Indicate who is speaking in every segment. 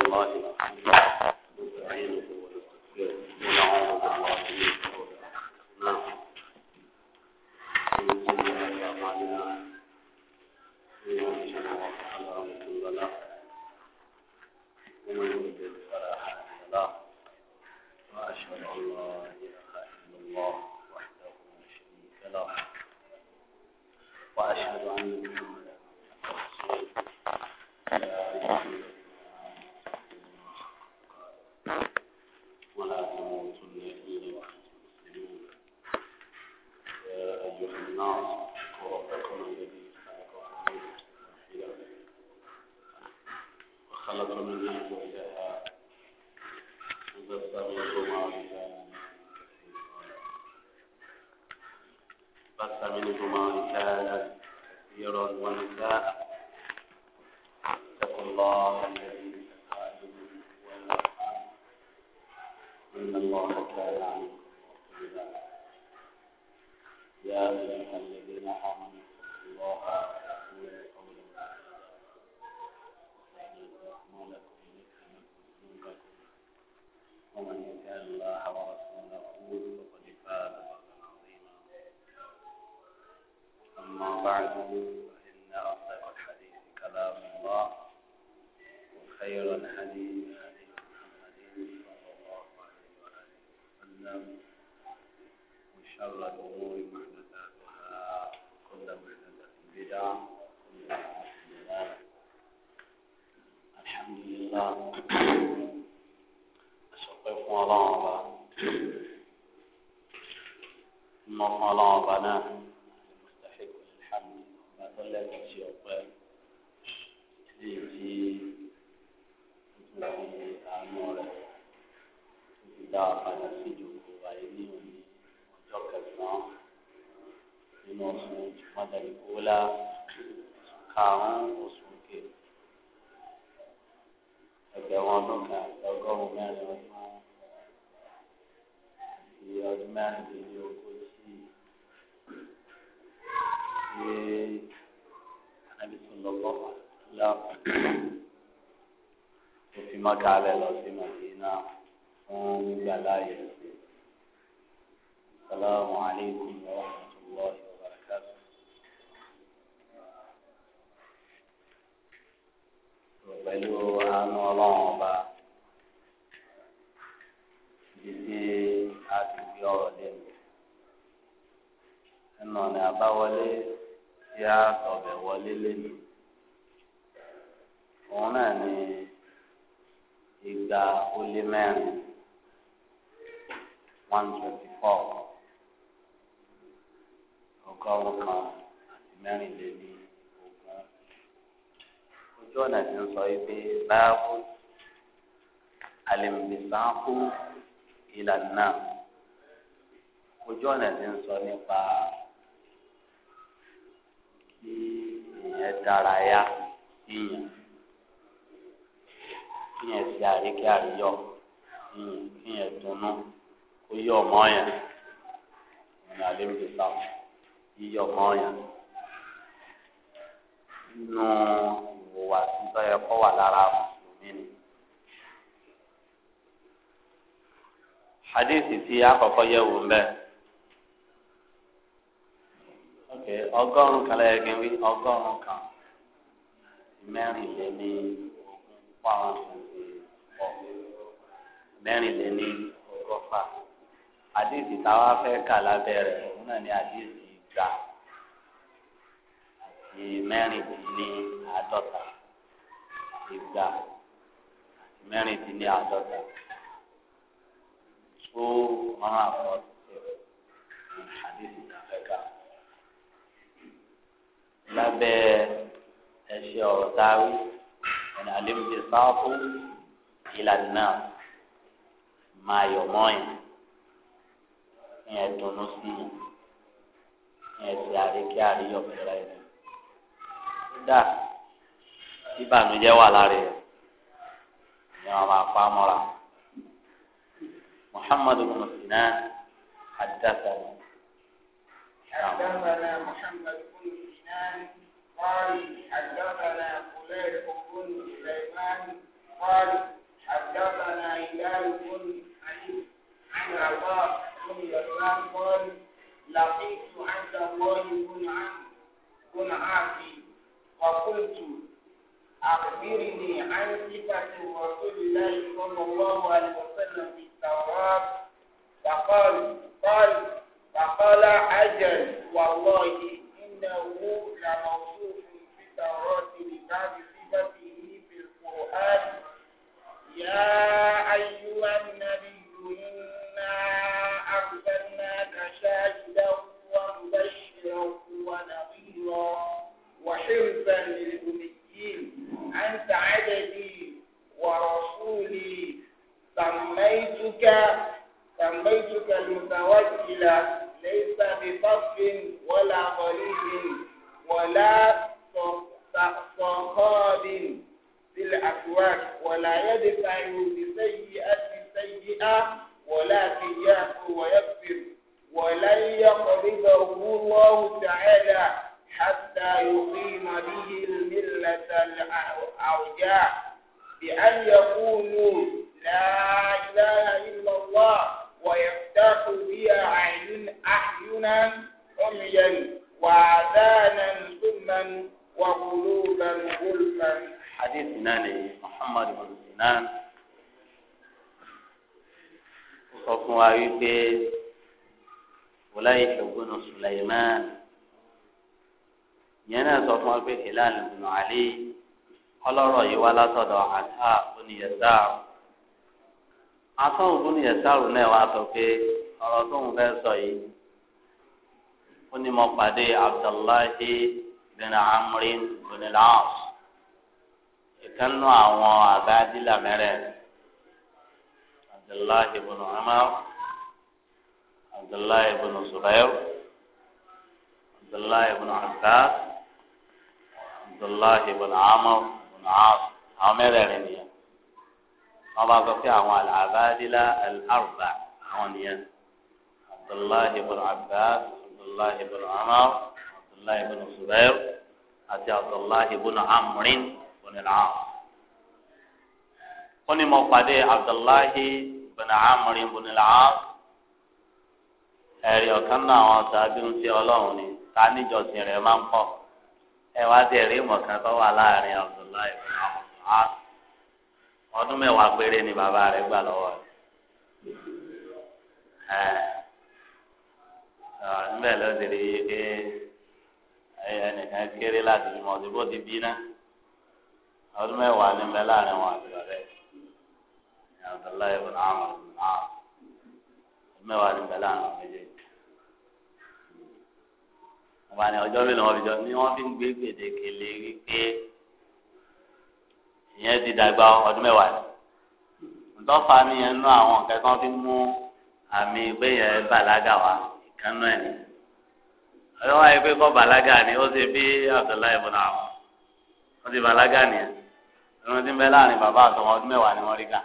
Speaker 1: الحمد لله خص منهما رجالا كثيرا ونساء
Speaker 2: Makalelo.
Speaker 1: one twenty four ọgọ́rùn kan àti mẹ́rin lé ní ogún ojú ọ̀nà
Speaker 2: tí ń sọ yìí pé báàbù alìmùbísáàkù ìlànà ojú ọ̀nà tí ń sọ nípa kí ìyẹn dárayá yíyan kí ìyẹn ṣe àríkí àríyọ yíyan ìyẹn dunnú. oyé ọmọ ya ní alẹ́ mi sá yíyí ni. hadithi tí àkọ́kọ́ yẹ wò ń bẹ ọgọ́rùn kan lẹ́yìn kí n wí kan mẹ́rin lé ní ogún fún ọmọ àdéhìí táwa fẹ́ kà lábẹ́rẹ̀ òun náà ní àdéhìí gbà àti mẹ́rìndínláàádọ́ta ìgbà àti mẹ́rìndínláàádọ́ta tó máa fọ́ àdéhìí táwa fẹ́ kà lábẹ́ ẹ̀ṣẹ̀ ọ̀rọ̀ táwí ẹ̀nà àlébùjẹ sáfù ìlànà máa yọ̀ mọ́yìn ìyẹn dùnú sí yẹn ìyẹn ti àríkí àríyọ̀ pẹ̀lú ẹ̀ dá ìbànújẹ́ wà lára yẹn ni wọn máa pa mọ́ra
Speaker 1: muhammadu bin sinan
Speaker 2: haddathana.
Speaker 1: حدثنا محمد بن سنان قال حدثنا خليل بن سليمان قال حدثنا هلال بن عيسى
Speaker 2: عن عطاء
Speaker 1: بن يسار قال لقيت عبد الله بن عمرو بن عاصي فقلت أخبرني عن صفة رسول الله صلى الله عليه وسلم في التوراة فقال قال فقال أجل والله إنه لموصوف في التوراة لبعض صفته في القرآن يا أيها النبي إنا أرسلناك شاهدا ومبشرا ونظيرا وحرزا للأميين أنت عددي ورسولي سميتك سميتك المتوكل ليس بطف ولا غريب ولا صخاب في الأسواق ولا يدفع بسيئة سيئة ولكن يغفر ويكفر ولن يقبضه الله تعالى حتى يقيم به الملة الأرجاء بأن يقولوا لا إله إلا الله ويفتح بها أعين أحينا عميا وآذانا سما وقلوبا غلفا حديث ناني محمد بن سنان
Speaker 2: sọ fún wa wípé wòláyé ṣògbónà Sulaiman yẹn náà sọ fún wa pé Hilal ibn Ali ọlọ́rọ̀ yìí wá látọ̀dọ̀ àtà oníyẹ̀sáàrù àtà oníyẹ̀sáàrù náà wá sọ pé ọ̀rọ̀ tóun fẹ́ sọ yìí ó ní mo pàdé Abdullahi bin Amrin bin al ìkànnú àwọn àgbà dílà mẹ́rẹ̀ẹ́rin. عبد الله بن عمر عبد الله بن زبير عبد الله بن عباس عبد الله بن عمر بن عاص عمر غنيا الله ذكى أموال عبادلة الأربع غنيا عبد الله بن عباس عبد الله بن عمر عبد الله بن زبير أتي عبد الله بن عمرو بن العاص قني مقدي عبد الله بن عمرو بن العاص ẹ̀rí ọ̀kan náà àwọn ń ṣe ọlọ́run ni ta níjọsìn rẹ̀ máa ń pọ̀ ẹ wá sí ẹ̀rí ìmọ̀kan tó wà láàrin Abdullahi bin ọdún mẹ́wàá péré ni bàbá rẹ̀ gbà lọ́wọ́ rẹ̀ ti rí i pé ẹnìkan kéré láti bímọ ọdún bó ti bí ọdún mẹ́wàá abdullahi ibn amr
Speaker 1: ibn
Speaker 2: al-as mẹ́wàá ní bẹ̀lẹ́ àwọn méjèèjì wọn bá ní ọjọ́ mi lọ́wọ́ bíjọ́ ni wọ́n fi ń gbé gbèdéke lé wípé ìyẹn ti dàgbà ọdún mẹ́wàá ni ntọ́fà mi yẹn nú àwọn nǹkan kan fi mú àmì ìgbé yẹn bàlágà wá ìkànnú ẹ̀ ni ọ̀rẹ́ wa pé kọ́ bàlágà ni ó ṣe bí abdullahi ibn amr wọ́n ti bàlágà nìyẹn ìrántí ń bẹ láàrin bàbá àtọwọ́ ọdún mẹ́wàá ni wọ́n rí kà.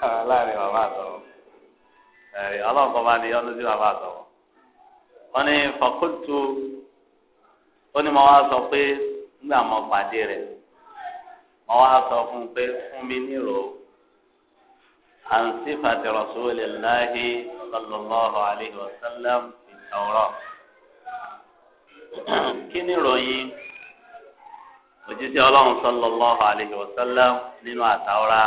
Speaker 2: láàrin bàbá àtọwọ ẹrí ọlọ́run kọ́ máa ní ọdún sí bàbá àtọwọ wọn ní fàkótó ó ní mo wá sọ pé nígbà mo pàdé rẹ mo wá sọ fún un pé fún mi nírò àǹtí fàtí rasulillahi sallallahu alayhi wa sallam ìtàwọrọ kí ni ìròyìn òjíṣẹ́ ọlọ́run sallallahu alayhi wa nínú àtàwọrọ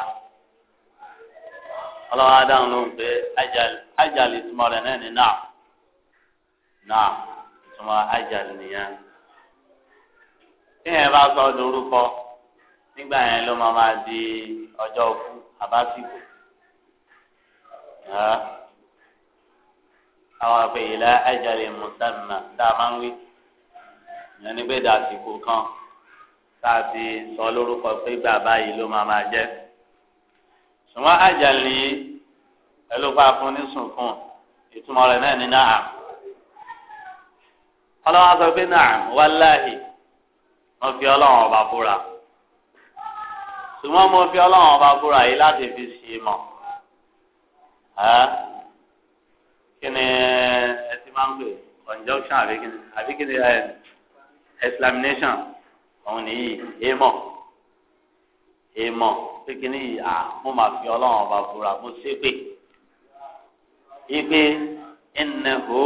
Speaker 2: ọlọ́wọ́ adáhùn ló ń pè ájàlì ìtumọ̀ rẹ̀ náà ní náà náà ìtumọ̀ ájàlì nìyẹn. tíyẹn bá sọ lórúkọ nígbà yẹn ló máa máa di ọjọ́ òkú àbásìkò. àwọn àpè ìlà ájàlì mùsàlùmá tá a máa ń wí ìyẹn ní pé dàsìkò kan tá a ti sọ lórúkọ pé bàbá yìí ló máa máa jẹ́ ṣùgbọ́n àjàlè pẹ̀lú pa fún ní sunkún ìtumọ̀ rẹ̀ náà ní náà ọlọ́wọ́n sọ pé náà wàláhì mo fi ọlọ́wọ́n ọba búra ṣùgbọ́n mo fi ọlọ́wọ́n ọba búra yìí láti fi sí i mọ̀ kí ni ẹ ti máa ń pè conjunction àbí kí ni àbí kí ni examination òun nìyí èèmọ̀ èèmọ̀ pékinní yìí à mo máa fi ọlọ́run ọba fura mo ṣe pé ipe ẹnẹ̀hó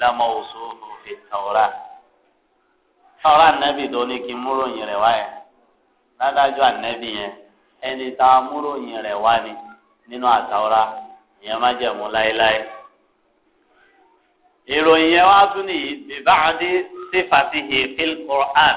Speaker 2: lamọ̀ òṣù òfin tàwọ́rà tàwọ́rà nẹ́bì tó ní kí múròyìn rẹ̀ wáyé ládájọ́ ànẹ́bì yẹn ẹni tá a múròyìn rẹ̀ wá ni nínú àtàwọ́rà ìyẹn má jẹ̀mú láéláé ìròyìn yẹn wá tún nìyí bíbáàdì sífàtìhì fílkùrán.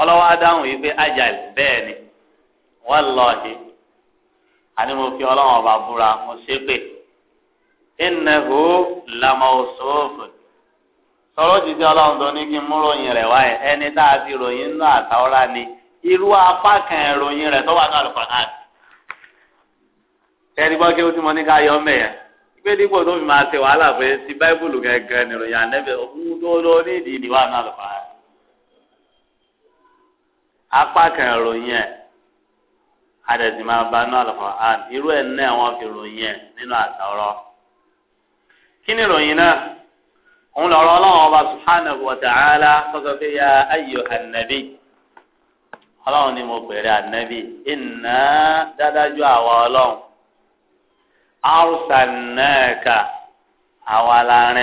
Speaker 2: ọlọ́wọ́ adáhùn yìí pé ajal bẹ́ẹ̀ ni wallahi àní mo fi ọlọ́wọ́ ọba búra mo ṣe pé innahu lamawsufun sọ̀rọ̀ jíjẹ́ ọlọ́run tó ní kí n mú rẹ̀ wáyé ẹni tá ròyìn àtàwọ́rá ni irú apá kan ìròyìn rẹ̀ tó wà ní àlùfáà tẹ́lí gbọ́ kí ti mọ ní ká yọ dípò tó fi máa ṣe wàhálà pé ti báíbùlù gẹ́gẹ́ nìròyìn ànẹ́bẹ̀ apá kan ìròyìn ẹ̀ adẹ̀sí máa bá inú irú ẹ̀ náà wọ́n fi ròyìn ẹ̀ nínú àtàwọ́rọ́. kí ni ìròyìn náà? òun lọ̀rọ̀ ọlọ́run ọba subhanahu wa ta'ala sọ́sọ́ pé ya ayyuhan nabi ọlọ́run ni mo pèrè dádájú àwa ọlọ́run àwa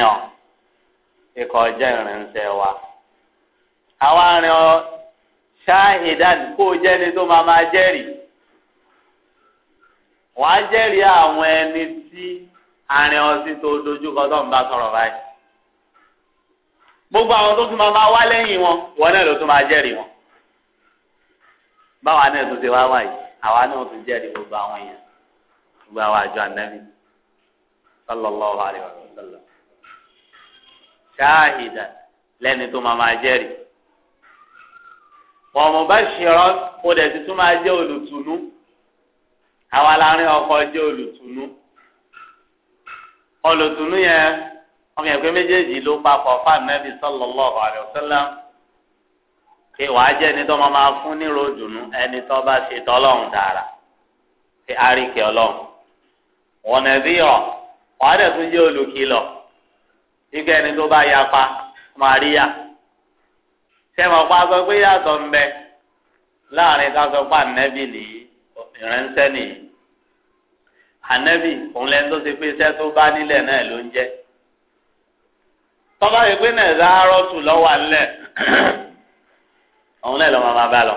Speaker 2: ọ̀ ikọ̀ wa ṣáhìdán kó o jẹ́ ni tó máa máa jẹ́rìí wọ́n á jẹ́rìí àwọn ẹni tí àárín ọtí tó dojúkọ tó ń bá sọ̀rọ̀ báyìí gbogbo àwọn tó tún máa máa wá lẹ́yìn wọn wọn náà ló tún máa jẹ́rìí wọn báwa náà tún ti wá wáyé àwa náà tún jẹ́rìí gbogbo àwọn èèyàn gbogbo àwọn àjọ ànábì sallallahu alaihi wasallam ṣáhìdán lẹ́ni tó máa máa jẹ́rìí. ọmọ bá ṣìrọ o dẹ̀ ti tún máa jẹ́ olùtùnú àwa láàrin ọkọ jẹ́ olùtùnú olùtùnú yẹn ọmọ ẹgbẹ́ méjèèjì ló papọ̀ fáànẹ́bí sallallahu alaihi pé wàá jẹ́ ẹni tó máa máa fún ní ẹni tó bá ṣe dára pé àríkè wọn ọ wàá dẹ̀ tún jẹ́ olùkìlọ̀ ẹni tó bá yapa máa sẹ́wọ̀n pa sọ pé yàtọ̀ ń bẹ láàrin ká sọ pé ànẹ́bì nìyí ìránṣẹ́ nìyí ànẹ́bì òun lẹ́nu tó ṣe pé iṣẹ́ tó bá nílẹ̀ náà ló ń jẹ́ tọ́ba yìí pé náà zárọ́tù lọ́wọ́ alẹ́ òun náà lọ́mọ máa bá lọ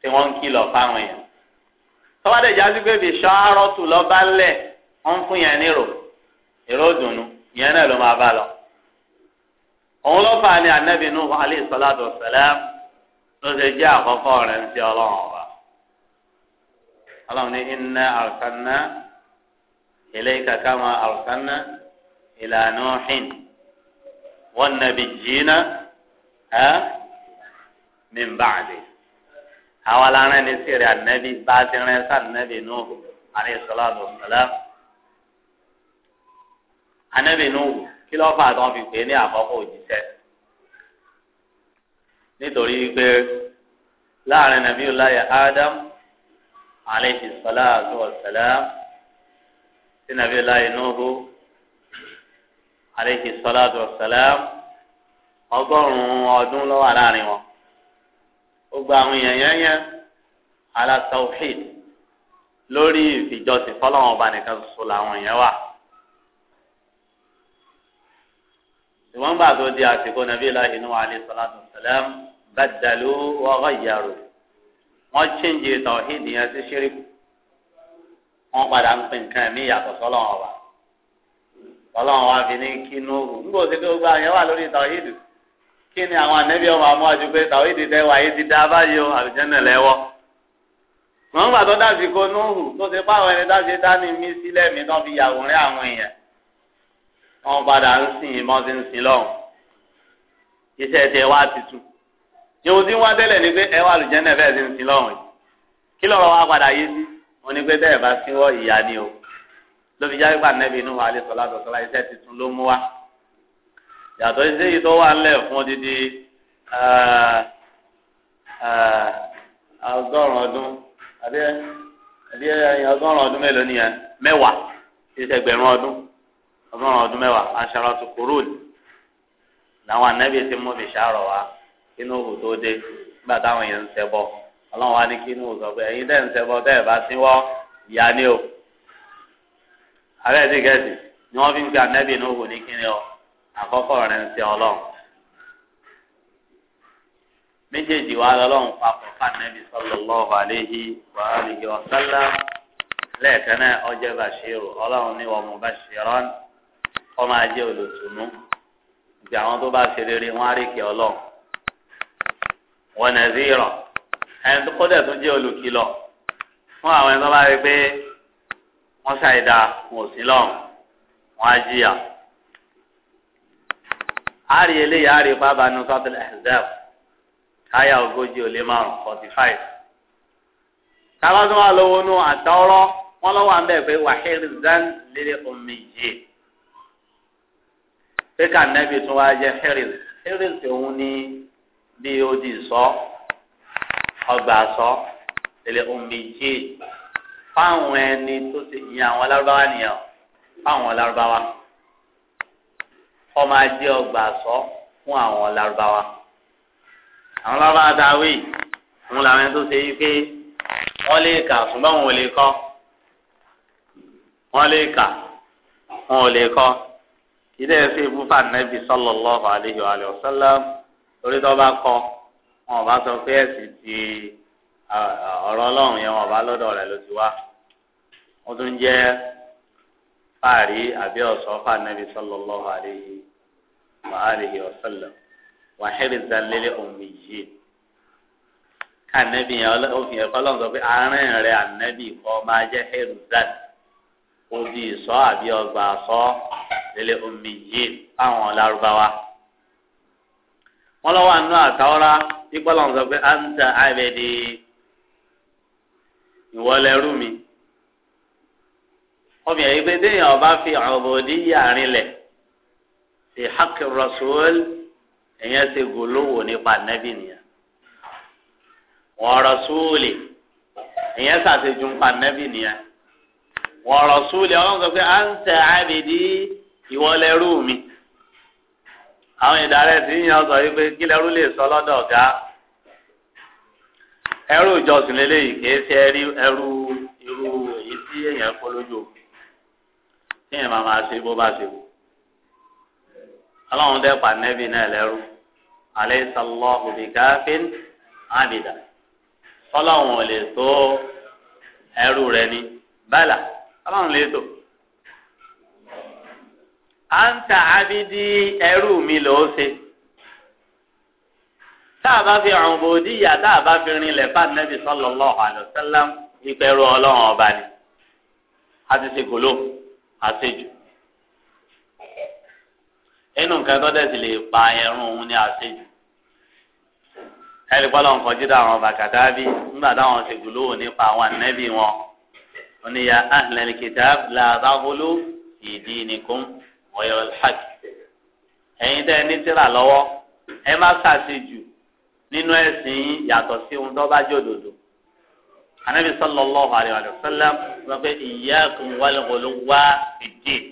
Speaker 2: tí wọ́n ń kìlọ̀ fáwọn èèyàn tọ́ba dẹ̀ já pé bí sọ́árọ́tù lọ́ba lẹ̀ wọ́n fún yẹn nírò èrò dùnú yẹn náà ló máa bá lọ òun ló fà ní anabi nuhu alayhi salatu wa salam ló ṣe jẹ́ àkọ́kọ́ rẹ̀ ń ṣe ọlọ́run ọba ọlọ́run ní inna arsalna ilayka kama arsalna ila nuhin wan nabiyyina ẹ́ min ba'di àwọn alára ẹni sí rẹ̀ anabi bá ti rẹ̀ sí anabi nuhu alayhi salatu wa salam anabi nuhu kí ló fà tán fi pè é ní àkọ́kọ́ òjíṣẹ́ nítorí pé láàrin nàbí ọláyà Adam aleyhi salatu wa salam sí nàbí ọláyà Nuhu aleyhi salatu wa salam ọgọ́rùn-ún ọdún ló wà láàrin wọn gbogbo àwọn èèyàn yẹn yẹn ala lórí ìfìjọsìn fọlọ́wọn ọba nìkan ṣoṣo làwọn èèyàn wà. ìwọ́n gbà tó di àsìkò nàbí láàyè inú alẹ́ sọ́láàtù sàlẹ́m bàdàlú wọ́ọ́rọ́ ìyàrò wọ́n chíǹjì tọ̀hídì yẹn sí ṣíríkù wọ́n padà ń pin nǹkan ẹ̀mí ìyàtọ̀ sọ́lọ́wọ́n ọba sọ́lọ́wọ́n wa fi ní kí nóòrù nígbà tó ti gbogbo àyẹ̀wò lórí tọ̀hídì kí ni àwọn ànẹ́bí ọmọ àmọ́ àti pé tọ̀hídì tẹ́ wáyé ti dá báyìí o àlùjẹ́nà lẹ́wọ́ wọ́n gbà tó dásìkò nóòrù tó ti pàwọn ẹni dásìkò dání mí sílẹ̀ mi tán fi yàwòrán àwọn èèyàn wọn padà ń sìn yín mọ́ sí ń sìn lọ́hùn iṣẹ́ tiẹ̀ wá ti tu yòówù tí wọ́n tẹ́lẹ̀ ni pé ẹ wà lùjẹ́nẹ̀ bẹ́ẹ̀ sí ń sìn lọ́hùn yìí kí lọ́rọ̀ wá padà yé sí wọn ni pé bẹ́ẹ̀ bá síwọ́ ìyá ni o lóbi jáde pa nẹ́bí inú wa alẹ́ sọlá sọlá iṣẹ́ titun ló mú wa yàtọ̀ iṣẹ́ yìí tó wà ńlẹ̀ fún odidi ọgọ́rùn ọdún àbí ẹ̀yìn ọgọ́rùn ọdún mélòó nìyẹn mẹ́wàá iṣẹ́ ẹgbẹ̀rún ọdún ọgọ́rùn ọdún mẹ́wàá aṣara tó kúrò ní làwọn anábì ti mú fi ṣàárọ̀ wá kínú òhù tó dé nígbà táwọn èèyàn ń ṣẹbọ ọlọ́run wá ní kínú òhù sọ pé ẹ̀yin tẹ́ ń ṣẹbọ tẹ́ ẹ̀ bá sí wọ́ ìyá ni o àbẹ́ẹ̀ ti gẹ̀ẹ́sì ni wọ́n fi ń pe anábì ní òhù ní kíni o àkọ́kọ́ rẹ̀ ń ṣe ọlọ́run méjèèjì wa lọ́lọ́run papọ̀ fanabi sallallahu alayhi wa alihi wa sallam lẹ́ẹ̀kan náà ọjọ́ bàṣírù ọlọ́run ní wa mubashiran ọmọ ajé olùtùnú ìgbà àwọn tó bá ṣe rere wọn á rí kí Ọlọ́run wọn nà sí ìrọ ẹni tó kọ́ dẹ̀ tó jẹ́ olùkìlọ̀ fún àwọn ẹni tó bá rí pé wọ́n ṣàìdá wọn ò sí lọ́run wọn á jìyà á rí eléyìí á rí pápá ní sọ́tìlẹ̀ ẹ̀zẹ́f káyà ogójì ò lé márùn forty five táwọn tó wà lówó nù àtọ́rọ́ wọn lọ́wọ́ à ń bẹ̀ pé wàhíì zan lélẹ̀ omi yìí pé ká nẹ́bí tún wá jẹ́ hẹ́rìs hẹ́rìs òun ní bí odi sọ ọgbà sọ tẹlẹ omijé fáwọn ẹni tó ti yin àwọn lárúbáwá nìyẹn fáwọn lárúbáwá ọmọ ajé ọgbà sọ fún àwọn lárúbáwá àwọn lárúbáwá dáwé òun làwọn ẹni tó ṣe yí pé lè kà ṣùgbọ́n wọn ò lè kọ́ wọ́n lè kà wọn ò lè kọ́ ilé ẹsẹ ìfúnfà nẹbi sallallahu alaihi wa sallam orí tó bá kọ wọn bá sọ pé ẹsìn ti ọ̀rọ̀ Ọlọ́run yẹn wọn bá lọ́dọ̀ rẹ̀ ló ti wá wọn tún jẹ fàárí àbí ọsọ fà nẹbi sallallahu alaihi wa sallam wa hirzan lil ummiyyin ká nẹbi yẹn òfin ẹkọ Ọlọ́run sọ pé àárín rẹ̀ ànẹbi kọ máa jẹ hirzan odi lélẹ̀ omi yìí fáwọn lárúbáwá. wọn lọ wà nínú àtàwọ́rá ìpọ́lá ń sọ pé à ń ta àbẹ̀dì ìwọlẹ́rú mi. ọmọ yẹn fi ọ̀bọ̀dí yàrin lẹ̀ sí hakir rasul ẹ̀yẹn ṣe gòlówó nípa nẹ́bí nìyẹn. wọ́n rasúlì ẹ̀yẹn ṣàṣejù nípa nẹ́bí nìyẹn. wọ́n rasúlì ọlọ́run sọ pé ìwọ lẹrú mi àwọn ìdárẹ tí yíyan sọ yìí pé kí lẹrú lè sọ lọ́dọ̀ ọ̀gá ẹrú ìjọsìn lélẹyìí kìí ṣe ẹrí ẹrú irú èyí tí èèyàn kó lójú kéèyàn máa máa ṣe bó bá ṣe wù Ọlọ́run dẹ́pà nẹ́bí náà lẹ́rú alẹ́ sọlọ́ òbíkáfín ábìdá Ọlọ́run ò lè tó ẹrú rẹ ní bẹ́ẹ̀ là Ọlọ́run lè tó anta abidi ẹrú mi ló ṣe tá a bá fi ubudiyya tá a bá fi rinlẹ̀ fún anabi sallallahu alaihi wasallam ìpẹ̀rù ọlọ́run ọba ni a ti ṣe gòló àṣejù inú nǹkan tó dẹ̀ sì lè pa ẹrún òun ní àṣejù ẹlẹ́gbọ́n lọ́n kọjú dá àwọn bàkàtà bí nígbà táwọn ṣe gòló nípa àwọn anabi wọn oníyà ahlal kitab la taghlu wọ̀nyọ̀ alhaq ẹ̀yin tẹ́ ẹ ní tíra lọwọ. ẹ má ṣàṣejù nínú ẹ̀sìn yín yàtọ̀ sí ohun tó bá jẹ òdodo anabi sallallahu alayhi wa sallam sọ pé iyyakum wal ghuluwa fid-din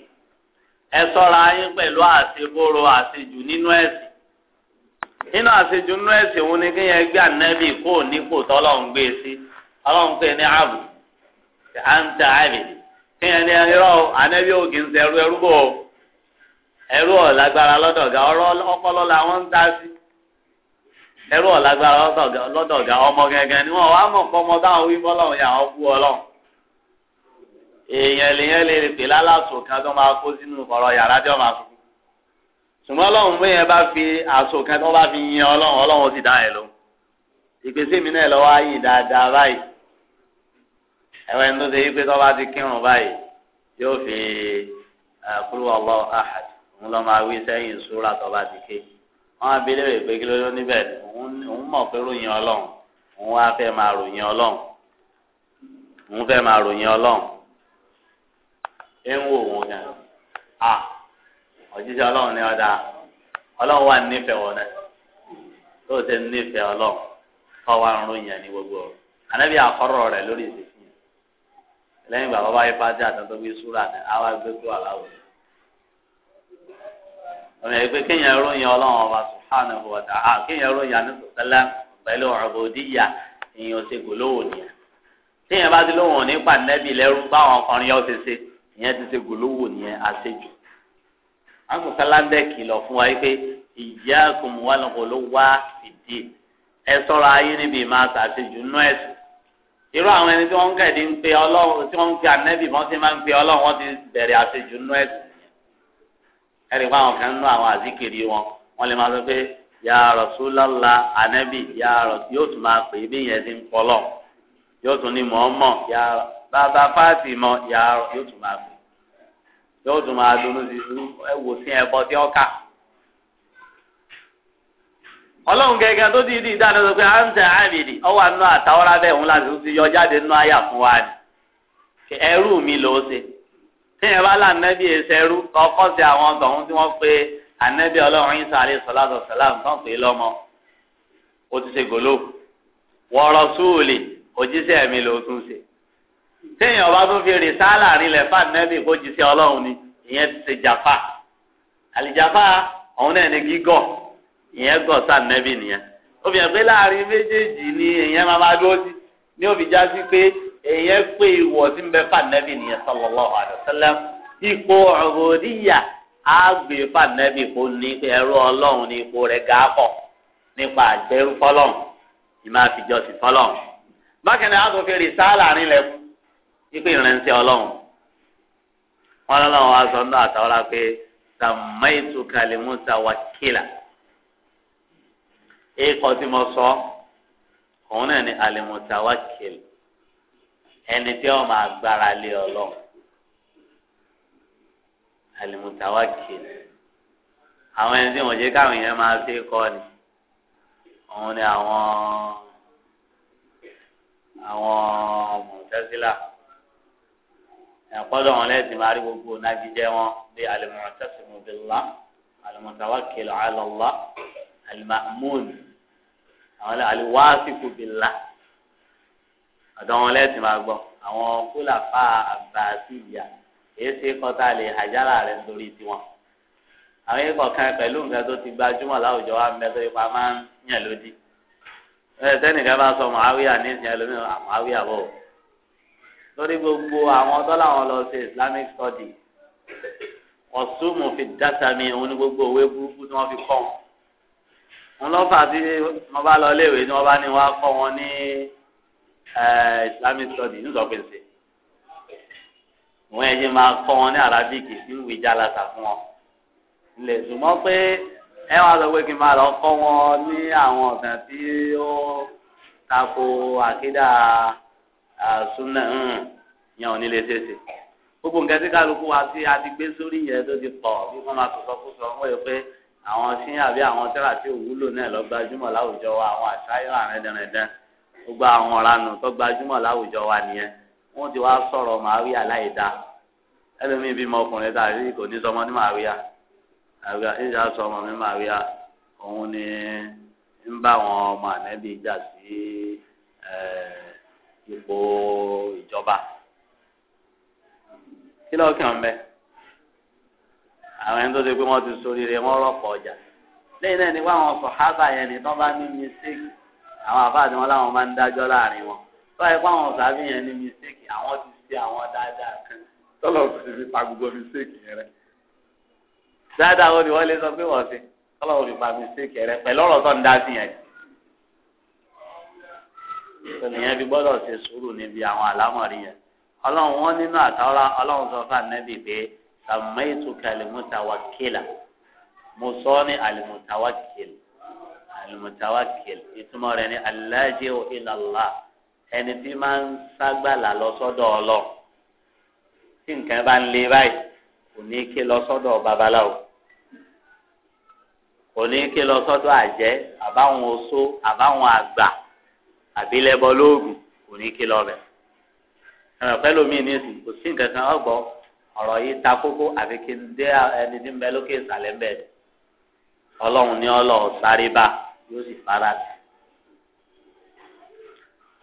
Speaker 2: ẹ ṣọ́ra yín pẹ̀lú àṣeboro àṣejù nínú ẹ̀sìn nínú àṣejù nínú ẹ̀sìn òun ni kí yẹn gbé ànábì kó nípò tọ́lọ́run gbé e sí ọlọ́run pé ní àbù àǹtà àbì kí yẹn ní irọ́ ànábì ń ẹrú bò ó. ẹrú ọ̀lágbára lọ́dọ̀gá ọ̀rọ̀ ọpọlọ làwọn ń dá sí ẹrú ọ̀lágbára lọ́dọ̀gá ọmọ gẹ́gẹ́ ni wọ́n wá mọ̀ pọ́mọ táwọn wí fọlọ́run yà wọ́n bú ọlọ́run èèyàn lèyàn lè pè lálàsò kan tó máa kó sínú ọ̀rọ̀ yàrá tí wọ́n máa fi ṣùgbọ́n ọlọ́run bóyá bá fi àṣọ kan tó bá fi yin ọlọ́run ọlọ́run ó dá ẹ lọ ìpèsè mi náà lọ́wọ́ ayé dáadáa báyìí ẹ̀wọ̀n ẹni tó ṣe yí pé tó bá ti kírun báyìí yóò fi kúrú Allahu ahad òun lọ máa wí sẹ́yìn sùúrà tó bá ti ké wọn á bi léèrè pé kí ló ló níbẹ̀ òun mọ̀ pé ròyìn ọlọ́run òun wá fẹ́ máa ròyìn ọlọ́run òun fẹ́ máa ròyìn ọlọ́run
Speaker 1: ẹ ń wò wọn gan
Speaker 2: à òjíṣẹ́ ọlọ́run ní ọ̀dà ọlọ́run wà nífẹ̀ẹ́ wọn náà tó ṣe nífẹ̀ẹ́ ọlọ́run kọ́ wa ń ròyìn ní gbogbo ọ̀rọ̀ ànábì àkọ́rọ̀ rẹ̀ lórí ìṣèṣin lẹ́yìn ìgbà bàbá ifá tí àtàntàn gbé súrà náà á wá gbé kúrò ọmọ ẹgbẹ́ kéèyàn ròyìn ọlọ́run ọba subhanahu wa ta'ala kéèyàn ròyìn anisọsẹlẹ pẹ̀lú ọbọdíyà èèyàn ṣe gòlówó nìyẹn téèyàn bá ti lóhùn ní pàdébí lẹrú báwọn ọkùnrin yọ ṣe ṣe ìyẹn ti ṣe gòlówó nìyẹn àṣejù asọsẹlẹ ń dẹ kìlọ̀ fún wa pé iyyakum wal ghuluwa fìdí ẹ ṣọ́ra ayé níbi máa ṣàṣejù nú ẹsùn irú àwọn ẹni tí wọ́n ń kẹ̀dí ń ọlọ́run tí wọ́n ń pe ẹ̀rí pa àwọn kan ń lọ àwọn àzíkiri wọn wọn lè máa sọ pé ya anabi ya Rasul yóò tún máa pè é bí ti pọlọ yóò tún ní mọ̀ọ́mọ̀ ya bàbá Fátímà ya yóò tún máa pè yóò tún máa sí sí ẹbọ tí kà. ọlọ́run gẹ́gẹ́ tó ti di ìdáná sọ pé àbìdì ọwọ́ àná láti ti yọ jáde nínú àyà fún tíyẹn bá là nẹ́bí ẹsẹ̀rú ọkọ̀ sí àwọn tọ̀hún tí wọ́n pe ànẹ́bí ọlọ́run yín sàlẹ̀ sọ́làtọ̀ sàlám tán pé lọ́mọ o ti ṣe gòló wọ̀rọ̀ súwòlè òjíṣẹ́ mi ló tún ṣe tíyẹn ọba tún fi rìn sáálà rinlẹ̀ fún ànẹ́bí kó jíṣẹ́ ọlọ́run ni ìyẹn ti ṣe jàfà àlìjàfà ọ̀hún náà ni gígọ̀ ìyẹn gọ̀ sí ànẹ́bí nìyẹn obìnrin pé láàrin méjèèjì ni ìyẹn máa máa dúró sí ní òbí já sí pé èèyàn pé ìwọ̀ tí ń bẹ fànẹ́bì sallallahu alaihi wasallam ipò agbe á gbé fànẹ́bì kó ní ẹrú ọlọ́run ní ipò rẹ̀ nipa nípa àjẹrú fọlọ́run ìmọ̀ bákan náà a tún fi rìsáàlà nílẹ̀ ipò ìrìnsẹ̀ ọlọ́run wọn sọ àtàwọn ẹni tí wọn máa gbára lé Ọlọ́run alimutawakil àwọn ẹni tí wọn jẹ káwọn yẹn máa fi kọ ni òun ni àwọn àwọn mọtẹsílà ẹ̀kọ́dọ̀ wọn lẹ́sìn máa rí gbogbo nàgíjẹ wọn bí alimutasimu billah alimutawakil ala alimamun àwọn aliwasiku billah ọ̀dọ̀ wọn lẹ́sìn máa gbọ́ àwọn kólà fa àbàásì ìyá èyí ṣe kọ́tà lè àjálà rẹ̀ nítorí tiwọn. àwọn ikọ̀ kan pẹ̀lú nǹkan tó ti gbajúmọ̀ láwùjọ wa mẹ́tọ́ ipa máa ń yàn lódì. ẹ sẹ́nìkan bá sọ màáwíà ní ìsìn ẹlòmíràn ah, màáwíà bọ̀. lórí gbogbo àwọn tọ́lá wọn lọ sí Islamic study ọ̀sùnmù fi dásàmì òun ní gbogbo òwe burúkú tí wọ́n fi kọ́ wọn.
Speaker 1: wọn lọ́fà tí wọ́n bá lọ iléèwé tí wọ́n bá ní wọ́n
Speaker 2: á kọ́ wọn ní. Eh, islamic study ń sọ pé ṣe wọn ẹni máa kọ́ wọn ní arabic tí ń wí jálasa fún wọn lè ṣùgbọ́n pé ẹ wá sọ pé kí n máa lọ kọ́ wọn ní àwọn ọ̀sán tí ó tako àkídà àsúná hmm, yẹn ò ní lè ṣeéṣe gbogbo nǹkan tí kálukú wa sí a ti gbé sórí yẹn tó ti pọ̀ bí wọ́n máa sọ̀sọ́ kó sọ wọ́n yẹ pé àwọn sí àbí àwọn tẹ́lá tí òwúlò náà lọ láwùjọ wa àwọn àṣàyàn àrẹ́dẹ̀rẹ̀dẹ̀ gbogbo àwọn ọ̀ranù tó gbajúmọ̀ láwùjọ wa nìyẹn wọ́n ti wá sọ̀rọ̀ màríà láìda ẹlòmíì bímọ ọkùnrin tàbí kò ní sọmọ ní màríà màríà ìjà sọmọ mi màríà òun ni ń bá àwọn ọmọ ànẹ́bí jà sí ipò ìjọba kí lọ́ọ̀kàn bẹ́ẹ̀ àwọn ẹni tó ṣe pé wọ́n ti sóríire wọ́n rọ̀pọ̀ ọjà lẹ́yìn náà ni wọ́n àwọn sọ̀hábà yẹn ni tán bá ní mistake àwọn àfáà tí wọn láwọn máa ń dájọ́ láàrin wọn tó àyè fáwọn ọ̀sàbí yẹn ní mistake àwọn ti ṣe àwọn dáadáa kan tọ́lọ̀ ti fi pa gbogbo mistake yẹn rẹ dáadáa wo ni wọ́n lè sọ pé wọ́n ṣe tọ́lọ̀ ò lè pa mistake yẹn rẹ pẹ̀lú ọ̀rọ̀ tó ń dá sí yẹn ènìyàn fi gbọ́dọ̀ ṣe sùúrù níbi àwọn àlámọ̀rí yẹn ọlọ́run wọn nínú àtàwọn ọlọ́run sọ fún ànẹ́bì pé sàmẹ́yìtù kẹlẹ́mùtàwákìlà mo sọ ní àlẹ́mùtàwákìlà alimutawakil ìtumọ̀ rẹ̀ ni alájẹ́ ìlàlá ẹni tí máa ń ságbàlà lọ́sọ́dọ̀ ọlọ tí nǹkan bá ń lé báyìí kò ní ké lọ́sọ́dọ̀ babaláwo kò ní ké lọ́sọ́dọ̀ àjẹ́ àbáwọn oṣó àbáwọn àgbà àbílẹ̀bọ lóògùn kò ní ké lọ́bẹ̀ ta kókó àfi kí n dé ẹni tí ń yóò sì fara sí.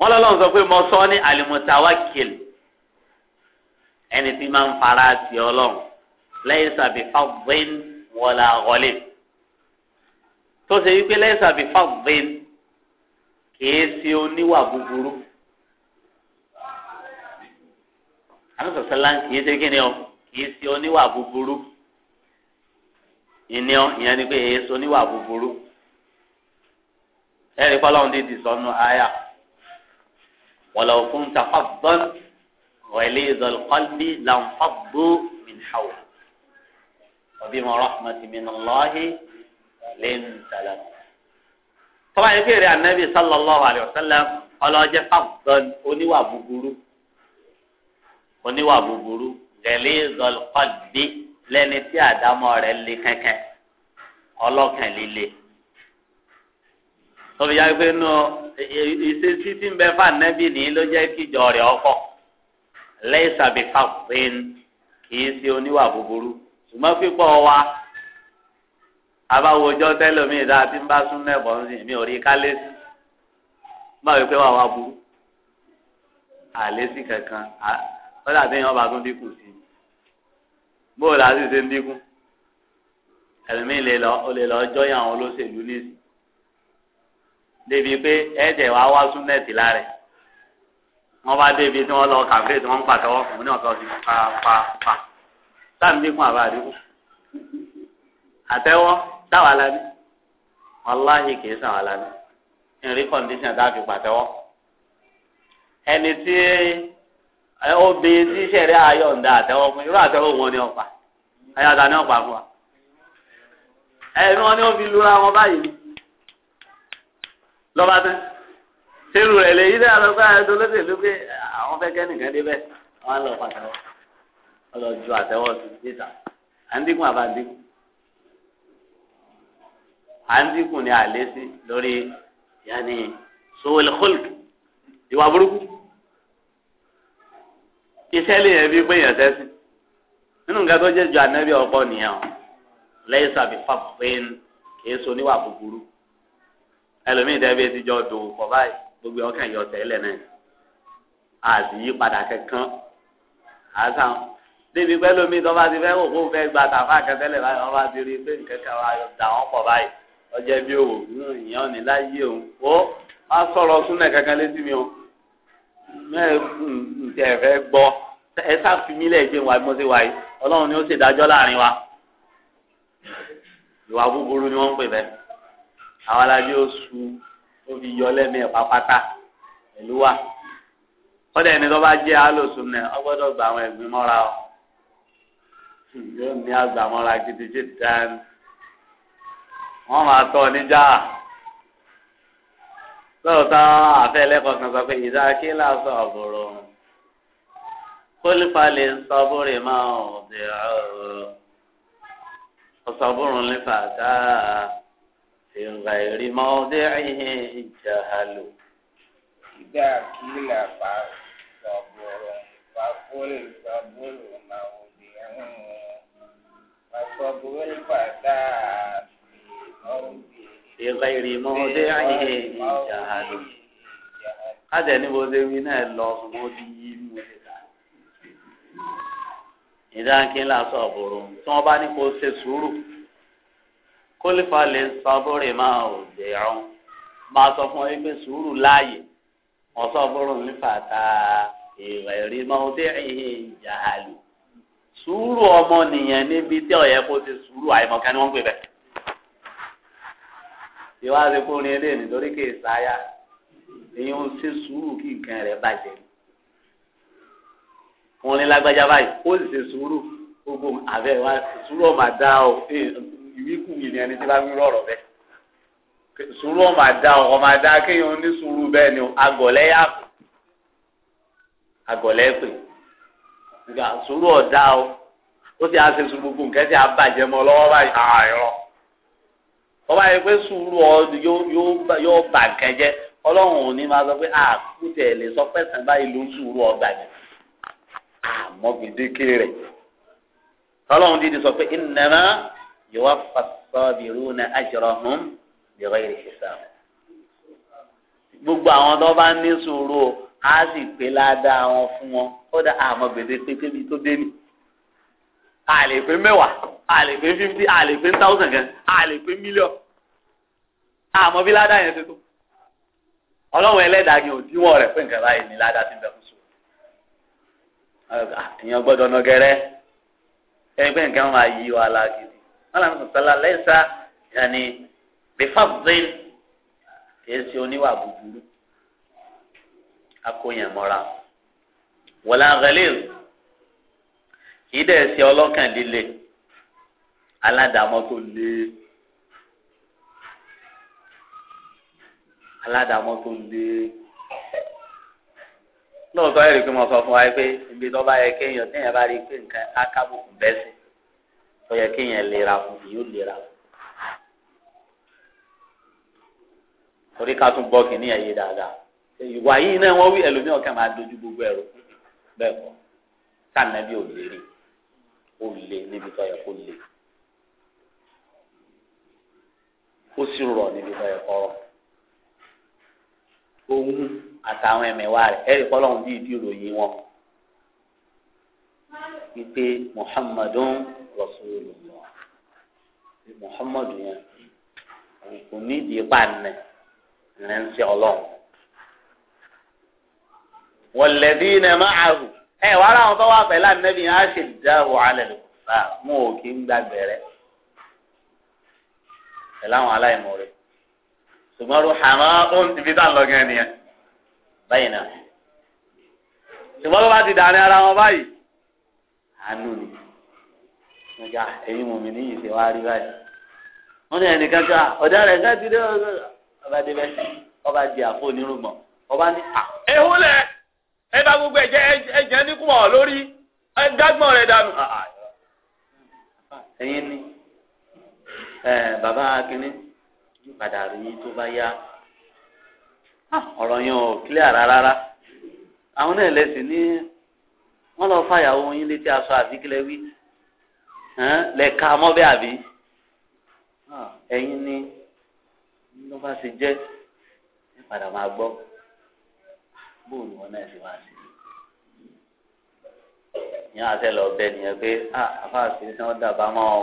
Speaker 2: wọ́n lọ́lọ́run sọ pé mo sọ ní alimutawakil ẹni tí máa ń fara sí ọlọ́run lẹ́yìn sàbí fàgbẹ́n wọlé àwọlé tó ṣe wípé lẹ́yìn sàbí fàgbẹ́n kìí ṣe oníwà búburú. àwọn kìí ṣe kí o kìí ṣe oníwà búburú ìní ọ ìyẹn ni pé èyí ṣe oníwà búburú ẹ̀rí fọlọ́run dídì sọnù àyà wọ̀lọ̀ fún tafàbọ́n wẹ̀lẹ́ ìzọlùkọ́lì lànfàbó mìnhàwù òbí mọ̀ rọ́hùmọ̀tì mìnàlọ́hì lẹ́nu sàlámù. tọ́ba yìí kéèrè ànábì sallallahu alayhi wa sallam ọlọ́jẹ́ fàbọ́n oníwà búburú oníwà búburú wẹ̀lẹ́ ìzọlùkọ́lì lẹ́ni tí àdámọ́ rẹ̀ lé kẹ́kẹ́ ọlọ́kàn líle tọ́bi yá pé nù ìṣesí tí ń bẹ fún ànábì ní ló jẹ́ kí ìjọ rẹ̀ ọkọ̀ lẹ́sàbí fàfin kìí ṣe oníwà búburú ṣùgbọ́n pípọ̀ wa abáwojọ́ tẹ́lómìn dáa tí ń bá sún mẹ́bọ̀ ń sìn mí ò rí kálẹ́sì bá wípé wà wá burú àlẹ́sì kankan ọ̀dà tí èèyàn bá tún dínkù sí i bóòlù àti ṣe ń dínkù ẹ̀lùmí lè lọ jọ́yìn àwọn olóṣèlú nísìnyí débi pé ẹ̀ẹ́dẹ̀ wá wá súnẹ́ẹ̀tì láre wọ́n bá débi tí wọ́n lọ kàfé tí wọ́n ń pàtẹ́wọ́ fún ní ọ̀tọ̀ sí pa pa pa àtẹ́wọ́ táwa la ní wàláhì kìí sàwọn la ní ìrìn kọ́ndíṣàn tá a fi pàtẹ́wọ́ ẹni tí obìnrin tí sẹ̀rí ayọ̀ǹda àtẹ́wọ́ fún irú àtẹ́wọ́ wọn ni ọ̀pá ayọ̀ǹda ni ọ̀pá fún wa ẹ̀ẹ́dùn wọn ni wọ́n fi lura wọn báyìí lọ́ba tán ṣerú rẹ̀ lè yílẹ̀ àlọ́gbà ẹ̀dọ́ lóde lókè àwọn fẹ́ kẹ́ nìkan débẹ̀ wọ́n lọ pàtàkì wọ́n lọ ju àtẹ́wọ́ sí déta à ń dínkù àbá dínkù à ń dínkù ní àlé sí lórí yanni sowel hulk ìwà burúkú iṣẹ́ lè yẹn bí pé yẹn sẹ́sìn nínú nǹkan tó jẹ́ ju ànábì ọ̀pọ̀ nìyẹn o lẹ́yìn sàbí fàbùpẹ́ẹ́n kì í so níwà búburú ẹlòmíì dẹ́bi ti jọ dòwò gbogbo ọkàn yọ tẹ́lẹ̀ náà àti yípadà kankan àtàn débi pẹ́lòmíì tó ti fẹ́ òkú fẹ́ gba tàfà kẹtẹ́lẹ̀ báyìí wọ́n bá ti rí pé nǹkan kan wà dà wọ́n báyìí ọjọ́ bí òwò hmm, ìyẹn òní láyé òun ó má sọ̀rọ̀ súnlẹ̀ kankan létí mi o mẹ́ẹ̀ẹ́
Speaker 1: hmm,
Speaker 2: fẹ́ gbọ́ ẹ sáfimílẹ̀ ṣe wà mọ́sí wáyé ọlọ́run ni ó ṣèdájọ́ láàrin wa ìwà búburú ni wọ́n ń pè bẹ́ẹ̀ àwọn alábí oṣù tó fi yọ lẹ́mìí pàpàtà pẹ̀lú wa kọ́dà ẹni tó bá jẹ́ alòsùn náà ọ gbọ́dọ̀ gba àwọn ẹ̀gbin mọ́ra o yóò ní agbàmọ́ra gidigidi dání wọ́n máa tọ́ níjà lọ́ọ̀tà àfẹ́ ẹlẹ́kọ̀ọ́ kan sọ pé ìdá kílà sọ àbúrò kólífà lè ń sọ bóre máa ń bẹ̀rẹ̀ ọ̀sọ̀ bórun lè dáa ìgbàyèrè mọ́ọ́dé ẹ̀hìn ìjàhálò.
Speaker 1: ìdá kìlà bá sọ̀bùrù bá fúlì sọ̀bùrù máa wò di ẹ̀hún bá sọ̀bùrù bàtà
Speaker 2: ìgbàyèrè mọ́ọ́dé ẹ̀hìn ìjàhálò.
Speaker 1: kájà ní bó ṣe wí náà lọ ṣùgbọ́n ó ti yí mú un
Speaker 2: ìdá kìlà sọ̀bùrù tí wọ́n bá ní kólífà lè sọ́bùrì máa ò dé ọ̀hún máa sọ fún ẹ pé sùúrù láàyè wọ́n sọ́bùrù nípa ta ìrẹ̀rí máa dé ìhìn ìjàhálù sùúrù ọmọ nìyẹn níbi tí ọ̀yẹ́ kó ti sùúrù àìmọ̀kẹ́ ni wọ́n ń pè bẹ́ẹ̀. ìwádìí kò ní eléyìí nítorí kì í sáyà èyí ń ṣe sùúrù kí nǹkan rẹ̀ bàjẹ́ wọ́n ní lágbájá báyìí ó sì ṣe sùúrù gbogbo àbẹ̀ sùúrù ọ̀ ìwíkùwì ni ẹni tí bá wí rọ̀rọ̀ bẹ́ẹ̀ sùúrù ọmọ àdá ọkọ ọmọ àdá kéèyàn ní sùúrù bẹ́ẹ̀ ni agọ̀lẹ́ yà pé agọ̀lẹ́ pé nga sùúrù ọ̀dá o ó ti àṣẹ sùúrù gbogbo nǹkan tí a bàjẹ́ mọ́ lọ́wọ́ báyìí ààyọ̀ ọba yìí pé sùúrù yóò bà nǹkan jẹ́ ọlọ́run máa sọ pé àkútẹ̀ lè sọ pẹ̀sán báyìí ló sùúrù ọgbà jẹ́ àmọ́ gbèdéke rẹ̀ ọlọ́run dídí sọ pé ìnana yuwaffa as-sabiruna ajrahum bighayri hisab gbogbo àwọn tó bá ní sùúrù o á sì pé ládàá wọn fún wọn kódà àmọ́ gbèdé pétébi tó dé mi. a lè pé mẹ́wàá a lè pé fifty a lè pé thousand gan a lè pé million àmọ́ bí ládàá yẹn ti tó. ọlọ́run ẹlẹ́dàá yẹn ò díwọ̀n rẹ̀ pé nǹkan báyìí ni ládàá ti ń fún sùúrù. Ah, èèyàn gbọ́dọ̀ nọgẹrẹ ẹgbẹ́ nǹkan máa yí wa lágidi alámi sọ̀tàlá lẹ́sà yàní bífàbùdín èsì oníwà búburú akóyànmọ́ra wọlé àgẹ́lẹ́ kìí dẹ̀ ṣe ọlọ́kàn líle aládàámọ́ tó lé aládàámọ́ tó lé lóòótọ́ ẹ̀rí pé mo sọ fún wa pé ibi tó bá yẹ kéèyàn téèyàn bá rí i pé nǹkan akábùkù bẹ́ẹ̀ sí tó yẹ kéèyàn lera fún yóò lera fún torí ká tún bọ́ kínní ẹ̀yẹ dáadáa ìwà yìí náà wọ́n wí ẹlòmíràn kàn máa dojú gbogbo ẹ̀rọ bẹ́ẹ̀ kọ́ sànẹ́bí ò lè rí ó lè níbi tó yẹ kó lè ó sì rọ̀ níbi tó yẹ kọ́ rọ̀ ohun àtàwọn ẹ̀mẹ̀wá rẹ̀ ẹ̀rí kọ́ bí ìdí ìròyìn wọn wípé Muhammadun.
Speaker 1: Rasulullah
Speaker 2: Muhammadu yẹn eh, kò ní ìdí ipa nẹ ẹ ń ṣe Ọlọ́run walladhina ma'ahu ẹ wà láwọn tó wà pẹ̀lú ànábì yẹn á ṣe dáwọ alẹ lò fà mú òkè ń gbàgbẹ rẹ pẹ̀lú àwọn aláìmọ rẹ ṣùgbọ́n ruhama ó ń ti fi tá à ń lọ báyìí náà ṣùgbọ́n bá ti dàní ara wọn báyìí àánú ni nígbà ẹ̀yin mùmí níyì ṣe wá rí báyìí wọ́n ní ẹnìkan ká ọ̀dà rẹ̀ ká ti dé ọba débẹ̀ ọba di àpò onírùgbọ̀n ọba ní. ewu lẹ
Speaker 1: ẹ bá gbogbo ẹ̀jẹ̀ ẹ̀jẹ̀ níkùmọ lórí ẹ dágbọn rẹ dànù.
Speaker 2: ẹ̀yin ni bàbá akínní padà rí tó bá yá ọ̀rọ̀ yẹn ò clear rárá àwọn náà lẹ́sìn ní wọ́n lọ fàyàwó yín létí aṣọ àbíkílẹ̀ wí lẹ́ka mọ́bẹ́ àbí ah, ẹ̀yin ni ló bá ṣe jẹ́ ẹ padà máa gbọ́ bóun ni wọn náà ṣe wá sí ìyẹn àti ẹ lọ bẹ nìyẹn pé ah, àfa àṣírí tí wọn dàbá mọ ọ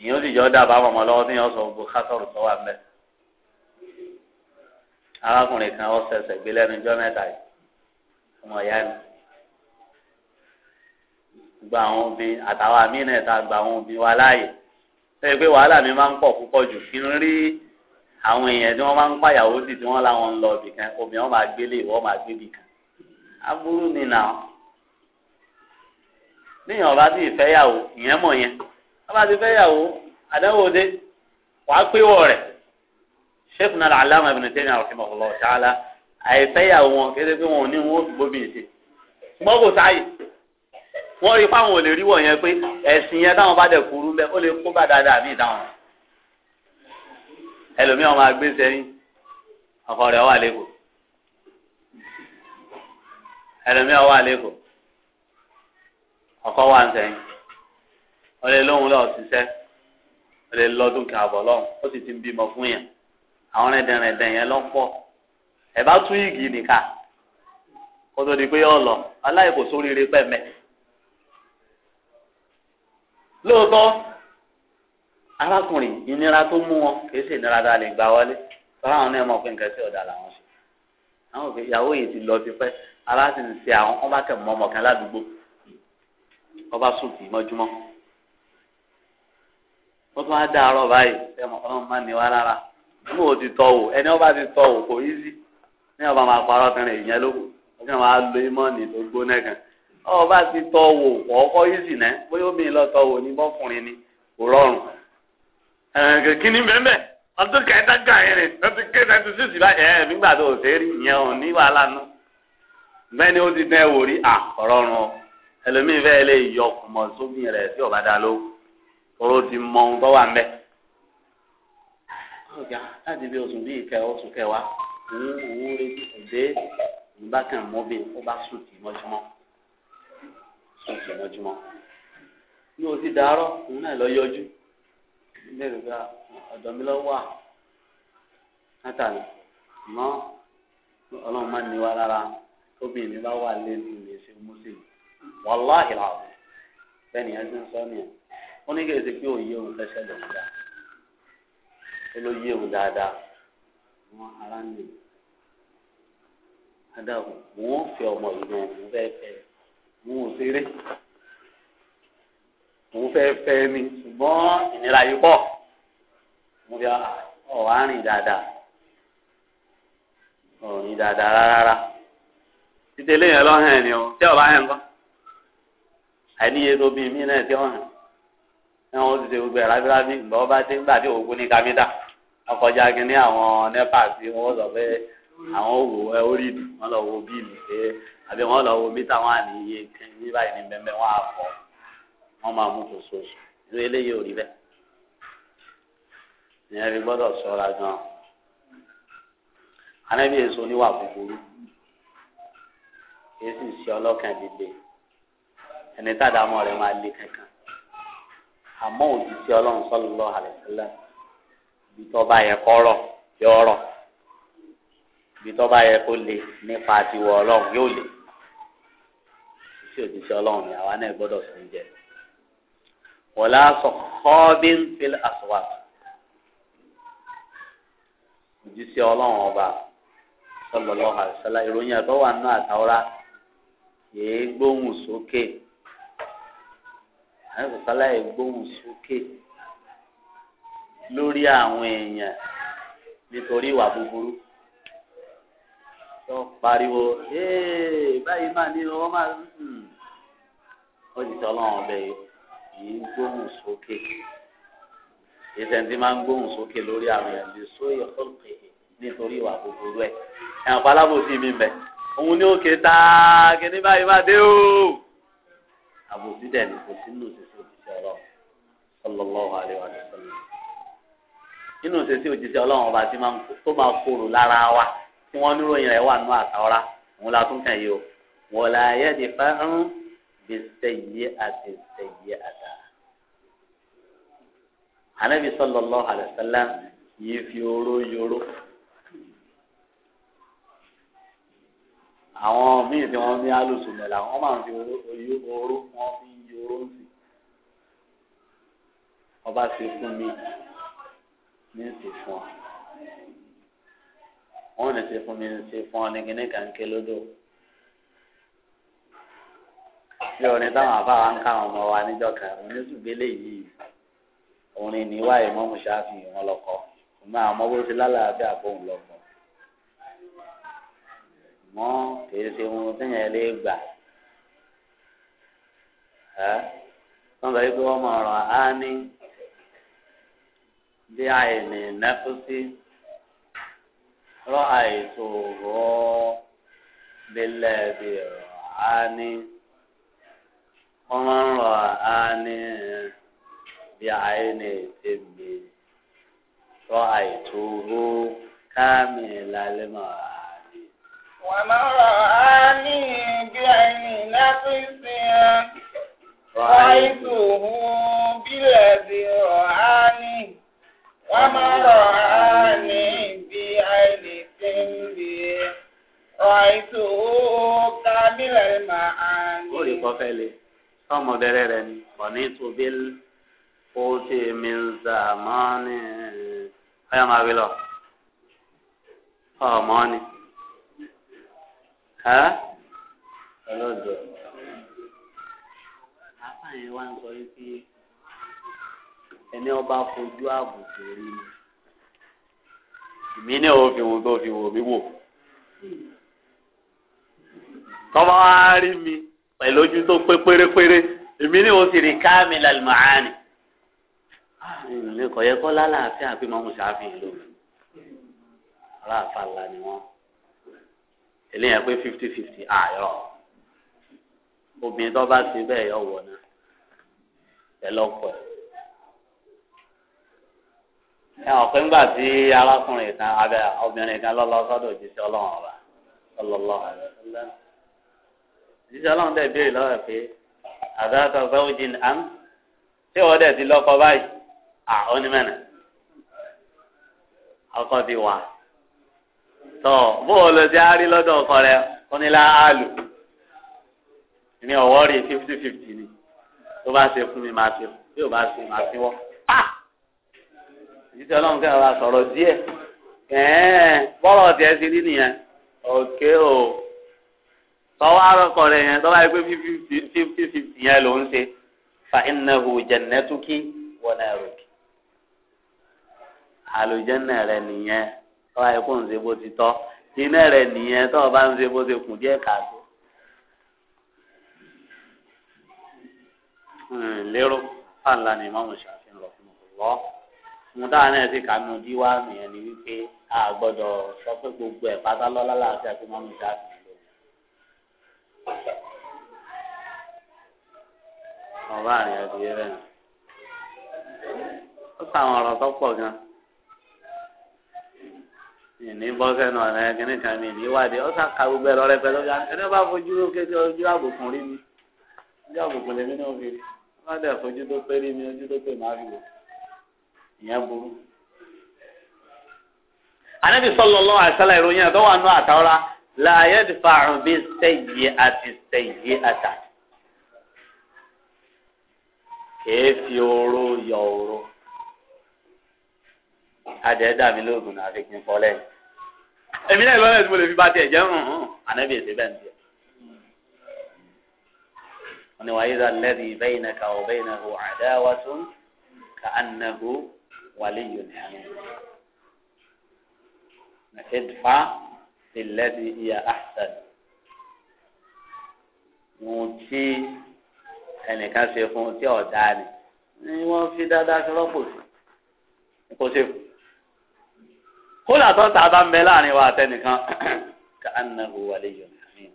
Speaker 2: ìyẹn ó sì jọ dàbá mọ ọmọ lọ́wọ́ tí yẹn sọ gbogbo kátọrù tó wà mẹ arákùnrin kan ó gbé lẹ́nu jọ mẹ́ta yìí ọmọ ìyá ni gba àwọn obìnrin àtàwọn àmínà ẹ̀ta gba àwọn obìnrin wa láàyè sẹ́yìn pé wàhálà mi máa ń pọ̀ púpọ̀ jù kí n rí àwọn èèyàn tí wọ́n máa ń pàyàwó sí tí wọ́n láwọn ń lọ ibì kan obìnrin wọn máa gbélé ìwọ́ máa gbé kan aburú ni nà ọ́ níyàn ọba ti fẹ́yàwó ìyẹn mọ̀ yẹn ọba ti fẹ́yàwó àdánwò dé wàá péwọ̀ rẹ̀ sheikh nara alama ibn taymiya rahimahullah ta'ala àìfẹ́yàwó wọn kéde pé wọn ò ní wọn ò fi bóbi mọ́kò sáyé. wọ́n rí fáwọn olè rí wọ̀nyẹn pé ẹ̀sìn yẹn táwọn bá dẹ̀ kúrú mbẹ́ ó lè kó bá dáadáa mí dáhùn ẹlòmíì ọmọ agbésẹ sẹ́yìn ọkọ rẹ̀ wà lẹ́kọ̀ọ́ ẹlòmíì ọwọ́ àlẹ́kọ̀ọ́ ọkọ wà ń sẹ́yìn ó lè ṣiṣẹ́ ó lè lọ́dún lọ́hùn ó sì ti ń bímọ fún yẹn àwọn ẹ̀dẹ̀rẹ̀dẹ̀ yẹn ẹ̀ bá ìgì nìka kó tó lóòótọ́ arákùnrin ìnira tó mú wọn kìí ṣe ìnira dáa lè gbà wọlé fáwọn náà mọ̀ pé nǹkan sí ọ̀dà làwọn ṣe àwọn òkè ìyàwó yìí ti lọ tipẹ́ ara sì ń ṣe àwọn ọba kẹmọ ọmọ kan ládùúgbò ọba sùn kì í mọ́júmọ́ wọ́n tún á dá àárọ̀ báyìí ẹ̀mọ̀ ọlọ́run má ní wá lára nígbà ó ti tọ̀ wò ẹni ọba ti tọ̀ wò kò yí sí ní ọba máa parọ́ tẹ̀rẹ̀ ìyẹn ló ọjọ́ máa lo imọ́ọ̀nì tó gbóná kan ọba ti tọ wò kọ́kọ́ yìí sì náà bóyá omi lọ wò ní bọ́kùnrin ni kò rọrùn. kíni bẹ́ẹ̀ ọdún kẹta yẹn ni ọdún kẹta tó sì sì bá ẹ nígbà tó o ṣe rí ìyẹn ò ní wàhálà nù. bẹ́ẹ̀ ni ó ti dán wò à ọ̀rọ̀rùn o ẹlòmíì fẹ́ lè yọ ọkùnmọ̀ sómi rẹ̀ tí ọba dá ló oró ti mọ ohun tó wà mẹ́. láti bí oṣù bíi kẹ oṣù kẹwàá òun òun retí kò ìbákan mọ́bí ó sùn kì í wọn ní o ti dàárọ̀ òun náà lọ yọjú ọ̀dọ̀ mi lọ wà ọlọ́run ní wa obìnrin mi bá wà lẹ́nu ṣe ni ẹ ní pé òye òun ò ṣeré òun fẹ́ fẹ́ mi ṣùgbọ́n ìnira yìí pọ̀ mo fi ah, ọ̀ rìn dáadáa ọ̀ dáadáa rárá títí eléyìí ẹ ni o tí ọba yẹn kọ́ àìníye tó bí mí náà tí ó náà wọ́n ti ṣe gbogbo ẹ̀rọ abírábí ìgbà ọba tí ń gbà tí òògùn ní kámítà akọjá kínní àwọn nẹ́pà tí wọ́n sọ pé àwọn òwò ẹ orí ìlú wọn lọ wo bíìlì pé àbí wọn lọ wo bí táwọn àníyé kan ní báyìí ní bẹ́ẹ̀ wọn á fọ wọn máa mú kó so ìlú eléyìí ò rí bẹ́ẹ̀ ìyẹn fi gbọ́dọ̀ ṣọ́ra gan anábì èso oníwà búburú èsì sí ọlọ́kàn dìde ẹni tàdámọ́ rẹ̀ máa lé kankan àmọ́ òjijì ọlọ́run sallallahu alaihi wasallam ibi tó bá yẹ kó rọ̀ yọ rọ̀ ibi tó bá yẹ kó le nípa tiwọ ọlọ́run yóò le sí òjíṣẹ́ ọlọ́run ni àwa náà gbọ́dọ̀ sí ń jẹ. wọ́lá sọ kọ́ọ́bí ń fil àsùwà òjíṣẹ́ ọlọ́run ọba sọlọ́lọ́ àṣàlá ìròyìn ẹ̀tọ́ wà nínú àtàwọ́rá yéé gbóhùn sókè àwọn ìsọ̀sálà ìgbóhùn sókè lórí àwọn èèyàn nítorí ìwà búburú tó pariwo báyìí máa ní ọwọ́ máa ń hmm, sùn ó sì sọ ọlọ́run ọbẹ̀ yìí ń gbóhùn sókè ìsẹ̀ǹtì máa ń gbóhùn sókè lórí àwọn ẹ̀ lè sọ ìyọ̀kọ́ nítorí ìwà búburú ẹ̀ ẹ̀ ọ̀pá alábòsí mi mẹ́ òun ní òkè táà kìíní báyìí bá dé o àbòsí dẹ̀ ní kò sínú òṣìṣẹ́ òṣìṣẹ́ ọlọ́run sallallahu alayhi wa sallam nínú ìṣesí òjíṣẹ́ ọlọ́run ọba tí tó máa kóró lára wa tí wọ́n níròyìn rẹ̀ wà nínú àtàwọ́rá òun la tún kàn yìí o wọ́n bisayi'ati sayi'ata anabi sallallahu الله عليه yìí fi oró yoró àwọn míì tí wọn ní alùsùn mẹla wọn máa ń fi
Speaker 1: oró wọn fi ń yoró ń sì
Speaker 2: ọba ṣe fún mi ní ṣe fún ọ wọn ò ní ṣe fún mi ní ṣe fún ọ ní kíní
Speaker 3: sí orin táwọn afáwa ń káwọn ọmọ
Speaker 2: wa níjọ kan onísùgbélé yìí orin níwá ìmọ̀mù ṣáfì wọn lọkọ ọmọ àwọn ọmọ bó ti lálàáfíà fóun lọkọ mọ kìí ṣe ohun téèyàn lè gbà ẹ wọn sọ pé wọn mọ ọ̀rọ̀ á ní bí àìní nẹfúsí rọ àìsòrò bílẹ̀ bí ọ̀rọ̀ á ní. ومن رآني بعين تمي رأيته كامل المعاني
Speaker 1: ومن رآني بعين نفس
Speaker 2: رأيته
Speaker 1: بالذي رآني ومن رآني بعين تمي رأيته كامل المعاني
Speaker 2: tọmọ bẹ̀rẹ̀ rẹ̀ ni ọ̀ní tóbi ó ti mi zàmánì ọyọ máa wí lọ ọmọ ni ẹ
Speaker 1: ọlọ́dọ̀ àfààní
Speaker 2: ń sọ wípé ẹni ọba fojú àbùkù rí mi èmi náà ó fi wò tó fi wò mí wò tọ́ba wá rí mi pẹ̀lú ojú tó pé pérépéré èmi ní o sì rí káàmì làlùmáàánì. ìrìnlẹ̀ ah, kọ̀ yẹ kọ́ lálàáfíà àfi mọ́mú ṣáfihàn lómi ọ̀rọ̀ àfàlà ni wọ́n eléyàn pé fifty fifty ààyò ah, obìnrin tó bá ti bẹ́ẹ̀ yọ wọ̀ náà ẹ lọ́pọ̀ ẹ ẹ ọ̀pẹ́ ńgbà tí arákùnrin kan abẹ́ obìnrin kan lọ́lọ́ sọ́dọ̀ òjíṣẹ́ ọlọ́run ọba ọlọ́lọ́ àlọ́ jíjẹ́ ọlọ́run dẹ̀ béèrè lọ́wọ́ pé àdáta sáwùjìn àm tí wọ́n dẹ̀ ti lọ́kọ báyìí à onímọ̀nà ọkọ ti wà tọ́ bóun lọ sí àárí lọ́dọ̀ ọkọ rẹ onílà àlù ní ọwọ́ rí fifty fifty ni tó bá ṣe fún mi máa ṣe bí ò bá ṣe máa ṣe wọ́ jíjẹ́ ọlọ́run kẹ́hìn wa sọ̀rọ̀ díẹ̀ bọ́lọ̀ tiẹ̀ ti rí nìyẹn òkè o. Okay, oh tọ́wọ́ arọ́kọ rẹ̀ yẹn tọ́wọ́ àìpé fífi fífi yẹn ló ń ṣe fa innahu jannatuki wa naruki. àlùjẹ́nà rẹ̀ nìyẹn tọ́wọ́ àìpé ń ṣe bó ti tọ́ iná rẹ̀ nìyẹn tọ́wọ́ bá ń ṣe bó ti kù díẹ̀ káàtó. lérò fáńlá ni ìmáàmù Ṣàfi'í rahimahullah mo dáa náà sì kánú díwá nìyẹn ni wípé a gbọ́dọ̀ sọ pé gbogbo ẹ̀ pátá lọ́lá láti àti ìmáàmù Ṣàfi'í ọba àrìn adìyẹ rẹ ó sàwọn ọ̀rọ̀ tó pọ̀ gan ìní bọ́sẹ̀ náà rẹ kíní kan mi ní ìwádìí ó sàkà gbogbo ẹ̀rọ rẹ pẹ̀lú ọjà ẹni bá fojú lókè tí ojú àbùkùn rí mi ojú àbùkùn lèmi náà fi bá dẹ̀ fojú tó pé rí mi ojú tó pé máa fi wò ìyẹn burú. Ànábì sallallahu alaihi wasallam ìròyìn ẹ̀dọ́ wà nù àtàwọ́ra láàyè fàrùn bí sẹ́yìí àti sẹ́yìí àtà. kèé fi oró yọ oró. adé dàmí lóògùn náà fi kí n fọ́ lẹ́yìn. èmi náà lọ́lẹ̀ tí mo lè fi bá tiẹ̀ jẹ́ hàn hàn ànábì èsì bẹ́ẹ̀ ń tiẹ̀. wọ́n ní wàyí dàn lẹ́rìí bẹ́yìn náà kà ó bẹ́yìn náà kò àdá wa tún kà á nà kó wàlẹ́ yòó ní àná lilẹ́dí ìyá ahsan ohun tí ẹnìkan ṣe fún tí ọ̀dà ni ni wọ́n fi dáadáa ṣe rọ́pò sí kó ṣe fún kódà tó ta bá ń bẹ láàrin wa àtẹnìkan ká annahu waliyyun hamim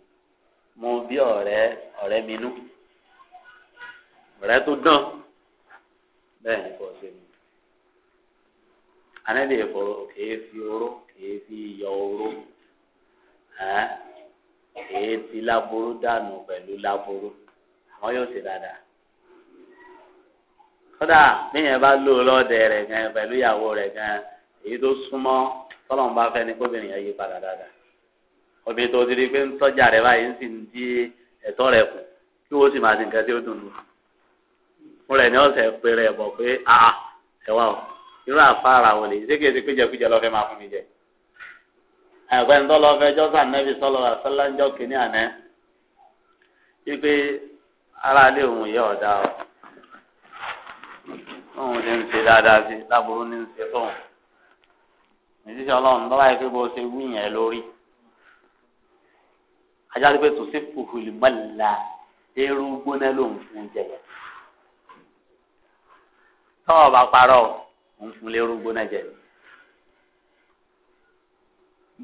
Speaker 2: mo bí ọ̀rẹ́ ọ̀rẹ́ mi nú ọ̀rẹ́ tó dán bẹ́ẹ̀ ni kò ṣe mi anẹ́lẹ̀ ìfọ̀rọ̀ kìí fi oró kìí fi yọ oró. èyí ti láboró dànù pẹ̀lú láboró àwọn yóò ṣe dáadáa kódà níyẹn bá lò lọ́dẹ rẹ̀ gan pẹ̀lú ìyàwó rẹ̀ gan èyí tó súnmọ́ tọ́lọ́mù bá fẹ́ ni kóbìnrin yẹn yí padà dáadáa obìnrin tó ti pé ń tọ́jà rẹ̀ báyìí ń sì ń di ẹ̀tọ́ rẹ̀ kù kí wọ́n sì máa ti nǹkan tí ó dùn rẹ̀ ní ọ̀sẹ̀ pé rẹ̀ bọ̀ pé ẹ̀wà o irú àfárá wọlé ṣé si ṣe péjẹkújẹ lọ́fẹ́ máa fún mi jẹ. ẹ̀fẹ́ ńdọ́lọ́fẹ́ jọ́sà nẹ́bí sọ́lọ́ àṣẹláńjọ́ kìíní àná wípé aráalé òun yẹ ọ̀dà ọ̀ òun ti ń ṣe dáadáa sí láburú ní ń ṣe tóun ìdíṣẹ́ ọlọ́run lọ́wọ́ yìí pé bó ṣe wí yẹn lórí ajá pé tó ṣe fòfòlì mọ́lá eérú gbóná lòun fún jẹ̀yẹ̀ tọ́wọ́ bá parọ́ òun fún lérú gbóná jẹ̀yẹ̀.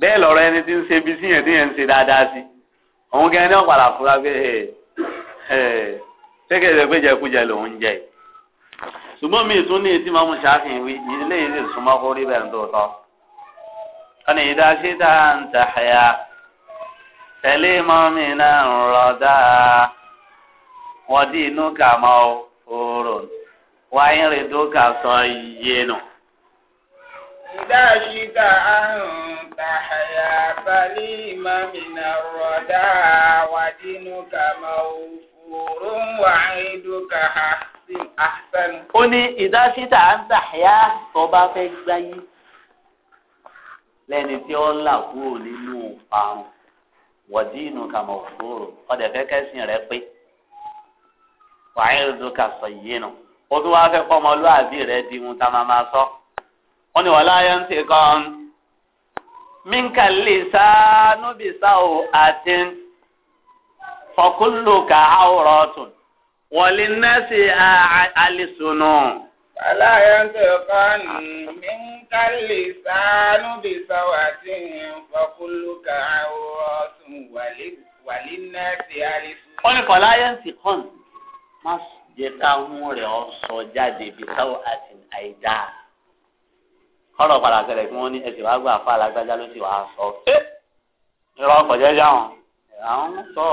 Speaker 2: bẹ́ẹ̀ lọ́rọ̀ ẹni tí ń ṣe bí sí yẹn tí yẹn ń ṣe dáadáa sí òun gan ni ọ̀pàlà fúra pé ṣékèjẹ pé jẹkújẹ lòun jẹ ṣùgbọ́n mi tún ní etí máa mú ṣáfihàn wí ilé yìí sì súnmọ́ kó rí bẹ́ẹ̀ ń tó tọ́ ọ̀nà ìdáṣe tá à ń tà ẹ̀yà tẹ̀lé mọ́mí náà ń rọ̀ dáa wọ́n dín inú kà mọ́ wáyé rèé dókà sọ iye nù.
Speaker 1: ìdáṣe tá à ń المحيا فليم من الردى ودينك موفور وعيدك أحسن ó
Speaker 2: ní ìdásítà ń tàyà tó bá fẹ́ gbáyé lẹ́ni tí ó ń là kúrò nínú parun wọ̀dínú kàmọ̀ òfòrò ọ̀dẹ̀ fẹ́ kẹ́sìn rẹ pé wàhálà dùkà sọ yìí nù ó tún wá fẹ́ kọ́ ọmọlúwàbí rẹ di tá a máa sọ ó ní wọ́n láyé ń ti kọ́ ọ́n minka lè sá núbi sá o àti fọkúlù ká àwòrán tún wọlé nẹ́ẹ̀sì àlìsùnù.
Speaker 1: aláyọ̀ ń tẹ̀kọ́ minka lè sá núbi sá o àti fọkúlù ká àwòrán tún wọlé nẹ́ẹ̀sì àlìsùnù. wọ́n ní kọ́ ń
Speaker 2: tìkọ́n ọ sọ jáde bí sáwọ́ àti kọ́rọ̀ padà ṣẹlẹ̀ kí wọ́n ní ẹsẹ̀ wá gbà fún alágbájá ló sì wá sọ ṣé ìrọ̀ ọkọ̀ jẹ́jẹ́ àwọn àwọn ń sọ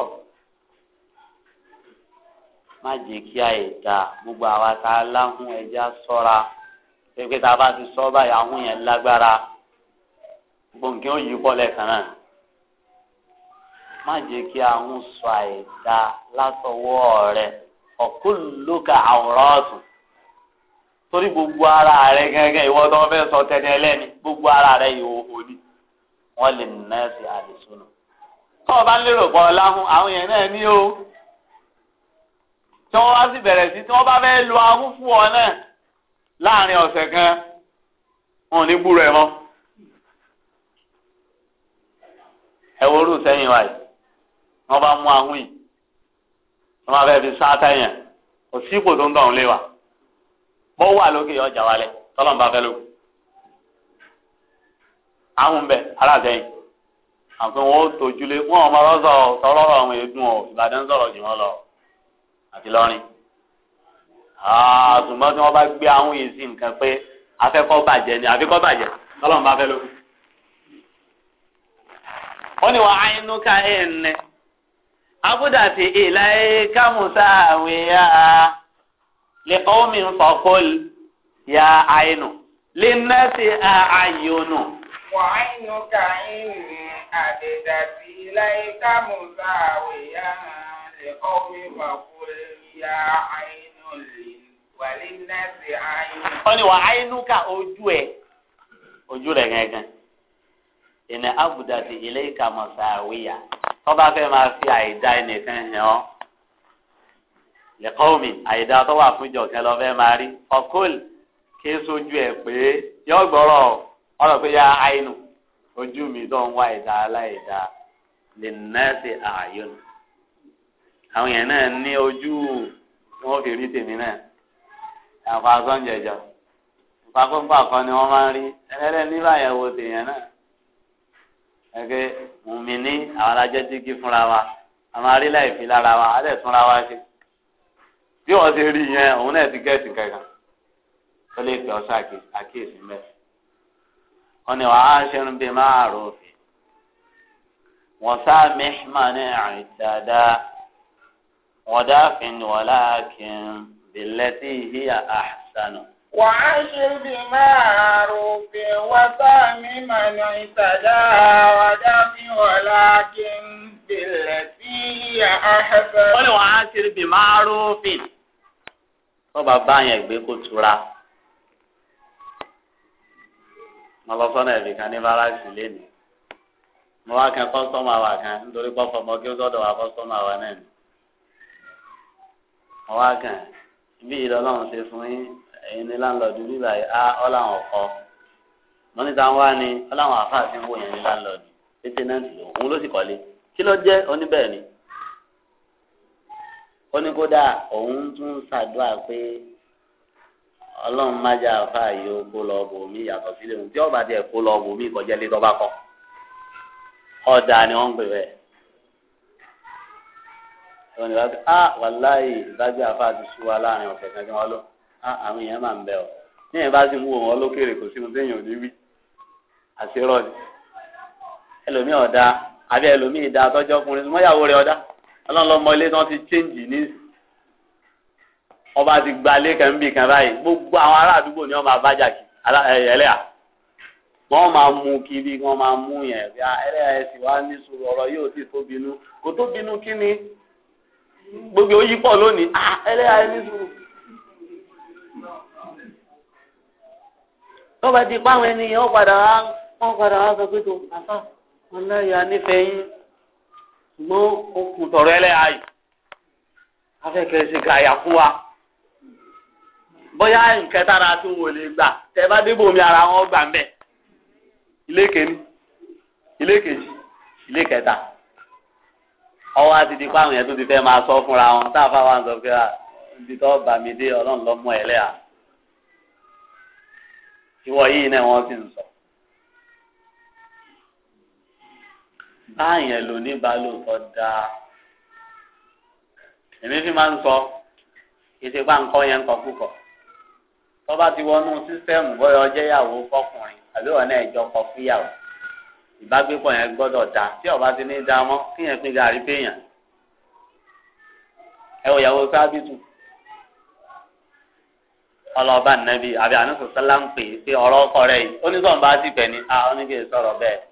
Speaker 2: má jẹ́ kí àyè dà gbogbo àwa tá a láhùn ẹja sọ́ra pé tá a bá ti sọ báyìí àwọn yẹn lágbára gbòǹkì ó yí pọ̀ lẹ́ẹ̀kan náà má jẹ́ kí àwọn sọ àyè látọwọ́ rẹ̀ ọ̀kúlùkà àwòrán ọ̀tún torí gbogbo ara rẹ gẹ́gẹ́ ìwọ tó fẹ́ sọ tẹni ẹlẹ́ni gbogbo ara rẹ ìhòòhò ni wọ́n lè nà ẹ́ sí àdìsúnà tó o bá ń lérò pọ̀ láhùn àwọn yẹn náà ní o tí wọ́n bá sì bẹ̀rẹ̀ sí tí wọ́n bá fẹ́ lo ahùn fún ọ náà láàrin ọ̀sẹ̀ kan wọn ò ní gbúrò ẹ̀ mọ́ ẹ wo orú sẹ́yìn wa bá mú ahùn yìí wọ́n bá fẹ́ fi sáátá yẹn kò sí ipò tó ń dọ̀rùn lé wa. bọ́ wà lókè ọjà wálẹ̀ tọ́lọ̀ ń bá fẹ́ lókè. àwọn bẹ aláàtẹ̀yìn àfihàn wọn ó tójúlé wọn ò máa rọ́sọ̀ ọ̀ sọ̀rọ̀ jù wọn lọ àti lọ́rin. àtùmọ̀ tí wọ́n bá gbé àwọn yìí sí pé afẹ́kọ́ bàjẹ́ ni àfikọ́ bàjẹ́ tọ́lọ̀ ń bá fẹ́ ní ká ẹ̀ ń lè ọmọ ìfọkọl ya àyínú lè nẹ́ẹ̀sì àyínú.
Speaker 1: wà á yín ká yín àdèdà sí láyé kámú sáwé yá lè ọmọ ìfọkọl ya àyínú lè wà lè nẹ́ẹ̀sì àyínú. wọ́n ní wà á yín
Speaker 2: ká ojú ẹ̀ ojú rẹ̀ gángan ìnà àbùdá sí ilé ìkàmọ̀ sáwé yá tọ́ba fẹ́ máa fi àìdá ẹnìkan hàn ọ́ lẹ́kọ́ọ̀mì àyèdá tó wà fún jọ̀kẹ́ lọ fẹ́ máa rí ọkọ́ọ̀lì kí sojú ẹ̀ pé yọ gbọ́rọ̀ ọ̀rọ̀ pé yá àìnù ojú mi tó ń wá ìdá aláìdá lè nẹ́ẹ̀sì ààyòn àwọn yẹn náà ní ojú wọn fi rí tèmi náà àfa sọ́njẹ̀jọ́ ìfakóńpà kan ni wọ́n máa ń rí ẹlẹ́dẹ̀ nígbà yẹn wo náà ẹgbẹ́ mùmí ní àwọn alájẹ́ kí fúnra wa àwọn arílẹ̀ ìfi wa alẹ́ túnra wa ṣe bí wọ́n ti rí yẹn òun náà ti gẹ̀ẹ́sì kankan ó lè pè ọ́ sí àkíyèsí mẹ́fì wọ́n ní wàá ṣẹ́nu bíi márùn òfin wọ́n sáà mẹ́hìmá ní àìsàdá wọ́n dáfin wàlákin bìlẹ́tì híyà àṣànù.
Speaker 1: وعشر بمعروف وصام من اعتدى ودف ولكن wọ́n ní wọ́n á ṣe bí márùn-ún
Speaker 2: wọ́n bá bá yẹn gbé kó tura mo lọ sọ́nà ẹ̀bì kan ní báràsì lẹ́nu mo wá kan kọ́sọ́mà wa kan nítorí pọ́fọ́ mọ́ kí ó sọ́dọ̀ wa kọ́sọ́mà wa náà ni mo wá kan bí ìlọ́lọ́run ṣe fún yín ẹ̀yin ní láńlọ́ọ̀dù bíbá yìí á ọ́ làwọn ọkọ mo ní táwọn wá ní ọ́ làwọn àfáà ti ń wò yẹn ní láńlọ́ọ̀dù pété náà lò òun ló sì kọ́lé kí ló jẹ́ oníbẹ̀ ni ó ní kódà òun tún ṣàdúrà pé ọlọ́run má jà fà yìí ó kó lọ bò mí yàtọ̀ sílé òun tí ọba tiẹ̀ kó lọ bò mí kọjá lé tọ́ba kan ọ̀dà ni wọ́n ń pè bẹ́ẹ̀ ó ní wáá ah wàláyé ìbájú àfa ti sú wa láàrin ọ̀sẹ̀ kan kí wọ́n lọ ah àwọn èèyàn máa ń bẹ̀ ọ́ ní ìbá sì ń wo wọn lókèrè kò sí ohun téèyàn ò ní wí àṣírọ́ ni ẹlòmíì ọ̀dà àbí ẹlòmíì da àtọ́jọ́ ọkùnrin súnmọ́ ìyàwó rẹ̀ ọ̀dá ọlọ́lọ́mọ ilé tí wọ́n ti chéǹjì ní ọba ti gba ilé kan bí kan báyìí gbogbo àwọn ará àdúgbò ni wọ́n máa bájà kí ẹlẹ́yà wọ́n máa mú kiri wọ́n máa mú yẹn bí ẹlẹ́yà ẹ̀sìn wá ní sùúrù ọ̀rọ̀ yóò sì tó bínú kò tó bínú kí ni gbogbo ó pọ̀ lónìí ẹlẹ́yà sùúrù. ti pa àwọn ènìyàn padà wá wọ́n padà wá sọ pé tó wọn lẹ́yìn anífẹ̀ẹ́ yín ṣùgbọ́n okùn tọ̀rọ̀ ẹlẹ́yà yìí afẹ́kẹ́ ṣe gàyà fún wa bóyá nǹkan tára tí wò lè gbà tẹ bá débò mi ara wọn gbà mbẹ ilé kẹni ilé kejì ilé kẹta ọwọ́ àti di fáwọn yẹn tó ti fẹ́ máa sọ fúnra wọn tá a fáwọn àǹsọ̀ fẹ́ ra ibi tó bà mí dé ọlọ́run lọ́mọ ẹlẹ́yà ìwọ yìí náà wọ́n ti ń sọ. báyẹn ló ní balùwẹ̀ dáa èmi fi máa ń sọ ètò ìpá nǹkan yẹn ń kọ púpọ̀ tó bá ti wọnú sísẹ́ẹ̀mù bóyá ọjẹ́ ìyàwó fọkùnrin àbí wọn náà jọ kọ fúyàwó ìbágbépọ̀ yẹn gbọ́dọ̀ dáa tí ó bá ti ní dáa mọ́ kí yẹn pín gàrí péyàn ẹ wò ìyàwó sábìtù ọlọ́ọ̀bá nàbí àbí ànúsọ̀sọ́lá ń pè é pé ọ̀rọ̀ ọkọ rẹ̀ yìí ó ní sọ̀nba ti bẹ̀ ni a ó ní kí n sọ̀rọ̀ bẹ́ẹ̀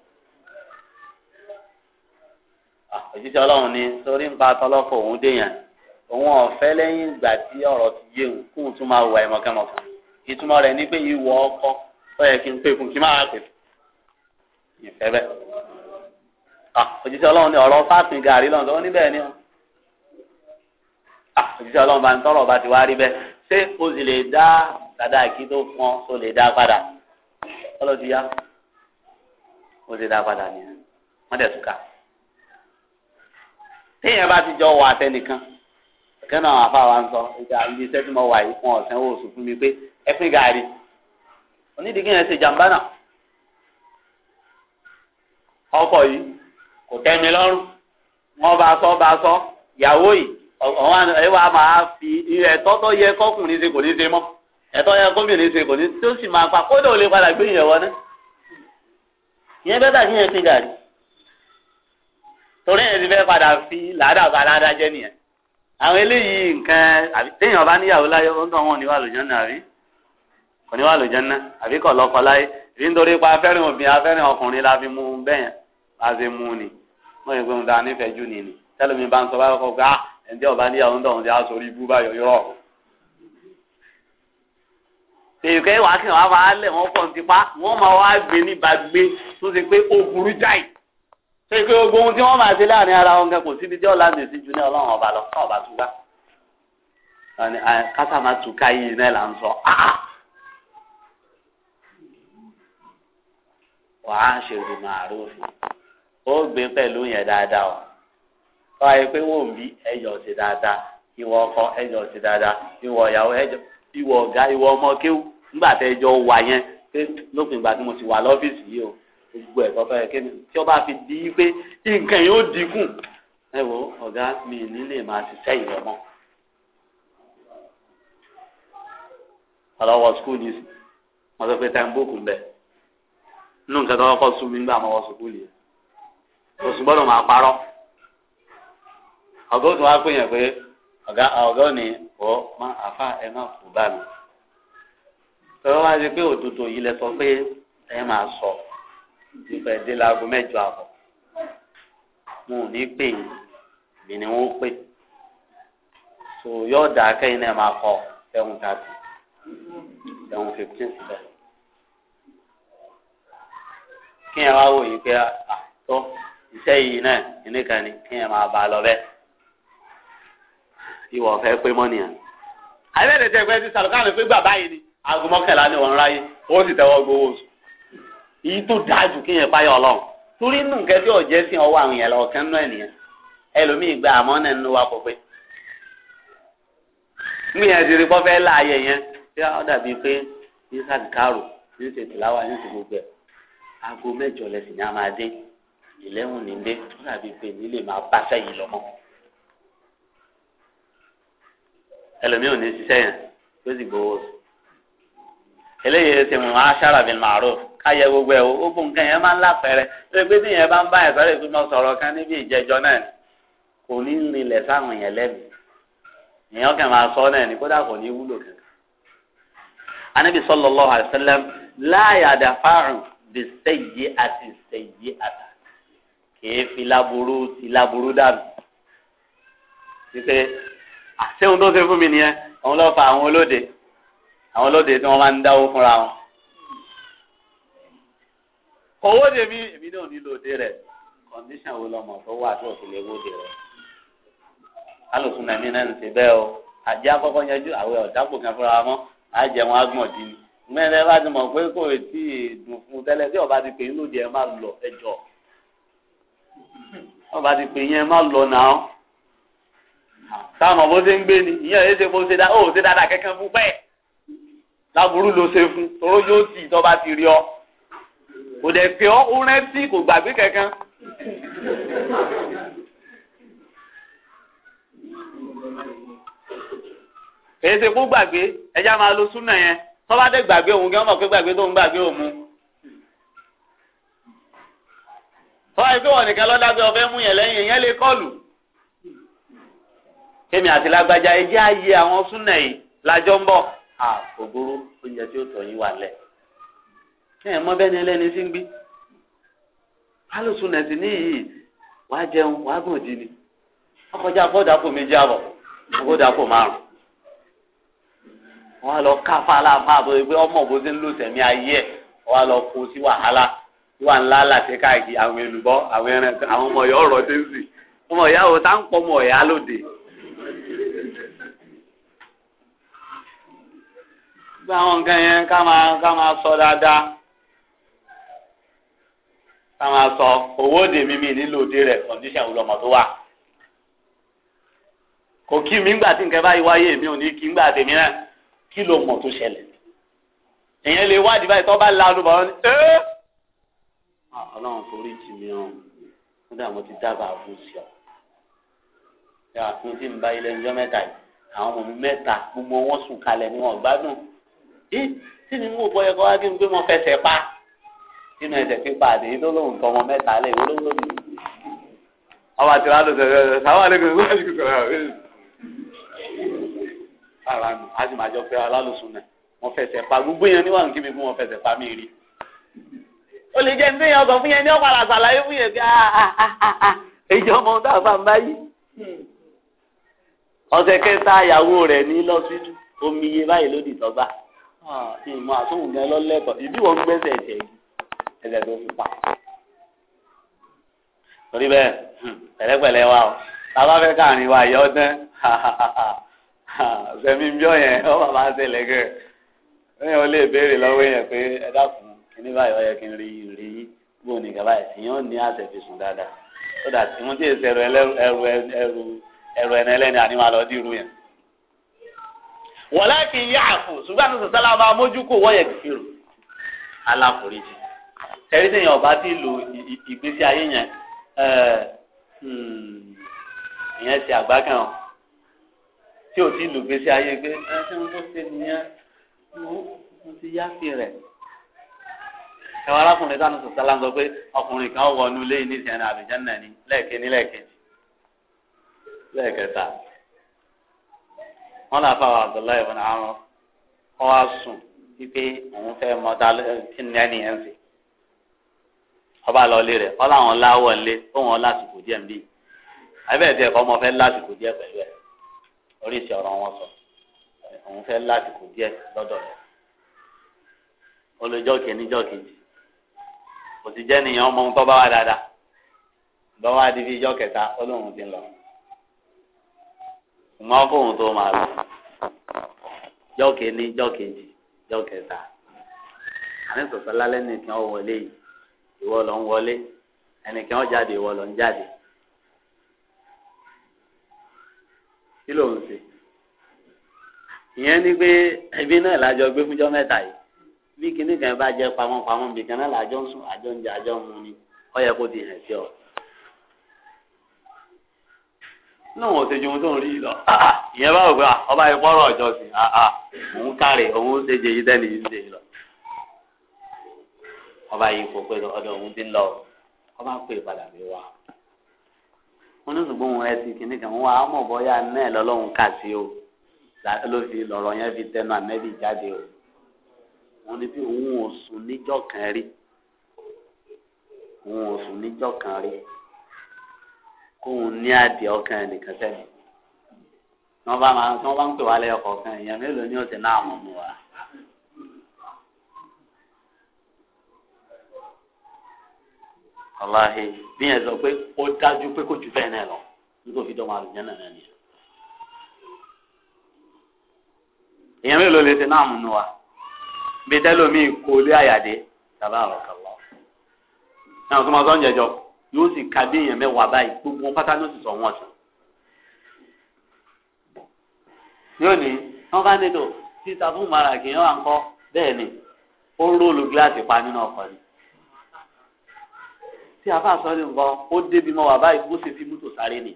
Speaker 2: òjíṣẹ́ ọlọ́run ni sórí ń pa tọ́lọ́fọ̀ òun dé yẹn òun ọ̀fẹ́ lẹ́yìn ìgbà tí ọ̀rọ̀ ti yé òun kóun tún máa wà ìmọ̀kẹ́mọ̀kẹ́ ìtumọ̀ rẹ̀ ní pé ìwọ ọkọ ó yẹ kí n pè fún kí n máa pè ìfẹ́ bẹ́ẹ̀. òjíṣẹ́ ọlọ́run ni ọ̀rọ̀ fáàpin gàrí lọ́nà ó ní bẹ́ẹ̀ ni ó. òjíṣẹ́ ọlọ́run bá ń tọrọ bá ti wá rí bẹ́ẹ̀ ṣé o sì lè dá dàda kí tó fún ọ tó lè dá padà ọlọ́dún yá o sì dá padà nìyẹn wọ́n dẹ̀ tún ká téèyàn bá ti jọ wà àtẹnìkan kẹ́nà àwọn afáwa ń sọ ìgbà ibi iṣẹ́ tí mo wà yìí fún ọ̀sẹ̀ oṣù fún mi pé ẹ pín gàárì onídìgí yẹn ṣe jàǹbá náà ọkọ̀ yìí kò tẹ́ lọ́rùn wọ́n bá sọ bá sọ ìyàwó yìí ọ̀hún ẹ̀wà máa fi ẹ̀tọ́ tó yẹ kọ́kùnrin ṣe kò ní ṣe mọ́ ẹ̀tọ́ yẹ kọ́bìnrin ṣe kò ní tó sì máa pa kódà ò lè padà gbé ìyẹ̀wọ́ náà ìyẹn bẹ́ẹ̀ torí yẹn ti fẹ́ padà fi làádà bá làádà jẹ́ nìyẹn àwọn eléyìí nǹkan àbí téèyàn bá níyàwó láyé ó ń tàn wọn níwà lójọ́ náà àbí kò níwà lójọ́ náà àbí kò lọ́kọ láyé èyí nítorí pa afẹ́rìn obìnrin afẹ́rìn ọkùnrin la fi mú un bẹ́yẹn la fi mú un ni wọ́n yẹ pé òun ta nífẹ̀ẹ́ jù nìyí tẹ́lẹ̀ mi bá ń sọ báyọ̀ kọ́ gbá ẹ̀ǹdẹ́ ọ̀bá níyàwó ń tọ̀hún ti aṣọ orí ibú báyọ̀ yọ̀ ọ́ ṣé pé gbogbo ohun tí wọ́n máa ṣe láàrin ara wọn kan kò síbi tí ọ̀la lè sí ju ní ọlọ́run ọba lọ ọba túká kásá máa túká yìí náà là ń sọ ah, ah. wàá ṣe ìlú màrúfin ó gbé pẹ̀lú yẹn dáadáa o tó ayé pé wò ń bí ẹyọ sí dáadáa ìwọ ọkọ ẹyọ sí dáadáa ìwọ ìyàwó ẹjọ ìwọ ọ̀gá ìwọ ọmọ kéwù nígbà tẹ ẹjọ wà yẹn pé lópin ìgbà tí mo ti wà lọ́fíìsì yìí o gbogbo ẹ̀kọ́ tó kí ni tí ó fi di pé nǹkan yóò dínkù ẹ wo ọ̀gá mi nílé máa ṣiṣẹ́ ìrẹ̀ mọ́. ọlọ́wọ́ skul yìí wọ́n sọ pé time book ń bẹ̀ nínú nǹkan tó kọ́kọ́ sún mi nígbà mọ́ wọ́n sukul yìí oṣù gbọ́dọ̀ máa parọ́ ọ̀gá òtún wá pè yàn pé ọ̀gá ọ̀gá òní ọ̀ máa àfa ẹ̀ máa kú bá mi. tọ́lá wá ṣe pé òtútù yìí lẹ sọ pé ẹ máa sọ ti fẹ́ dé láago mẹ́jọ àbọ̀ mo ò ní pè yín èmi ni wọ́n pè so yóò dà kẹ́yìn náà máa kọ seven thirty seven fifteen síbẹ̀ kí ẹ máa wò yín pé àtọ́ iṣẹ́ yìí náà nìkan ni kí ẹ máa bá a lọ bẹ́ẹ̀ ìwọ fẹ́ pé mọ́nì yẹn. àbẹ̀rẹ̀ tẹ̀ pé ti sàlùkà lè pé gbà báyìí ni aago mọ́kànlá ni wọ́n ń ráyè ó sì tẹ́wọ́ gbowó oṣù èyí tó dáa jù kéèyàn páyọ Ọlọ́run torí nù nǹkan tí ọjẹ sí ọwọ́ àwọn yẹn lọ ọkàn náà nìyẹn ẹlòmíì gba àmọ náà nínú wa pọpẹ níyẹn ti rí pọfẹ láàyè yẹn tí ó dàbí pé ní sàdìkárò ní tètè láwa ní tètè gbogbo ẹ aago mẹ́jọ lẹsìn ní a máa dé ìlẹ́hùn ní dé ó dàbí pé nílé máa bá sẹ́yìn lọ́mọ ẹlòmíì ò ní ṣiṣẹ́ yẹn tó sì gbowó eléyìí ti mú aṣára bíi màrúfù káyẹ gbogbo ẹ o gbogbo nǹkan yẹn máa ń lápẹẹrẹ lórí pé tíyẹn bá ń bá yẹn sọ̀rọ̀ ìpínlẹ̀ sọ̀rọ̀ kan níbi ìjẹjọ náà ni kò ní ń rinlẹ̀ sáwọn yẹn lẹ́nu èèyàn kàn máa sọ náà ni kódà kò ní wúlò kan. anábì sallallahu alaihi wasallam láàyà dàfáàrùn bí sẹ́yìí àti sẹ́yìí àtà kìí fi láburú ti láburú dànù. wípé àṣẹ ah, ohun tó ṣe fún mi nìyẹn àwọn lọ́ọ́ fa àwọn olóde àwọn olóde tí wọ́n máa ń dáwó fúnra wọn owó de mi èmi náà nílò òde rẹ kọndíṣàn wo lọmọ tó wà tó òfin lè wóde rẹ alùpùpù náà mi náà ń ṣe bẹ́ẹ̀ o àjẹ́ akọ́kọ́ yanjú àwẹ̀ ọ̀dàpọ̀ kan fúnra mọ́ àjẹmọ́ agbọ̀n dín ní mẹ́rin bá ti mọ̀ pé kò tí ì dùn fún tẹ́lẹ̀ tí ọba ti pè é lóde ẹ má lọ ẹjọ́ ọba ti pè yẹn má lọ náà táwọn ọmọ bó ṣe ń gbé ni ìyẹn èyí ṣe bó ṣe dá ó ṣe dáadáa kẹ́kẹ́ fún bẹ́ẹ̀ láburú ló ṣe fún torójú ó tì tọ́ba ti rí ọ kò dẹ̀ fi ọ́ ó rántí kò gbàgbé kankan. èyí ṣe kó gbàgbé ẹja máa lo súnà yẹn tó bá dé gbàgbé òun gẹ́gẹ́ mọ̀ pé gbàgbé tó ń gbàgbé òun mu. tọ́wọ́ ẹgbẹ́ wọn nìkan lọ́dágbé ọ̀fẹ́ mú yẹn lẹ́yìn ìyẹn lè kọlù. kémi àti lágbájá ẹjẹ́ ààyè àwọn súnà yìí lájọ́ ń bọ̀ àkògbóró oúnjẹ tí ó tọ̀ yín wà lẹ̀. ẹ mọ bẹ́ẹ̀ ni ẹlẹ́ni sí ń gbé alùsùn nẹ̀sì níyì wàá jẹun wàá gùn dì ní ọkọjá bọ́dàpọ̀ méjì àbọ̀ bọ́dàpọ̀ márùn wọn lọ fàlà máa ọmọ bó ti ń lò sẹ̀mí ayé ẹ̀ wọn lọ kó sí wàhálà wà ńlá láti káàkiri àwọn àwọn ẹran àwọn ọmọ ìyá tó ń sì ọmọ ìyá wo tá ń ọmọ ìyá lóde. táwọn sọ owó òde mímí nílò òde rẹ kọndíṣàn wo lọmọ tó wà kò kí mi ńgbà tí nǹkan báyìí wáyé mi ò ní kí ńgbà tèmi náà kí ló mọ̀ tó ṣẹlẹ̀ èèyàn lè wádìí báyìí tó bá lanu bọ̀ ọ́n ẹ́ ọlọ́run forí jì mí ọ́n nígbà mo ti dábàá fún sí ọ yàrá fún tí n bá ilé ẹjọ́ yìí àwọn ọmọ mi mẹ́ta gbogbo wọn sùn kalẹ̀ ni wọn gbádùn ẹ tí ni mo bọ ẹ̀kọ́ wá kí n gbé mọ fẹsẹ̀ pa nínú ẹsẹ̀ pípa àti èyí tó lóun tọ ọmọ mẹ́ta lẹ̀ wọ́n ló ń ọmọ àti wàá lọ́sẹ̀ rẹ̀ sáwọn àlejò ló ń sọ̀rọ̀ rẹ̀ ara mi a sì máa jọ fẹ́ alálùsùn náà wọ́n fẹsẹ̀ pa gbogbo yẹn níwà ń kíbi fún wọn fẹsẹ̀ pa mí rí o lè jẹ́ ní sẹ́yìn ọ̀sán fún yẹn ní ọ̀pára àṣàlàyé fún yẹn bí èyí ah, ah, ah, ọmọ ọ̀dà àfàǹbá yìí ọ̀sẹ̀ kẹta ìyàwó rẹ̀ ní lọ́sídùú omi iye báyìí lódì tọ́gbà ìmọ̀ àtúnwò gan lọ́lẹ́kọ̀ọ́ ìdíwọ̀n gbẹ́sẹ̀ jẹ̀ ẹsẹ̀ tó fi pa. torí bẹ́ẹ̀ hmm, pẹ̀lẹ́pẹ̀lẹ́ wa o bàbá fẹ́ káàrin wa yọ ọdún sẹ́mi bíọ́ yẹn ó bàbá ṣẹlẹ̀ gẹ̀ ẹ̀yìn ó lè béèrè lọ́wọ́ yẹn pé ẹ dákun kíní báyìí ó yẹ kí n rí rí bó ní kaba ẹ̀sìn yóò ní àṣẹ fi sùn dáadáa ó dà tí mo ti ṣe ẹrù ẹrù ẹrù ẹrù ẹ̀nà ẹlẹ́ni àní lọ dìrú yẹn. wọ́n láti yá ṣùgbọ́n àti sọ̀tàlá máa mójú kó wọ́n yẹ kìfìrù aláforíjì tẹ̀rí tẹ̀yìn ọba ti lo ìgbésí ayé yẹn hmm, ìyẹn ti àgbákan o tí o ti lo ìgbésí ayé pé ẹ ṣé wọn tó ṣe nìyẹn mo ti yáfi rẹ̀ ẹwà arákùnrin tánù sọsálà ń sọ pé ọkùnrin kan wọnú lẹ́yìn ní ìsìn àlùjánnà ní lẹ́ẹ̀kínní lẹ́ẹ̀kejì lẹ́ẹ̀kẹta wọn là fáwọn Abdullahi ibn Amr wọn wá sùn wípé òun fẹ́ mọta kí ni ẹnìyẹn ń sè
Speaker 1: ọba lọlé rẹ̀ ọlá àwọn láwọ̀ lé
Speaker 2: fóun lásìkò díẹ̀ ń bí abẹ́ẹ̀dẹ́ ẹ̀kọ́ ọmọ fẹ́ lásìkò díẹ̀ pẹ̀lú ẹ̀ oríṣi ọ̀rọ̀ wọn sọ òun fẹ́ lásìkò díẹ̀ lọ́dọ̀ rẹ̀ olùjọ́ kìíní jọ́ kejì kò sì jẹ́ nìyẹn ọmọ ohun tó bá wà dáadáa bá wà di bí ijọ́ kẹta ó lóun ti lọ ṣùgbọ́n kóun tó máa lọ jọ́ kìíní jọ́ kejì jọ́ kẹta àní sọ̀sọ́ lálẹ́ nìkan ó ìwọ lọ ń wọlé ẹnìkan ó jáde ìwọ lọ ń jáde kí ló ń ṣe ìyẹn ni pé ẹbí náà lájọ gbé fúnjọ́ mẹ́ta yìí bí kinní kan bá jẹ pamọ́pamọ́ bìkan náà lájọ ń sùn àjọ ń jẹ àjọ ń mu ni ó yẹ kó ti hàn sí ọ. náà wọn ò ṣe ju ohun tó ń rí lọ ìyẹn bá wò pé ah, ọba ìpọ́rọ̀ ọjọ́ sí ah, ah, òun kárẹ̀ òun ṣe jẹ yìí tẹ́lẹ̀ yìí ń ṣe lọ ọba yìí kò pé ọ̀dọ̀ òun ti lọ ọba pè padà mi wá wọn ní ṣùgbọ́n òun ẹsìn kìíní kan wọn á mọ̀ bọ́yá náà lọ́lọ́run kà sí o ló fi lọ̀rọ̀ yẹn fi tẹnu ànẹ́bì jáde o wọn ní bí òun ò sùn níjọ́ kan rí òun ò sùn níjọ́ kan rí kóun ní àdìẹ ọkàn ẹnìkan sẹ́yìn tí wọ́n bá ń pè wá lẹ́yọ̀ kọ̀ọ̀kan èèyàn mélòó ni ó ti náà mọ̀ mọ́ wa. aláhi bí yẹn sọ pé ó dájú pé kò ju bẹ́ẹ̀ náà lọ nítorí dọ́mọ àlùjànnà náà nìyẹn. èèyàn mélòó lè ṣe náà mú nu wa bí tẹ́lómi kò lé àyàdé tàbá àrọ̀ náà tó máa sọ sì ka bí èèyàn mẹ́wàá báyìí gbogbo pátá ní wọn yóò ní wọn bá nílò títa fún kì í ni ó gíláàsì pa tí afa sọ ní nǹkan ó débi mọ bàbá yìí bó ṣe fi mọ́tò sáré ni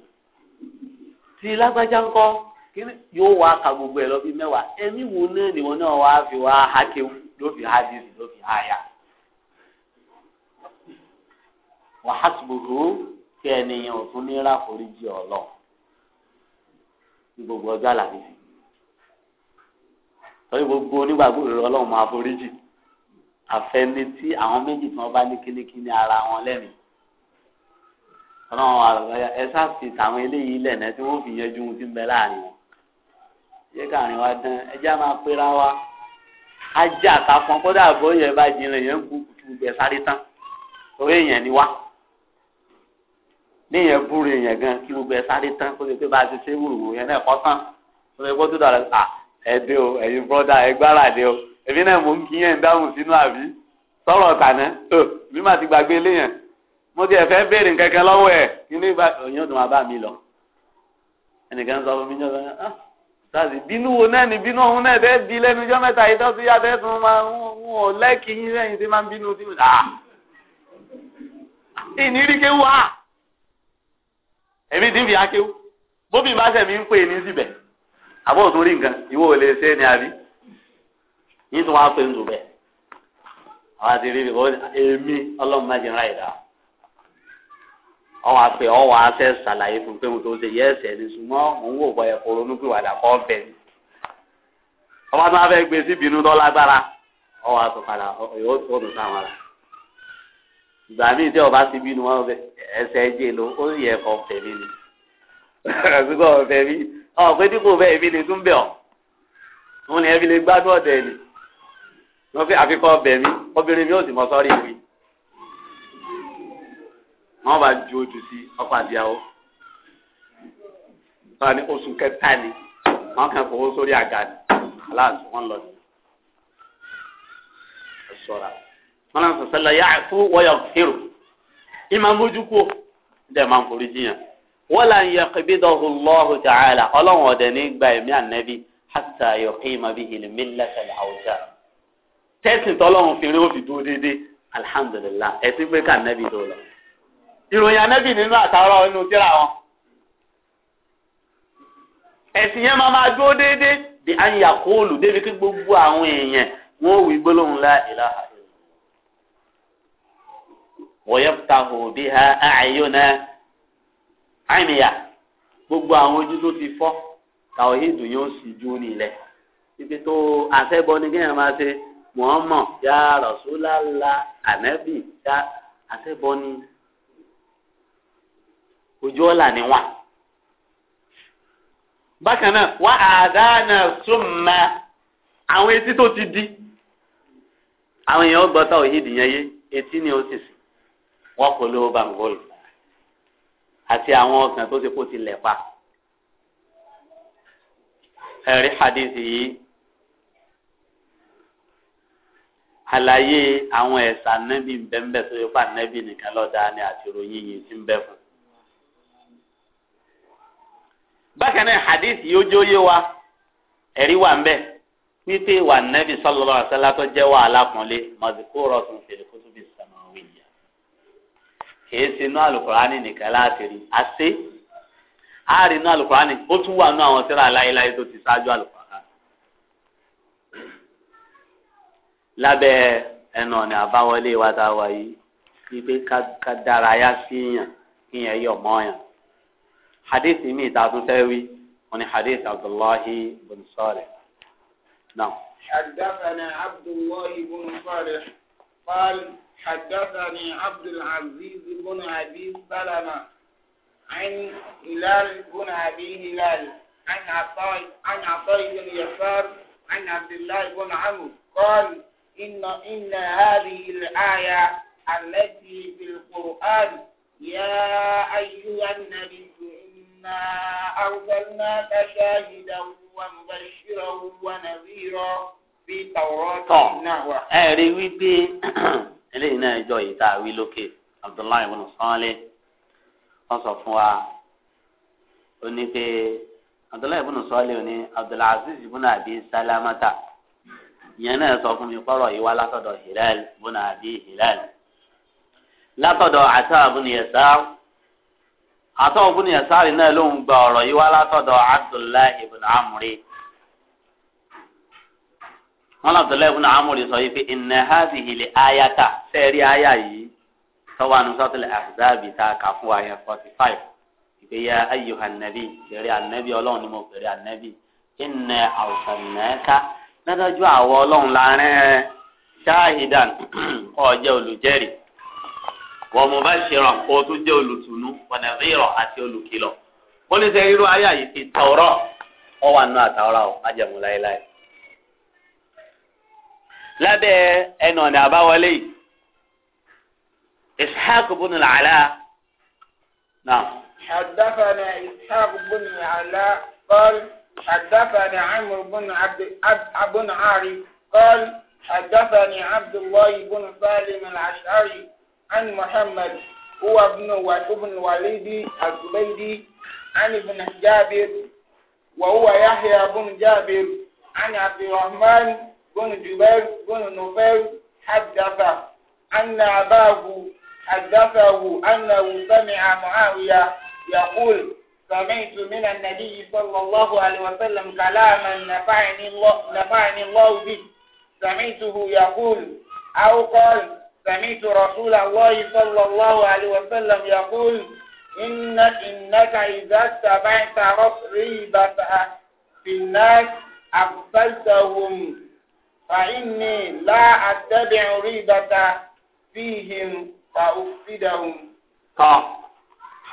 Speaker 2: tí lágbájá ńkọ́ kíni yóò wá ka gbogbo ẹ lọ bí mẹ́wàá ẹni wo náà ni wọn náà wá fi wá hákéwù ló fi há dìrì ló fi há yá wàhásùbùrù kí ẹnìyàn ò tún ní ráforíjì ọlọ ní gbogbo ọjọ́ àlàyé torí gbogbo onígbàgbọ́ ìrọlọ́run máa foríjì àfẹnití àwọn méjì tí wọn bá ní kínníkínní ara wọn lẹ́nu ọlọ́run àlùbáyà ẹ sáfì tàwọn eléyìí lẹ̀nà tí wọ́n fi yanjú ohun tí ń bẹ láàrin wọn yé káàrin wa dán ẹjẹ́ máa pera wa ajá àtàkùn kódà bóyá bá jinlẹ̀ yẹn kú kùtùkùgbẹ sáré tán torí èèyàn ni wá níyẹn búrò èèyàn gan kí gbogbo ẹ sáré tán kó lè pé bá a ti ṣe wùrùwùrù yẹn náà kọ́ tán kó lè kó tó dàrẹ́ à ẹ dé o ẹ̀yin bọ́dà ẹ gbára dé o èmi náà mò ń kí yẹn dáhùn sínú àbí sọ̀rọ̀ tàná ò bí màá ti gbàgbé ilé yẹn mo ti ẹ̀fẹ́ béèrè kankan lọ́wọ́ ẹ̀ inú ìgbà òyìn òdùn àbá mi lọ ẹnìkan sọ fún mi ní ọ̀sán yẹn ah sáàsì bínú wo náà ni bínú ọ̀hún náà tẹ́ di lẹ́nu ijọ́ mẹ́ta yìí tọ́sí yàtọ̀ tún máa ń wọ̀ lẹ́ẹ̀kì yín lẹ́yìn tí máa ń bínú sí mi ah ìnírí kéwù ah èmi ti ń fi akéwù bóbi ìbáṣẹ̀ mi ń pè ní síbẹ̀ àbọ̀ òtún rí nǹkan ìwọ ò lè ṣe é ní àbí yìí tún wá pé nzù bẹ́ẹ̀ àwọn àti rí nìkan èmi ọlọ́run má jẹ́ ra ìdá ọwọ́ àpè ọwọ́ àṣẹ ṣàlàyé fún pé mo tó ṣe yẹ ẹsẹ̀ ní ṣùgbọ́n mò ń wò bọ́ ẹ̀kọ́ ronúpìwàdà kọ́ bẹ̀ ni ọba tó wá fẹ́ gbé sí ìbínú tó lágbára ọwọ́ àtọ̀padà yóò tó sáwọn rà ìgbà míì tí ọba ti bínú wọn ẹsẹ̀ ẹjẹ ló ó yẹ ẹ̀kọ́ tẹ̀mí ni ẹ̀sùnkọ́ tẹ̀mí ọ̀ pé dípò bẹ́ẹ̀ èmi lè tún bẹ̀ ọ́ òun ni lè gbádùn ọ̀dẹ̀ ni. wọ́n fi àfikọ́ ọbẹ̀ mi obìnrin mi ò sì mọ sọ́rí ìwé wọ́n bá ju ojú sí ọkọ̀ ní oṣù kẹta ni wọ́n kàn fowó sórí àga ni aláàtú wọ́n lọ sí ṣọ́ra wọ́n náà sọ sẹ́lẹ̀ ma fún wọ́yọ̀ kírù ìmọ̀ mójú kú dẹ̀ máa ń forí jiyàn wọ́n là ń yẹ kíbídọ̀hù tẹ́sìn tọ́lọ́run fi rí ó fi dúró déédéé alihamudulila ẹ̀sìn pé ká nẹ́bí tó lọ. ìròyìn anẹ́bí nínú àtàwọn inú tíra wọn. ẹ̀sìn yẹn máa máa dúró déédéé di àyà kóòlù débi kí gbogbo àwọn èèyàn wọn ò wí gbólóhùn la ilaha illa. wọ́yẹ́pùtàhù biha àyùnà àmìyà gbogbo àwọn ojú tó ti fọ́ tàwọn èdè yóò sì jú nílẹ̀ ibi tó àfẹ́bọ ni kéèyàn máa ṣe. Muhammad ya Rasulullah anabi ya àtẹ̀bọ́ni ojú ọ̀la ni wà. bákan náà wà àdáàna súnmọ́ àwọn etí tó ti di àwọn èèyàn gbọ́ tá òyìn ìdìyẹn yé etí ni ó sì sìn wọ́n kò lówó bangol àti àwọn ọkàn tó ti kó ti lẹ̀ pa. ẹ̀rí hadith yìí. àlàyé àwọn ẹ̀sà nẹ́bí bẹ́ńbẹ́ tó yẹ fún ànẹ́bí nìkan lọ́dà ni àti ròyìn yìí ti ń bẹ́ fún. bákan náà hadith yóò jó yé wa ẹ̀rí wà ń bẹ wípé wà nẹ́bí sallallahu alaihi wasallam tó jẹ́ wàhálà kànlé mazkuratun fil kutubi samawiyya kìí ṣe inú alukurani nìkan láti rí àṣẹ àárín inú alukurani ó tún wà nú àwọn sẹ́ra láéláé tó ti ṣáájú alukurani. lábẹ́ ẹnu ọ̀nà àbáwọlé wa tá a wà yìí ni pé ká dárayá sí yàn kí yẹn yọ̀ mọ́ yàn. hadith mi ta tún fẹ́ wí wọn ni hadith abdullahi bin salih.
Speaker 1: حدثنا عبد الله بن صالح قال حدثني عبد العزيز بن ابي سلمة عن هلال بن ابي هلال عن عطاء عن عطاء بن يسار عن عبد الله بن عمرو قال إن إن هذه الآية التي في القرآن يا أيها النبي إنا أرسلناك شاهدا ومبشرا ونذيرا في توراة النحو ẹ̀rí
Speaker 2: wípé eléyìí náà jọ ìta àwí lókè Abdullahi ibn Salih wọ́n sọ fún wa ó ní pé Abdullahi ibn Salih ó ní Abdulaziz ibn Abi Salamata. ìyẹn náà sọ fún mi pọ́rọ̀ yìí wá látọ̀dọ̀ Hilal bùnà àbí Hilal látọ̀dọ̀ Ata bùnà Yasar Ata bùnà náà ló gba ọ̀rọ̀ yìí wá látọ̀dọ̀ Abdullahi wọn sọ yìí ayata aya yìí tọ́wọ́ anusọ́tìlẹ̀ àzábì tá a kà fún wa yẹn forty five anabi ọlọ́run ni mo anabi àwùsàn náà ká. dájú àwọ ọlọ́run láàrin ẹ ṣáàhìdàn kọ́ jẹ́ olùjẹ́rìí wọ́n mo bá ṣèràn kó tó jẹ́ olùtùnú pọ̀nẹ́fìrọ̀ àti olùkìlọ̀ ó ní sẹ́ irú ayé àyè ti tọ̀rọ̀ ọ wà nù àtàwọ̀rà ọ ajẹ̀mú láéláé. lábẹ́ ẹnu ọ̀nà àbáwọlé yìí ishaq bùnú làálá
Speaker 1: حدثنا إسحاق بن علاء قال حدثني عمرو بن عبد بن عاري قال حدثني عبد الله بن سالم الأشعري عن محمد هو ابن وابن وليد الزبيدي عن ابن جابر وهو يحيى بن جابر عن عبد الرحمن بن جبير بن نفير حدثه أن أباه حدثه أنه سمع معاوية يقول سمعت من النبي صلى الله عليه وسلم كلاما نفعني الله نفعني الله به سمعته يقول أو قال سمعت رسول الله صلى الله عليه وسلم يقول إن إنك إذا اتبعت ريبة في الناس أغفلتهم فإني لا أتبع ريبة فيهم فأفسدهم.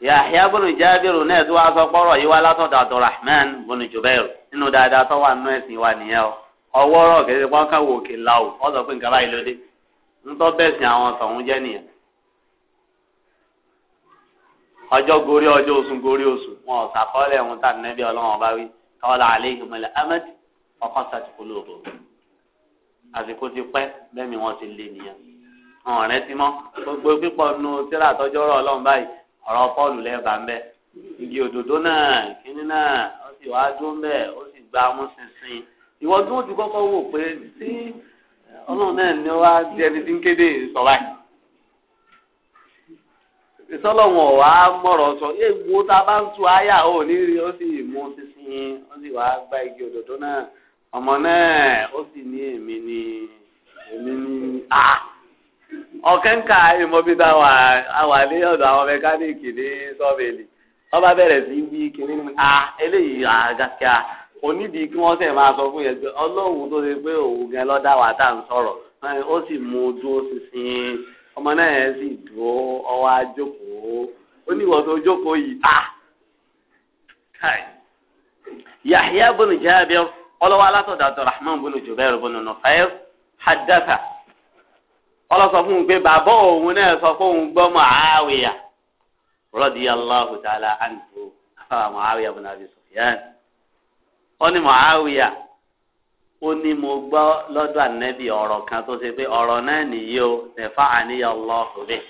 Speaker 2: yàhíà bùnú jábìrù náà tí wàá sọ pọ́rọ̀ yìí wá látọ̀dọ̀ abdulrahman bùnú jùbẹ́rù nínú dáadáa tó wà nínú ẹ̀sìn wa nìyẹn o ọwọ́ ọ̀rọ̀ kẹ́sì pọ́n ká wò kè láwù wọ́n sọ pé nǹkan báyìí ló dé ńtọ́ bẹ̀sìn àwọn jẹ́ nìyẹn. ọjọ́ gorí ọjọ́ oṣù gorí oṣù wọn ò sàkọọ́lẹ̀ ohun tá nẹ́bí wí ọ̀rọ̀ Pọ́ọ̀lù lẹ́ẹ̀bà ń igi òdòdó náà kíní náà ó sì wá dó ń gba mú ìwọ tó ti kọ́kọ́ wò pé tí ọlọ́run náà ni wá di ẹni tí ń kéde sọ báyìí ìsọlọ́wọ̀n mọ̀rọ̀ sọ tá a bá ń gba igi òdòdó náà ọmọ náà ó sì ní a. ọ̀kẹ́ ń ka ìmọ̀bíta ní ọ̀dọ̀ àwọn mẹkáníìkì ní sọ́ọ̀bẹ̀lì wọ́n bá bẹ̀rẹ̀ sí bí ní eléyìí àgàkà onídìí kí wọ́n sẹ̀ máa sọ fún yẹn ọlọ́run tó ṣe pé òun gan lọ́dà wà tá à ń sọ̀rọ̀ ó sì mú un dúró ọmọ náà yẹn sì dúró ọwọ́ àjókòó ó ní ìwọ̀n tó jókòó yìí ọlọ́wọ́ Rahman ọlọ́sọ fún un pé bàbá òun náà sọ fún òun gbọ́ Muawiya radiyallahu ta'ala anhu afárá Muawiya ibn Abi Sufyan ó ní Muawiya ó ní mo gbọ́ lọ́dọ̀ ànẹ́bí ọ̀rọ̀ kan tó ṣe pé ọ̀rọ̀ náà nìyí o nẹ̀fà àníyàn ọlọ́ọ̀hún bẹ́ẹ̀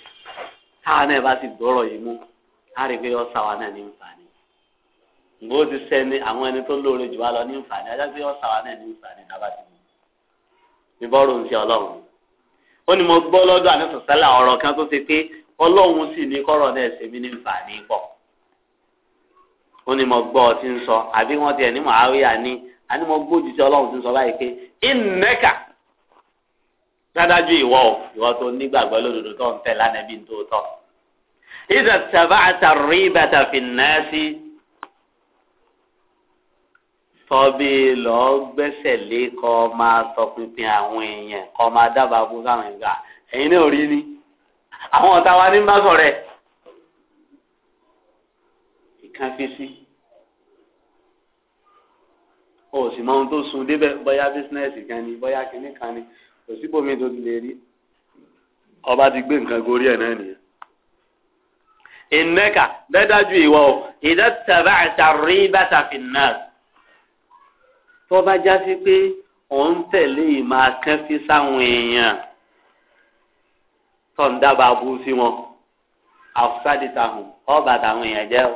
Speaker 2: táwọn náà bá ti gbọ́rọ̀ yìí mú á rí i pé ọ̀sà wa náà ní nfààní ǹgbọ́ ti sẹ́ni àwọn ẹni tó lóore jù wá lọ ní nfààní ajá pé ọ̀sà wa náà ní nfààní náà bá ti mú mi bọ́ọ̀rù ń ó ní mo gbọ́ lọ́dọ̀ àníṣe sẹ́là ọ̀rọ̀ kan tó ṣe pé ọlọ́run sì ní kọ́rọ̀ náà ṣe mí ní nfààní pọ̀ ó ní mo gbọ́ ọ ti ń sọ àbí wọ́n ti ẹ̀ ní màáríà ní àní mo gbọ́ òjijì ọlọ́run ti ń sọ báyìí pé
Speaker 1: ìnẹ́kà
Speaker 2: dájú ìwọ o tó nígbàgbọ́ lódodo tó ń tẹ̀ lánàá bí n tó tọ́ ìdàtàbà àtàrí bàtà fìnnà sí tọ́bí lọ́ọ́ gbẹ́sẹ̀ lé kọ́ máa tọpinpin àwọn èèyàn kọ́ máa dábàá fún sáwọn ìgbà ẹ̀yin náà rí ni àwọn ọ̀tá wa ní bá sọ̀rọ̀ ẹ̀ ìkan fi sí o sì mọ ohun tó sun débẹ̀ bóyá bísínẹ́sì kan ni bóyá kinní kan ni kò síbòmí tó lè rí ọba ti gbé nǹkan gorí ẹ̀ náà nìyẹn ìnẹ́ka dájú ìwọ ìdá tàbá àtàrí bàtà fi tó bá já sí pé òun tẹ̀lé ìmọ̀ akẹ́fí sáwọn èèyàn tó ń dábàá bú sí wọn àfúsádì táwọn ọba táwọn èèyàn jẹ́ o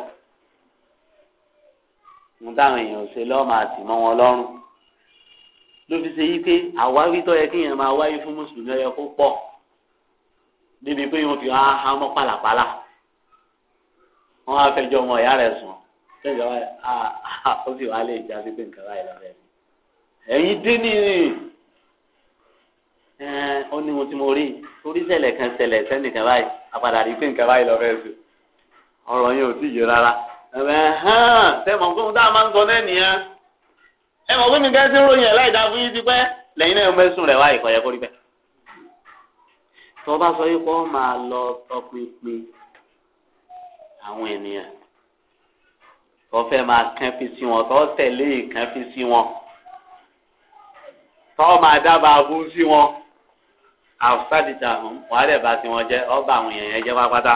Speaker 2: mo táwọn èèyàn ò ṣe lọ́ọ́ máa tì mọ́ wọn lọ́rùn ló fi ṣe yí pé àwáwí tó yẹ kí èèyàn máa wáyé fún mùsùlùmí ọyọ kó pọ̀ níbi pé wọ́n fi hàn án mọ́ pàlàpàlà wọ́n á fẹjọ́ ọmọ ìyá rẹ̀ sùn ó sì wá lè já pé nǹkan báyìí lọ́rẹ́ mi ẹ̀yin dín ní ó ní ohun tí mo rí torí ṣẹlẹ̀ kan ṣẹlẹ̀ sẹ́nìkan báyìí àpàdà rí pé nǹkan báyìí lọ fẹ́ sùn ọ̀rọ̀ yẹn ò tí ì yé rárá ẹ̀mẹ̀ hàn ṣe mọ̀ pé mo dáa máa ń sọ náà nìyẹn ẹ mọ̀ pé mi kẹ́ sí ròyìn ẹ̀ láì dáa fún yín ti pẹ́ lẹ́yìn náà mẹ́sùn rẹ̀ wá ìkọ̀yẹ́ kórìí bẹ́ẹ̀ tó bá sọ yìí kó máa lọ tọpinpin àwọn ènìyàn tó máa kàn fi sí wọn tó tẹ̀lé ìkàn fi sí wọn tọ́ máa dábàá bú sí wọn àfúsàdìjà wàhálẹ̀ bá ti wọn jẹ́ ọba àwọn èèyàn yẹn jẹ́ pátápátá.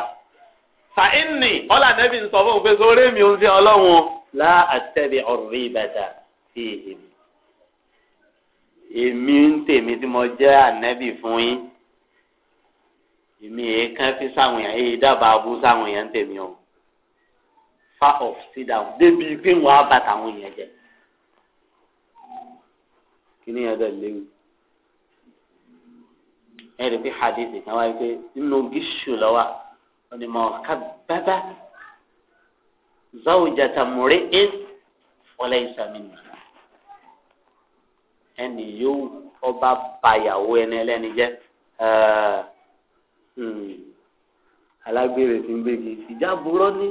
Speaker 2: sàìnì ọ̀là nẹ́bí ń sọ fún un pé sórí mi ń fi ọlọ́run lá àtẹ̀lé ọ̀rọ̀ ìbàdà sí èmi. èmi ń tèmi tí mo jẹ́ ànẹ́bì fún yín èmi èé kán fi sáwọn èèyàn èé dábàá bú sáwọn èèyàn ń tèmi o. fa ọ̀f sídà débi pé wọ́n á bàtà àwọn èèyàn jẹ́ kíní yẹn dẹ̀ léwu ẹ rí i pé hadith kan wáyé pé nínú gíṣù lọ́wọ́ ọ̀nì mọ̀ ká bábá zawjata muri'in wa laysa minna ẹnì yóò ọba bàyàwó ẹni ẹlẹ́ni jẹ́ hmm, alágbèrè tí ń bèbí ìjà burọ́ ní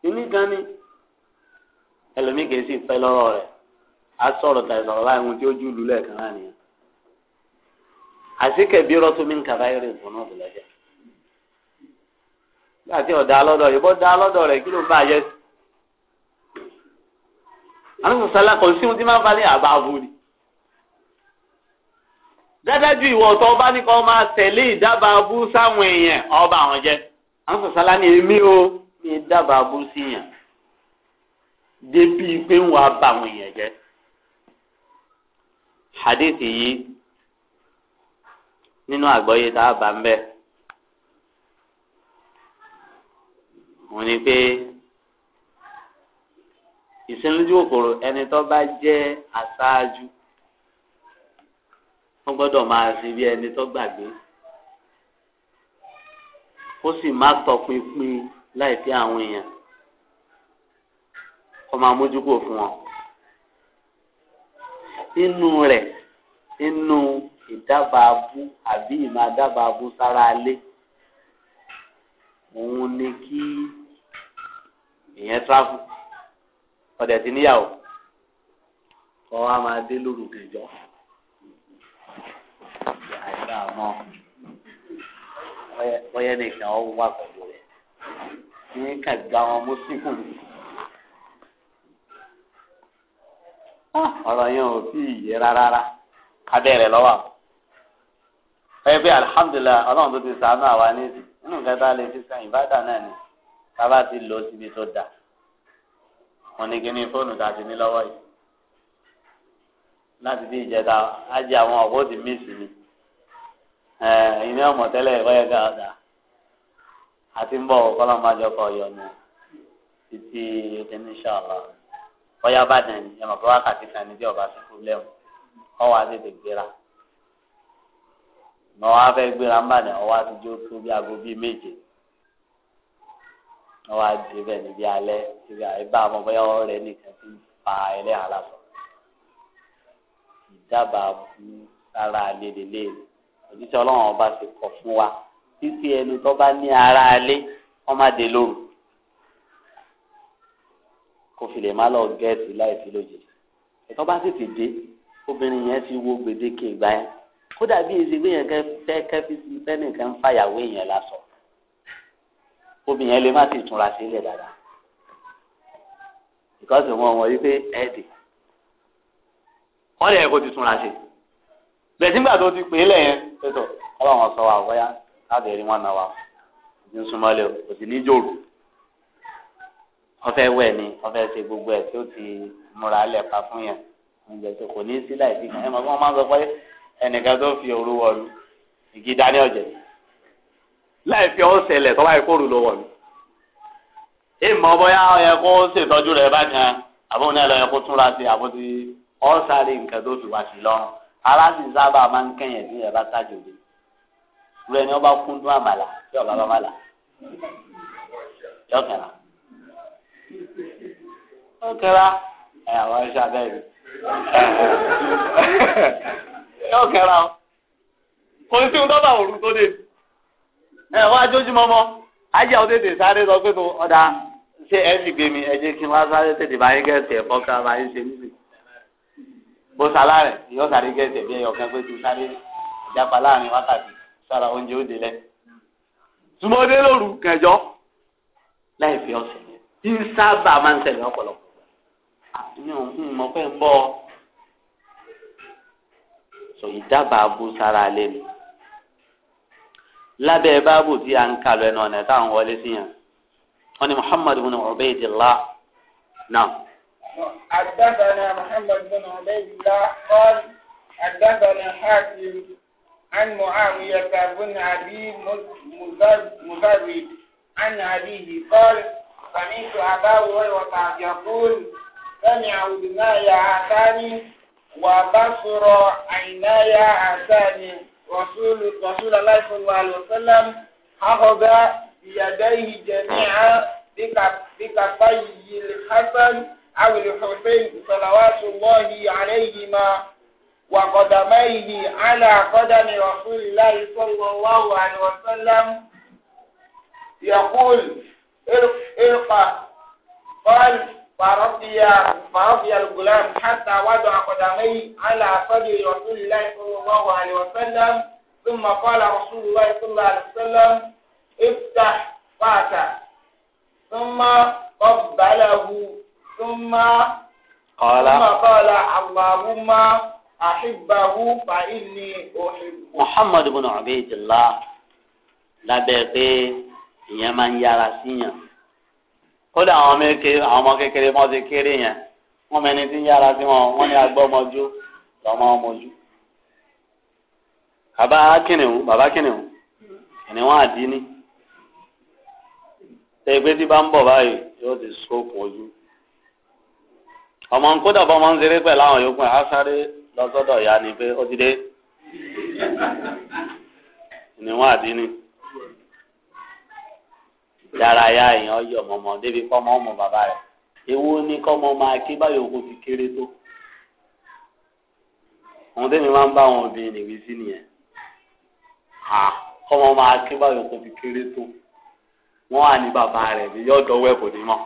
Speaker 2: kíní kan ní ẹlòmíì sì fẹ́ lọ́rọ̀ rẹ̀ a sọ̀rọ̀ tàbí sọ̀rọ̀ báyìí ohun tí ó júlù lẹ́ẹ̀kan náà nìyẹn àti kẹ̀bí rọ́tún mi ń kàbá eré ìfọ̀nà ọ̀dọ̀lọ́jà nígbà tí ọ̀dà alọ́dọ̀ rẹ̀ bọ́ dá alọ́dọ̀ rẹ̀ kí ló ń bá yẹ sí àwọn sọ̀sálà kò sí ohun tí máa ń balẹ̀ àbá abo ni dáadáa ju ìwọ ọ̀tọ̀ ọba nìkan máa tẹ̀lé ìdábàá abú sáwọn èèyàn ọba àwọn jẹ àwọn sọ̀sálà ni èmi o mi dábàá abú sí yàn débi pé ń wàá bá àwọn èèyàn jẹ́ hadithi yìí nínú àgbọ́yé tá a bá ń bẹ̀ wọ́n ní pé ìsinlójú òkòrò ẹni tó bá jẹ́ aṣáájú wọ́n gbọ́dọ̀ máa ṣe bí ẹni tó gbàgbé kó sì má tọpinpin láì fi àwọn èèyàn kó máa mójúkò fún wọn inú rẹ̀ inú ìdábàábú àbí ìmọ̀ àdábàábú sára lé
Speaker 1: òun ni kí
Speaker 2: ìyẹn tráfù ọ̀dẹ̀ ti níyàwó kọ́ wa máa dé lóru kẹjọ àìsàn àmọ́ ọyẹ nìkan ọ̀hún wà pẹ̀lú rẹ̀ ní kàgbà wọn mú síkùn nìkan. ọ̀rọ̀ ò tí ì yé rárá abẹ́rẹ́ lọ́wọ́ ẹ bí alihamudulilayi ọlọ́run tó ti sàánú àwa ní ìsìn lè fi sàn ìbádà náà ni tábà ti lò síbi tó dà wọn ní kíní fóònù tá a ti ní yìí láti bí ìjẹta ajé àwọn ọ̀pọ̀ ti ni ní ká àti ń ni títí bọ́yá bá dàn ní ẹ mọ̀ pé wákàtí kan ní bí ọba sí fúlẹ́mù ọwọ́ á tètè gbéra
Speaker 1: mọ wá fẹ́ gbéra
Speaker 2: ń bàdàn ọwọ́ á ti jó tó bí aago bíi méje ọwọ́ á di bẹ́ẹ̀ níbi alẹ́ síbi àìbá ọmọ bọ́yá ọwọ́ rẹ nìkan ti fa ẹlẹ́ àlàsọ ìdábàá fún ara àlelèlè òjíṣẹ́ ọlọ́run ọba ti kọ̀ fún wa títí ẹnu tó bá ní ara alẹ́ ọmọdé lóru kó fi lè má lọ gẹ́ẹ̀tì láì fi lójijì ẹ̀tọ́ bá tètè dé obìnrin yẹn ti wo gbèdéke ìgbà yẹn kódà bí èsì gbé yẹn kẹ́ kẹ́bí sí sẹ́nìkan ń fàyàwó yẹn lásọ obìnrin yẹn lè má ti túnra sílẹ̀ dáadáa because wọn wọ̀nyí pé ẹ̀ẹ́dì wọ́n lè kó ti túnra sí bẹ̀sí nígbà tó ti pè é lẹ́yìn pẹ̀tọ̀ ọlọ́run sọ wa wọ́yá láti rí wọn náà wa ní súnmọ́lẹ̀ kò sí ní jòrò ọfẹ wẹ ni ọfẹ ṣe gbogbo ẹ tí ó ti múra lẹ pa fún yẹn oúnjẹ tó kò ní sí láì fi kàn ẹ mọ fún wọn máa ń sọ pé ẹnìkan tó fi òru wọlú igi dání ọjẹ láì fi ọwọ́ ṣẹlẹ̀ tó bá yẹ kó òru ló wọlú ìmọ̀ bóyá ọyẹ kó ṣètọ́jú rẹ̀ bá kan náà lọ́yẹ kó túnra sí àbótí ọ̀sàrí nǹkan tó fi wá sí lọ́rùn ara sábà máa ń kẹ́yìn ẹ̀dín ẹ̀bá tájò dé rẹ̀ ni wọ́n kúndún àmàlà tí ọ̀bá bá má là yọ̀kànlá ó kẹra àwọn iṣẹ́ abẹ́ mi kẹra o kò sí ohun tó bá òru tó dé ẹ wọ́n ajójúmọ́mọ́ ajá ó tètè sáré lọ pé tó ọ̀dà ṣé ẹ sì gbé mi ẹ jẹ́ kí n wá sáré tètè bá yín gẹ̀ẹ́sì ẹ̀fọ́ ká bá yín ṣe níbi bó sálá yóò sáré gẹ̀ẹ́sì ẹ̀bí ẹ̀yọ̀ kan pé tó sáré ìjápa láàrin wákàtí sára oúnjẹ ó délẹ̀ túmọ̀dé lóru kẹjọ láì fi ọ̀sẹ̀ yẹn tí ń sábà máa ń ṣẹlẹ̀ ọ̀pọ̀lọpọ̀ mi ò mọ̀ pé ń bọ̀ sọ ìdábàá bú sára lé mi lábẹ́ báàbù tí a ń kalọ̀ ẹnu ọ̀nà táwọn wọlé sí yẹn wọ́n ní muhammad bin ubaydillah náà.
Speaker 1: حدثنا محمد بن عبيد الله قال حدثنا حاتم عن معاوية بن أبي مزرد عن أبيه قال سمعت أبا هريرة يقول سمع أذناي عاتاني وبصر عيناي عاتاني رسول رسول الله صلى الله عليه وسلم أخذ بيديه جميعا بكفي الحسن أو الحسين صلوات الله عليهما وقدميه على قدم رسول الله صلى الله عليه وسلم يقول ارفع قال فرضي فرضي الغلام حتى وضع قدميه على صدر رسول الله صلى الله عليه وسلم ثم قال رسول الله صلى الله عليه وسلم افتح فاتح ثم قبله ثم قال ثم قال اللهم أحبه فإني أحبه
Speaker 2: محمد بن عبيد الله lábẹ́ pé ìyẹn máa ń kódà àwọn ọmọ kékeré mọ́ ti kéré yẹn wọ́n mẹ́ni tí ń yára sí wọn wọ́n ní agbọ́mọjú lọ́mọ ọmọjú. bàbá kìnìún bàbá kìnìún kìnìún àdínní tẹ ẹgbẹ́ tí bá ń bọ̀ báyìí yóò ti sóòpù ojú. ọmọ nkódà bọ́ ọmọ ń ṣeré pẹ̀lú àwọn yòókù ẹ̀ á sáré lọ ìyá ni pé ó ti dé kìnìún àdínní dárayá èèyàn yọ mọmọ débi kọ́ mọ́ ọmọ bàbá rẹ̀ ewu ni kọ́ mọ́ máa ké báyọ̀ kó ti kéré tó àwọn tẹ́mi máa ń bá àwọn obìnrin nìwí sí nìyẹn kọ́ mọ́ máa ké báyọ̀ kó ti kéré tó wọ́n wà ní bàbá rẹ̀ ní yọ̀dọ̀ wẹ̀kọ̀ ní mọ́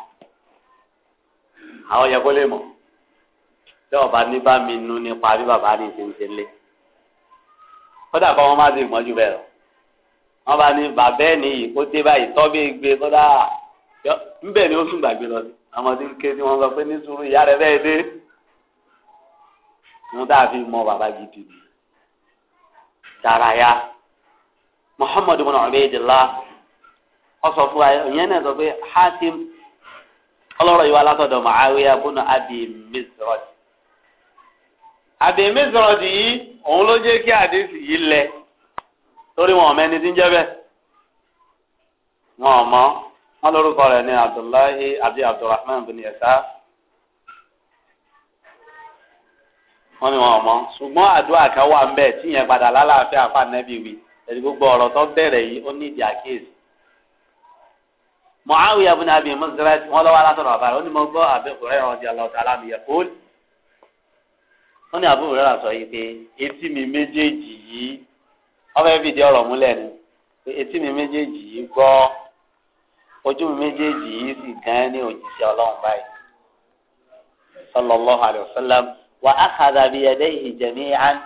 Speaker 2: àwọn yẹ kó lè mọ̀ tí ọba ní bá mi nu nípa bí bàbá ní ìṣe ń ṣe lé kódà kọ́ wọ́n má ti mọ́jú bẹ́ẹ̀ lọ. wọ́n bá ní bàbá ẹ̀ nìyí kó dé báyìí tọ́bí gbé kódà ńbẹ̀ ni ó sùn gbàgbé lọ sí àwọn ké sọ pé ní sùúrù ìyá rẹ bẹ́ẹ̀ dé wọn tá fi mọ bàbá gidi ni ya Muhammadu bin Ubaydillah wọ́n sọ fún wa ìyẹn náà sọ pé ọlọ́rọ̀ yìí látọ̀dọ̀ Abi Abi yìí òun ló jẹ́ kí àdéhùn yìí torí wọn ọmọ ẹni tí ń jẹ́ bẹ́ẹ̀ wọn ọmọ wọn lórúkọ rẹ̀ ní abdullahi abi abdulrahman bin yasa wọn ni wọn ọmọ ṣùgbọ́n àdúrà kan wà ń bẹ tí yẹn padà lálàáfíà fànẹ́bí wí ẹni gbogbo ọ̀rọ̀ tó bẹ̀rẹ̀ yìí ó ní ìdí àkíyèsí. Muawiya bin Abi Muzrad wọn lọ́wọ́ alátọ̀rọ̀ àbá rẹ̀ ó ní mo gbọ́ Abu Hurairah radiyallahu ta'ala anhu yaqul. wọ́n ní Abu Hurairah sọ yìí pé etí mi méjèèjì yìí ọmọ ẹbí di ọ̀rọ̀ múlẹ̀ ni etí mi méjèèjì yìí gbọ́ ojú mi méjèèjì yìí sì gan ní òjíṣẹ́ Ọlọ́run báyìí sallallahu alayhi wa sallam wa akhadha bi yadayhi jami'an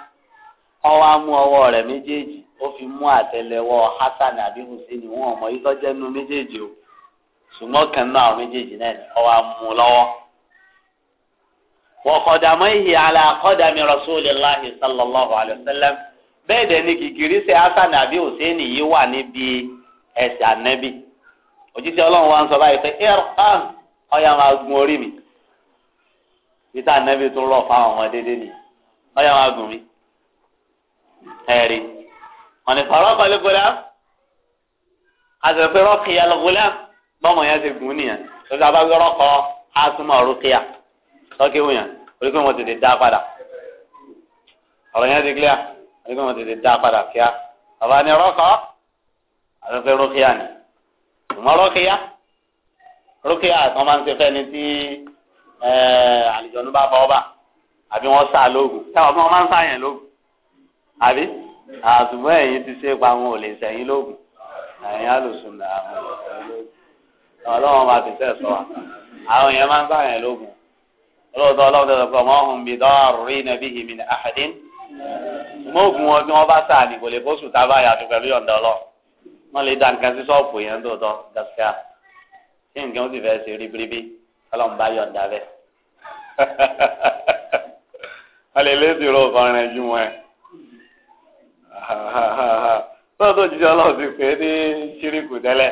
Speaker 2: ó wá mú ọwọ́ rẹ̀ méjèèjì ó fi mú àtẹ́lẹwọ́ Hasan àbí Hussein wọn ọmọ yìí tó jẹ́ méjèèjì o ṣùgbọ́n kan náà àwọn méjèèjì náà ni ó wá mú lọ́wọ́ wa qadamayhi ala qadami rasulillahi sallallahu alayhi bẹ́ẹ̀ dẹ̀ ni kìkìrì ṣe hasan àbí yìí wà níbi òjíṣẹ́ ọlọ́run wa ń sọ báyìí pé irfan ọ̀yà máa gun orí mi peter ànẹ́bí tún rọ̀ fáwọn ọmọ déédéé nìyẹn ọ̀yà máa gùn mí ẹ̀rí ọ̀nì fọ̀rọ̀ pẹ̀lú gbọ́dá àtẹ̀pẹ́ rọ́ọ̀kì alọ́gbọ́dá bọ́mọ yẹn ti gùn nìyẹn lọ́sọ̀ abágbé rọ́ọ̀kọ́ asúmọ̀ rúkìá lọ́kẹ́wò orí pé wọ́n ti dé dá padà ọ̀rọ̀ yẹn ti clear. nígbà wọn tètè dá padà kíá bàbá ni rọ́kọ̀ àtọ́fẹ́ rókíá ni ṣùgbọ́n rókíá rókíá àtọ́ máa ń ṣe fẹ́ni tí àlìjọ́nú bá bọ́ bá àbí wọ́n sá lóògùn táwọn ọmọ máa ń sáyẹn lóògùn àbí àtùmọ̀ ẹ̀yìn ti ṣe pa àwọn òlè sẹ́yìn lóògùn ẹ̀yìn àlùsùn náà
Speaker 1: àwọn ọlọ́wọ́n máa
Speaker 2: ti sẹ́ẹ̀ sọ wa àwọn èèyàn máa ń sáyẹn lóògùn olóòótọ́ ọlọ́wọ́ tẹ̀sán pé ọmọ ọ̀hún bíi dọ́ọ̀rù ṣùgbọ́n oògùn wọn bí wọ́n bá tà ní kò lè bó sùn tábà yàtọ̀ pẹ̀lú yọ̀ǹda ọlọ́ wọn lè da nǹkan sí sọ́ọ̀pù yẹn tó tọ́ gàṣíà ṣé nǹkan ó sì fẹ́ ṣe ríbiríbi ọlọ́run bá yọ̀ǹda bẹ́ẹ̀. wọ́n lè léèdì ró ọkùnrin ju wọn ẹ̀. tó tó jíjẹ́ ọlọ́run ti pè é ní ṣíríkù tẹ́lẹ̀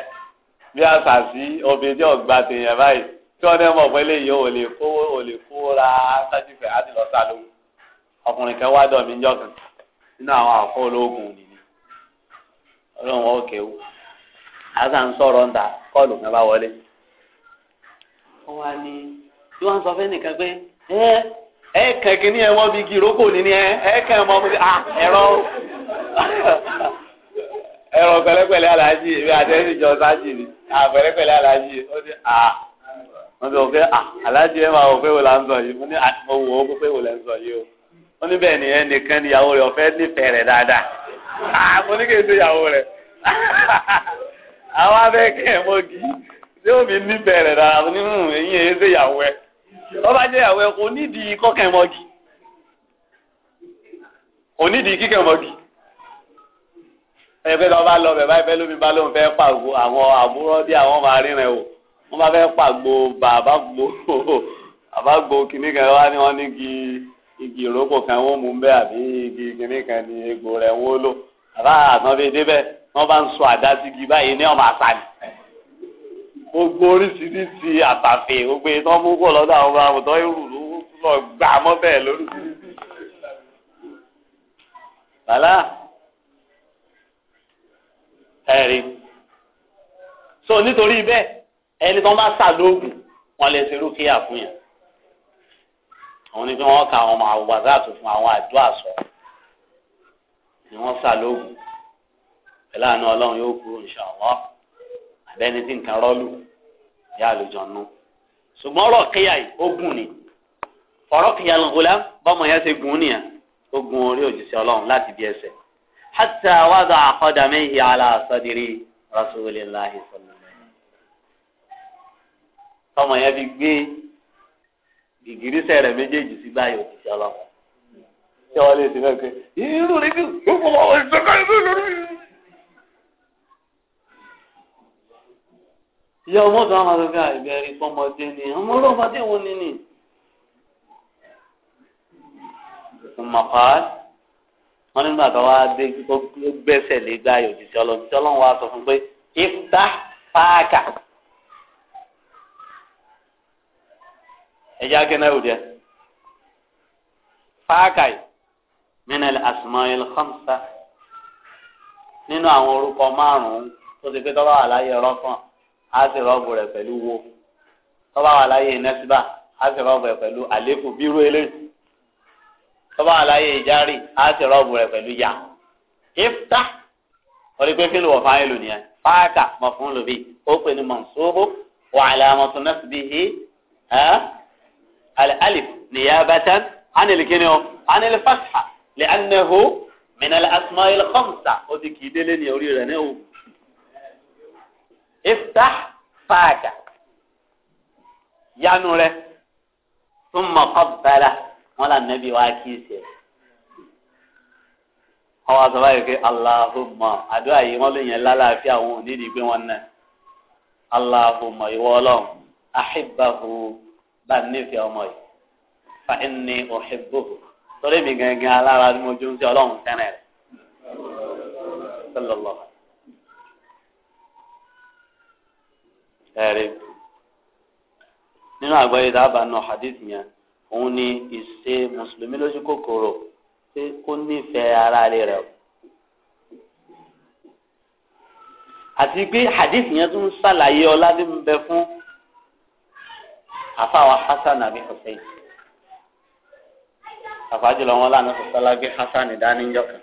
Speaker 2: bí àṣàṣì obìnrin tí ọ̀gbà tèèyàn báyìí tí wọ́n dẹ́ pé léyìí ò lè kó ra sájú fẹ̀ á ti lọ sálóhùn ọkùnrin kan wá dọ̀ mí jọ́kàn nínú àwọn àkọ́ ológun nìyí ọlọ́run wọn kẹ́ o àgbà ń sọ̀rọ̀ ń ta kọ́ọ̀lù kan bá wọlé. wọ́n wá ní bí wọ́n sọ fẹ́ nìkan pé ẹ ẹ kàn kínní ẹ wọ́n bí igi ìrókò níní ẹ ẹ kàn mọ́ mi à ẹ̀rọ
Speaker 1: ẹ̀rọ pẹ̀lẹ́pẹ̀lẹ́ aláàjì èmi àtẹ́sí
Speaker 2: jọ sáàjì ni à pẹ̀lẹ́pẹ̀lẹ́ aláàjì ó ní à wọ́n sọ pé à aláàjì ẹ̀ máa wò pé wò lá ń sọ yìí mo ní àti mo pé wò lẹ́ ń sọ yìí o ó ní bẹ́ẹ̀ nìyẹn nìkan ni ìyàwó rẹ̀ ọ̀fẹ́ nífẹ̀ẹ́ rẹ̀ dáadáa àmọ́ ní kéde ìyàwó rẹ̀ àwọn abẹ́kẹ́ ẹ̀ mọ́gi tí ó mi nífẹ̀ẹ́ rẹ̀ dáadáa ní hùn èyí èyí ṣe ìyàwó ẹ̀ wọ́n bá jẹ́ ìyàwó ẹ̀ kò nídìí kọ́kẹ́ mọ́gi kò nídìí kíkẹ́ mọ́gi ẹgbẹ́ tó bá lọ bẹ̀ báyìí fẹ́ lómi bá lóun fẹ́ pàgbo àwọn àbúrò bí àwọn máa rí rẹ̀ o wọ́n bá fẹ́ pàgbo bàbá gbo bàbá gbo kìnnìkan wá ní wọ́n ní kí igi ìrókò kan wọ́n mú bẹ́ẹ̀ àbí igi kìnní kan ní egbò rẹ̀ wọ́n lò àbá àtàn fi débẹ̀ wọ́n bá ń sọ àdá sí igi báyìí ní ọmọ àṣàlì gbogbo oríṣiríṣi àtàfẹ́ gbogbo ìtàn mú kó lọ́dọ̀ àwọn ọmọ àwùjọ ìrù lọ gbà mọ́ bẹ́ẹ̀ lórí. bàlá ẹ̀rí so nítorí bẹ́ẹ̀ ẹni tó ń bá sàlóògùn wọn lè ṣerú kíyà fún yẹn àwọn ní kí wọ́n ka àwọn ọmọ àwòbàdáàtò fún àwọn àdó àsọ ni wọ́n sà lóògùn pẹ̀lú àná ọlọ́run yóò kúrò ìṣàwọ́ àbẹ́ni tí nǹkan rọ́ọ̀lù yá àlùjọ nù ṣùgbọ́n ọ̀rọ̀ kíyà yìí ó gùn ni ọ̀rọ̀ kíyà lọ́gọ́lá bọ́mọ yẹn ṣe gùn nìyẹn ó gun orí òjíṣẹ́ ọlọ́run láti bí ẹsẹ̀ hàtà wàdà àkọ́dà méhì aláàsọ́dìrí rasulillahi sọ̀rọ̀ tọmọ yẹn fi gbé ìgìrísẹ̀ rẹ̀ méjèèjì sí báyìí òtítọ́ ọlọ́run ṣé wọ́n lè ṣe náà pé irú rẹ̀ bí gbogbo ọmọ ìṣọ́kọ́ ìlú lórí. ìyá ọmọ tó àwọn akẹ́kọ̀ọ́ àìbẹ̀rẹ̀ ìpọ́nmọdé ni ọmọ olóòmọdé wo ni ni. mọ̀kàá wọ́n nígbà tó wá dé gbẹ́sẹ̀ lé gbáyò òtítọ́ ọlọ́run òtítọ́ ọlọ́run wá sọ fún pé ìfúta pàákà. ẹja gẹ́nà òde fáàkàì minal asmail khamsa nínú àwọn orúkọ márùn-ún tó ti pé tọ́ba wà láyé rọ́kàn á sì rọ́ọ̀bù rẹ̀ pẹ̀lú wo tọ́ba wà láyé nẹ́síbà á sì rọ́ọ̀bù rẹ̀ pẹ̀lú àlékún bírú eléyìí tọ́ba wà láyé ìjárì á sì rọ́ọ̀bù rẹ̀ pẹ̀lú yá ifta orí pé kí ló wọ̀ fáyé lónìí ẹ̀ fáàkà mọ̀ fún lòbí ó pè ní mọ̀nsóbó wà àlàmọ̀tún náà sì bí i ẹ́ alif niyabatan anil kini o anil fatha li anahu min al asma il khamsa o ti kì í délé ní orí rẹ̀ ní o. iftah fàákà yanu rẹ̀ thumma qabbala wọn là nẹ́bí wa kì í ṣe. àwọn àtọ́wá yìí pé aláhùnmọ̀ àdúrà yìí wọ́n lè yẹn lálàáfíà wọn ò nídìí pé wọ́n ná aláhùnmọ̀ ìwọ ọlọ́run àhìbáhùn bá a nífẹ̀ẹ́ ọmọ yìí fa ẹni ọ̀hẹ́bò torí mi gangan alára ni mo jó ń sẹ ọlọ́run fẹ́rẹ̀
Speaker 1: rẹ̀ sọlọ́lọ́
Speaker 2: ẹ̀rí nínú àgbáyé dábàá náà hadith yẹn òun ni ìṣe mùsùlùmí lójú kòkòrò pé kó nífẹ̀ẹ́ ara rẹ̀ o. àti pé hadith yẹn tún ń ṣàlàyé ọlá tí fún afáwa hasan àbí hussein àfàjùlọ wọn lànà sọsọlá gbé hasan dánìjọ kan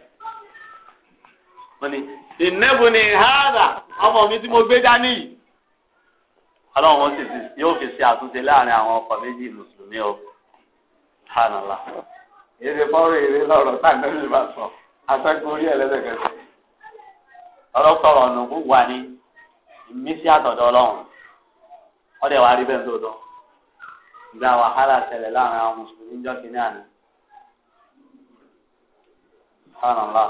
Speaker 2: wọn ni ni hàdà ọmọ mi tí mo gbé dání yìí wọn sì yóò fi ṣe àtúnṣe láàrin àwọn ọkọ̀ méjì mùsùlùmí o hànàlá. fọ́ọ̀rọ̀ lọ́rọ̀ táǹkà sọ orí ọlọ́pàá ọ̀nà gbogbo wa ni ìmísí àtọ̀dọ̀ ọlọ́run wa rí bẹ́ẹ̀ tó dán. dá wàhálà ṣẹlẹ̀ láàrin àwọn mùsùlùmí jọ́ kìíní àná. sànàlá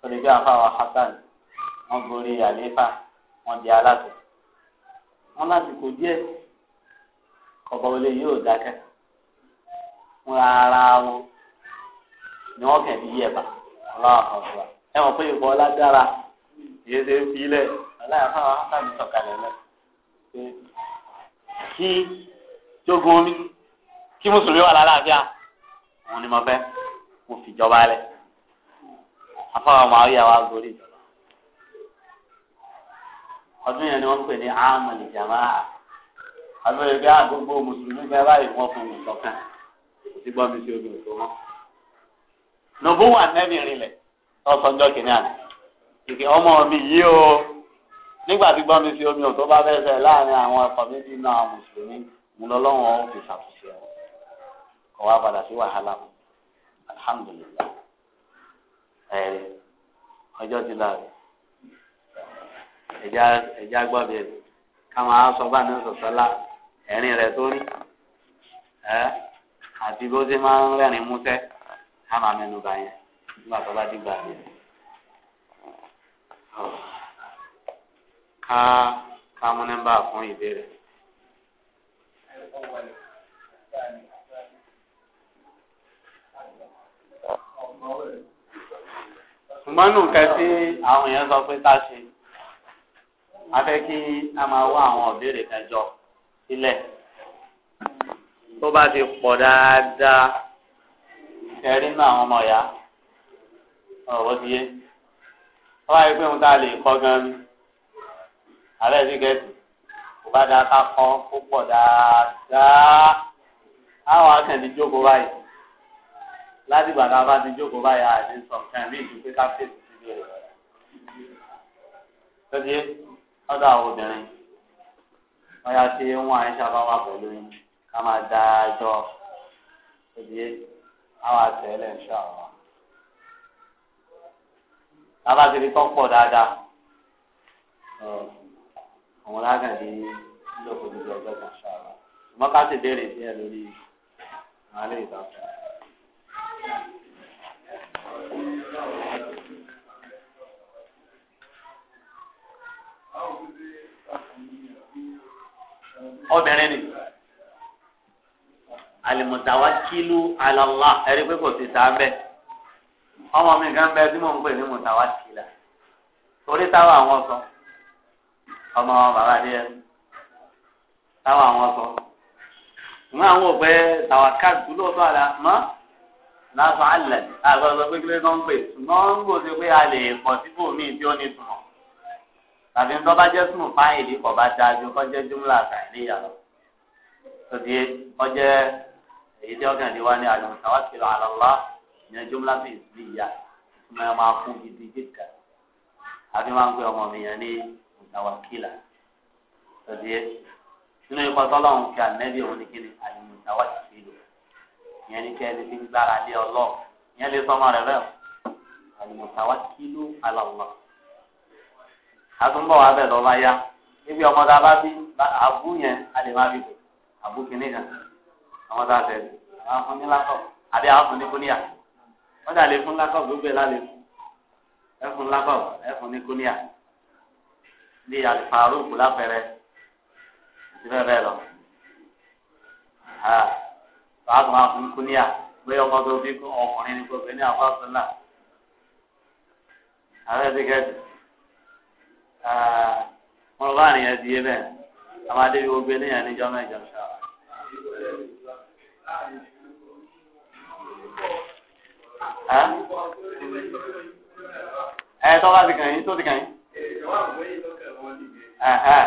Speaker 2: torí bí afáwa hasan wọn borí àlééfà wọn di aláṣẹ wọn láti kò díẹ̀ ọba olè yóò dákẹ́ wọn ara wọn ni wọn kàn fi yí ẹ̀bà ọlọ́wọ́ kan fún wa ẹ mọ̀ pé ìbọn ọlágbára yìí ṣe ń filẹ̀ ọláyà fáwọn hasan sọ̀kalẹ̀ lọ kí jogun omi kí mùsùlùmí wà lálàáfíà òun ni mo fẹ́ mo fi jọba lẹ afọwọ́ máa yà wá gorí ìjọba ọdún yẹn ni wọ́n pè ní amọ̀lì jamaa àbẹ̀rẹ̀ bí àgbogbo ah, mùsùlùmí bẹ́ẹ̀ báyìí wọ́n fún un sọ̀kan kò sí gbọ́n mi sí omi òtó mọ́ nùbú wà nẹ́bì rinlẹ̀ lọ́sọ̀njọ́ kìíní àná ìkè ọmọ mi yìí o nígbà tí gbọ́n mi sí omi òtó bá fẹ́ sẹ̀ láàrin àwọn ẹ̀kọ́ méjì náà mùsùlùmí ńlọlọ́wọ́n ó fi ṣàtúnṣe wọn kọ́ wá padà sí wàhálà wọn alhamdulilayi ẹ̀rí ọjọ́ ti la ẹ̀já ẹ̀já gbọ́ bẹ́ẹ̀ káwọn aṣọ bá ní sọ̀sọ́lá ẹ̀rín rẹ̀ tó rí ẹ̀ àti bó ṣe máa ń rẹ́rìn músẹ́ ká máa mẹ́nu bá yẹn nígbà tó bá dìgbà rẹ̀ ká ká mú nẹ́mbà fún ìbéèrè.
Speaker 1: الأول ṣùgbọ́n nù kẹ́ sí àwọn èèyàn sọ
Speaker 2: pé tá a fẹ́ kí a máa wá àwọn ìbéèrè kẹjọ sílẹ̀ tó bá ti pọ̀ dáadáa ẹ̀rí nínú àwọn ọmọ ìyá ọ̀rọ̀ ti wọ́n á pé òun tá a lè kọ́ gan-an ààrẹ ti gẹ̀ẹ́sì padà ká kọ́ púpọ̀ dáadáa àwọn akẹ́ni jókòó báyìí láti gbàdá bá ti jókòó báyìí àti sọ̀kan bí ìdúpẹ́ ká fèsì sí ilé rẹ̀. lọ́dí ọ̀dọ̀ àwọn obìnrin wọ́n yá sí wọn àyíṣà bá wà pẹ̀lú yín ká máa dá a jọ lọ́dí àwọn àtẹ̀lẹ̀ ń ṣàwọ̀. tábàtìrì tó pọ̀ dáadáa àwọn lágàdí
Speaker 1: lóko dídí ọjọ́ kan ṣáàlà
Speaker 2: ṣùgbọ́n ká sì béèrè díẹ̀ lórí àlẹ́ ìdáko. obìnrin ni alimutawakilu alala ẹni pé kò sí sáà bẹ́ẹ̀ ọmọ mi gan bẹ tí mò ń pè ní mutawakila torí táwọn àwọn sọ ọmọ bàbá díẹ̀ táwọn àwọn sọ mọ àwọn òpẹ tàwa káàdù lóòótọ́ àlà mọ láàbà àlẹ àgbàdo pé kílé náà ń pè ṣùgbọ́n ń gbò sí pé a lè pọ̀ síbò míì tí ó ní túmọ̀ tàbí ń tọ́ba jẹ́ súnmù fáyìn ìdí kọ̀ bá dájú kọ́ jẹ́ júmùlà àtàlẹ́ ìyàlọ́ tòdì ọjẹ́ èyí tí ọkàn ní wá ní àlùmọ̀tàwá ti lọ àlọ́lá ìyẹn júmùlà fi ìsìlì ìyá ìtumọ̀ ẹ̀ máa fún gidi gíga àfi máa ń pè ọmọ mi yẹn ní mùtàwá kìlà tòdì nínú ipa tọ́lọ́run kí ànẹ́bí òun ní kíni àyùmùtà wà sí ìlú ìyẹn ní kí ẹni tí ń gbára lé ọlọ́ọ̀ ìyẹn lè sọmọ rẹ bẹ́ẹ̀ àyùmùtà wà sí ìlú alàlọ́ àtúntò wà bẹ́ẹ̀ lọ́ba yá ibi ọmọ tá a bá bí àbú yẹn a lè má bí bò àbú kìíní kan ọmọ tá a tẹ̀ àwọn fún ní lákọ̀ àbí àwọn fún ní kúníyà wọ́n dà lè fún lákọ̀ gbogbo ẹ̀ lálẹ́ ẹ̀fún lákọ̀ ẹ̀fún ní kúníyà bí àlùfáà rúùkù lápẹ̀rẹ̀ àti bẹ́ẹ̀ bẹ́ẹ̀ lọ. bàbá ah, kan máa fún kú níyà bóyá ọmọ tó fi kún ọkùnrin ní ah, gbogbo ní àbá sọlá. ààrẹ ti kẹ́ẹ̀dì
Speaker 1: wọn bá nìyẹn ti yé bẹ́ẹ̀ àwọn adébí gbogbo níyà níjọ́ mẹ́jọ ṣáà. ẹ eh, tọ́ bá ti kàn yín tó ti kàn yín. Eh,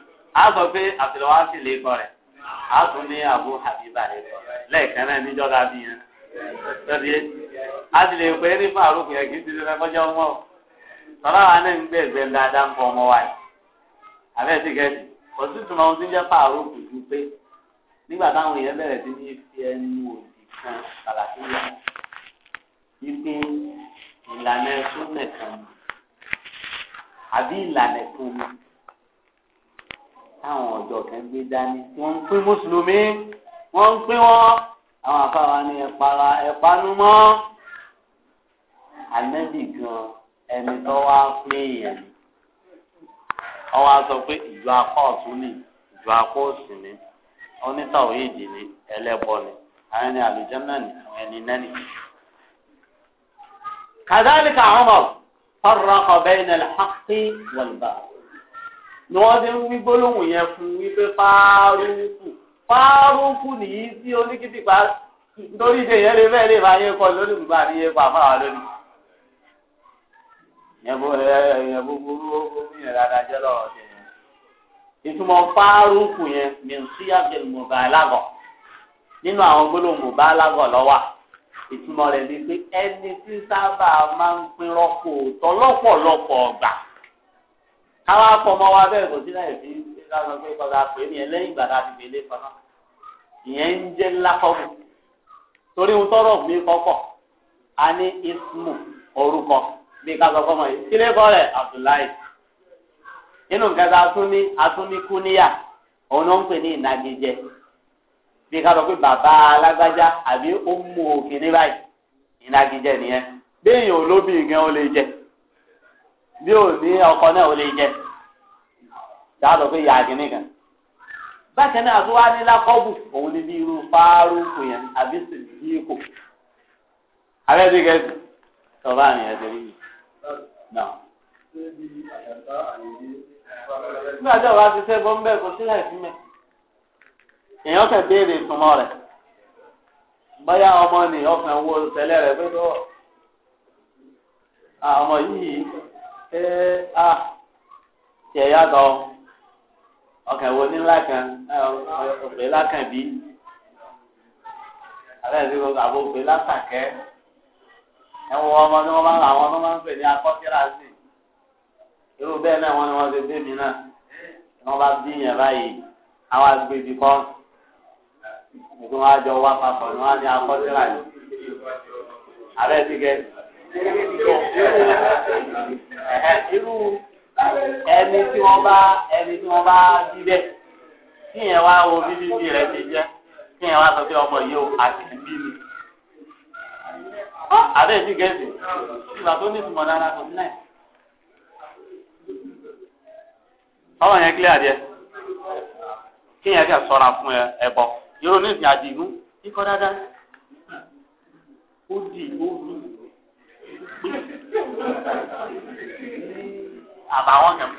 Speaker 2: a sọ pé àtìlọ́wá sì lè kọ a tún ní àbú Habiba lè kọ rẹ̀ lẹ́ẹ̀kan náà níjọba bí yẹn lọ́dí yé a sì lè pé ní fàárù kìí kìí ti fẹ́ kọjá ọmọ o tọ́lá wa náà ń gbé ẹgbẹ́ dáadáa ń bọ ọmọ wa yìí abẹ́ ti gẹ̀ẹ́sì kò sí tùmọ̀ ohun tí ń jẹ́ fàárù kù ju pé nígbà táwọn èèyàn bẹ̀rẹ̀ sí ní fi ẹnu òdì kan táwọn ọ̀dọ́ kan gbé dání tí wọ́n ń pín mùsùlùmí wọ́n ń pín wọn àwọn afáwa ni ẹ̀pàrà ẹ̀pánumọ́ ànẹ́bì gan ẹni tó wá pín yẹn wọ́n wá sọ pé ìlú akọ ọ̀tún ni ìlú akọ òsì ni onítàwọ̀ èdè ni ẹlẹ́bọ ni àwọn ẹni àlùjànnà ni àwọn ẹni nẹ́ni. كذلك عمر
Speaker 1: فرق بين الحق والباطل ni wọ́n ti ń wí gbólóhùn yẹn fún wípé fárúkù fárúkù
Speaker 2: nìyí tí oníkìtìpá nítorí ìdè yẹn lè bẹ́ẹ̀ lè máa yẹ kọ́ lórí bùbá ní yẹ pa fáwọn lónìí. yẹn bó yẹn bó burú ó bí yẹn dáadáa jẹ́ lọ́wọ́ tẹ̀ yẹn. ìtumọ̀ fárúkù yẹn ní síyàgbẹ́ mọ̀bá alágọ̀ nínú àwọn gbólóhùn mọ̀bá alágọ̀ lọ́wọ́ ìtumọ̀ rẹ̀ ni pé ẹni
Speaker 1: tí sábà máa ń pin rọ́pò tọ́lọ́pọ̀lọpọ̀ ọ̀gbà. káwá
Speaker 2: fọmọ wa bẹ́ẹ̀ kò sí láyé fi lánàá pé kọ́ta pé ní ẹlẹ́yìn ìgbà láti fi fọnà ìyẹn ń ńlá tọrọ mi kọ́kọ́ a ní ismu orúkọ bí ká sọ fọmọ yìí sílẹ̀ kọ́ Abdullahi inú kúníyà òun ń pè ní ìnagijẹ bí ká sọ pé bàbá alágbájá àbí ó bí ò ní ọkọ náà ò lè jẹ dáàbò pé ìyá àgínní kan bákan náà tó wá ní lákọ́bù òun ni bí irú fárúkù yẹn àbí sìdíkù abẹ́ bí kẹ́sì sọ̀rọ̀ àmì ẹ̀ tẹ̀lé mi. nígbà tí ọba ti fẹ́ bọ́ ń sílẹ̀ sí mi èèyàn kẹ̀ béèrè ìtumọ̀ rẹ̀ bóyá ọmọ ni ọkàn wo tẹ́lẹ̀ rẹ̀ pé tó ọmọ yìí ẹ a tiẹ̀ yàtọ̀ ọkàn ìwọ ní ńlá kan òpè lákàn bí alẹ́ ìdíkò àbò òpè látàkẹ́ ẹ wọ ọmọ tí wọ́n bá ń àwọn tó máa ń pè ní akọ́kíláàsì irú bẹ́ẹ̀ náà wọ́n ní wọ́n ti dé mi náà wọ́n bá bí yẹn báyìí àwọn agbègbè kan nítorí wọ́n á jọ wá papọ̀ ni wọ́n á ní akọ́kíláàsì alẹ́ ìdíkẹ́.
Speaker 1: irú ẹni tí
Speaker 2: wọ́n bá ẹni tí wọ́n bá bíbẹ̀ kí yẹn wá wo bíbí bí ti jẹ́ kí yẹn wá sọ pé ọmọ yìí ó àti bí mi. àbẹ́ ìdí gẹ̀ẹ́sì
Speaker 1: ìgbà tó ní ìtumọ̀ dára ní náà.
Speaker 2: ọmọ yẹn kí yẹn fún ní ìsìn
Speaker 1: kíkọ́ dáadáa ó ó àbàwọn kan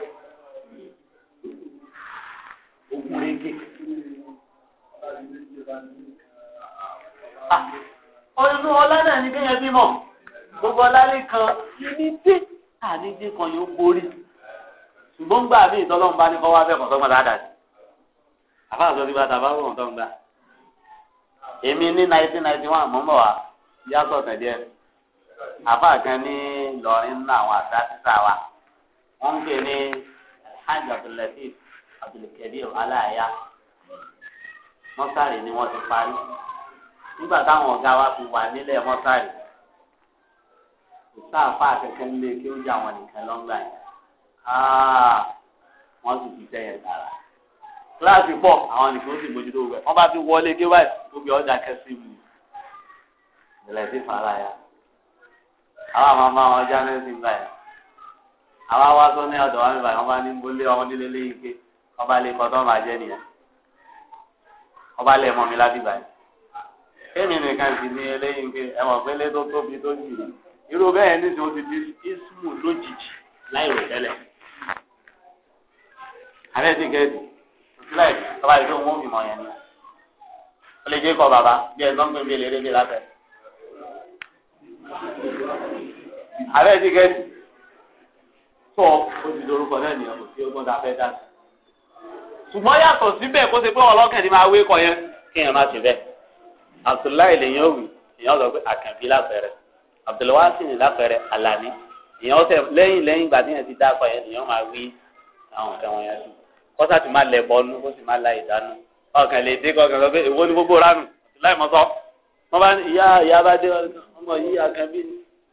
Speaker 1: ogun rege.
Speaker 2: ọdún ah, ọlá náà ni bẹ́ẹ̀ bímọ gbogbo ọlálẹ́ kan ní dé àníjì kan yóò borí ṣùgbọ́n gbà mí ìtọ́lọ́run bá ní kọ́ wá bẹ́ẹ̀ kọ́ sọ́gbọ́n dáadáa sí àbáàzọ bí bàtà bá wọ̀ ọ̀tọ̀ ń gbà èmi ní nineteen ninety one mọ́ mọ́ wa yàtọ̀ tẹ̀lé àbá kan ní lọ́rin nínú àwọn àṣà títà wa wọ́n ń pè ní alhaji abdullatif abdulkadir aláàyá mọ́sálì ni wọ́n ti parí nígbà táwọn ọ̀gá wa fi wà nílẹ̀ mọ́sálì kò sáàfà kẹ̀kẹ́ ń lé kí ó jà wọn nìkan lọ́ngbà yẹn wọ́n sì ti tẹ̀yẹ̀ dára kíláàsì pọ̀ àwọn nìkan ó sì mójútó rẹ̀ wọ́n bá ti wọlé kí wáyé gbogbo ọjà kẹsì mu ìrẹ̀lẹ̀ sí fàlàyà àwọn àmọ́ bá wọn já ní sí báyìí àwa wá sọ ní ọ̀dọ̀ wa mi báyìí wọ́n bá ní ń bólé ọmọ nílé léyìn pé ọba lè kọ́ tó máa jẹ́ nìyẹn ọba lè mọ̀ mi láti báyìí kémi nìkan sì ní eléyìí pé ẹ̀wọ̀n pélé tó tóbi tó jì ní
Speaker 1: irú bẹ́ẹ̀ ní tó ti di ismu lójijì láì rò tẹ́lẹ̀
Speaker 2: àbẹ́ ti gẹ̀ẹ́dì láì ọba lè tó mú ìmọ̀ yẹn ni ó lè jẹ́ kọ́ bàbá bí ẹ̀sán pé bí eléré bí láfẹ́ àbẹ́ ti gẹ̀ẹ́dì sọ oṣù dorúkọ náà nìyẹn kò sí ọgbọ́n tá a fẹ́ dá sí. ṣùgbọ́n yàtọ̀ síbẹ̀ kó ṣe pé ọlọ́kẹ́ ni máa wé kọ yẹn kí èèyàn má ṣe bẹ́ẹ̀. abdullahi lèyàn wì èèyàn sọ pé àkànfi láfẹ̀rẹ̀ abdulwasi ni láfẹ̀rẹ̀ alani èèyàn tẹ lẹ́yìn lẹ́yìn ìgbà tí yẹn ti dákọ̀ yẹn èèyàn máa wí àwọn nǹkan wọn yẹn sùn kọ́sà ti máa lẹ̀ bọ́nú kó sì máa la ìdánú ọkàn lè dé kọkàn sọ pé èwo ni gbogbo ránù láì mọ́ sọ
Speaker 1: wọ́n bá ní ìyá ìyá
Speaker 2: bá dé ọmọ yìí àkànbí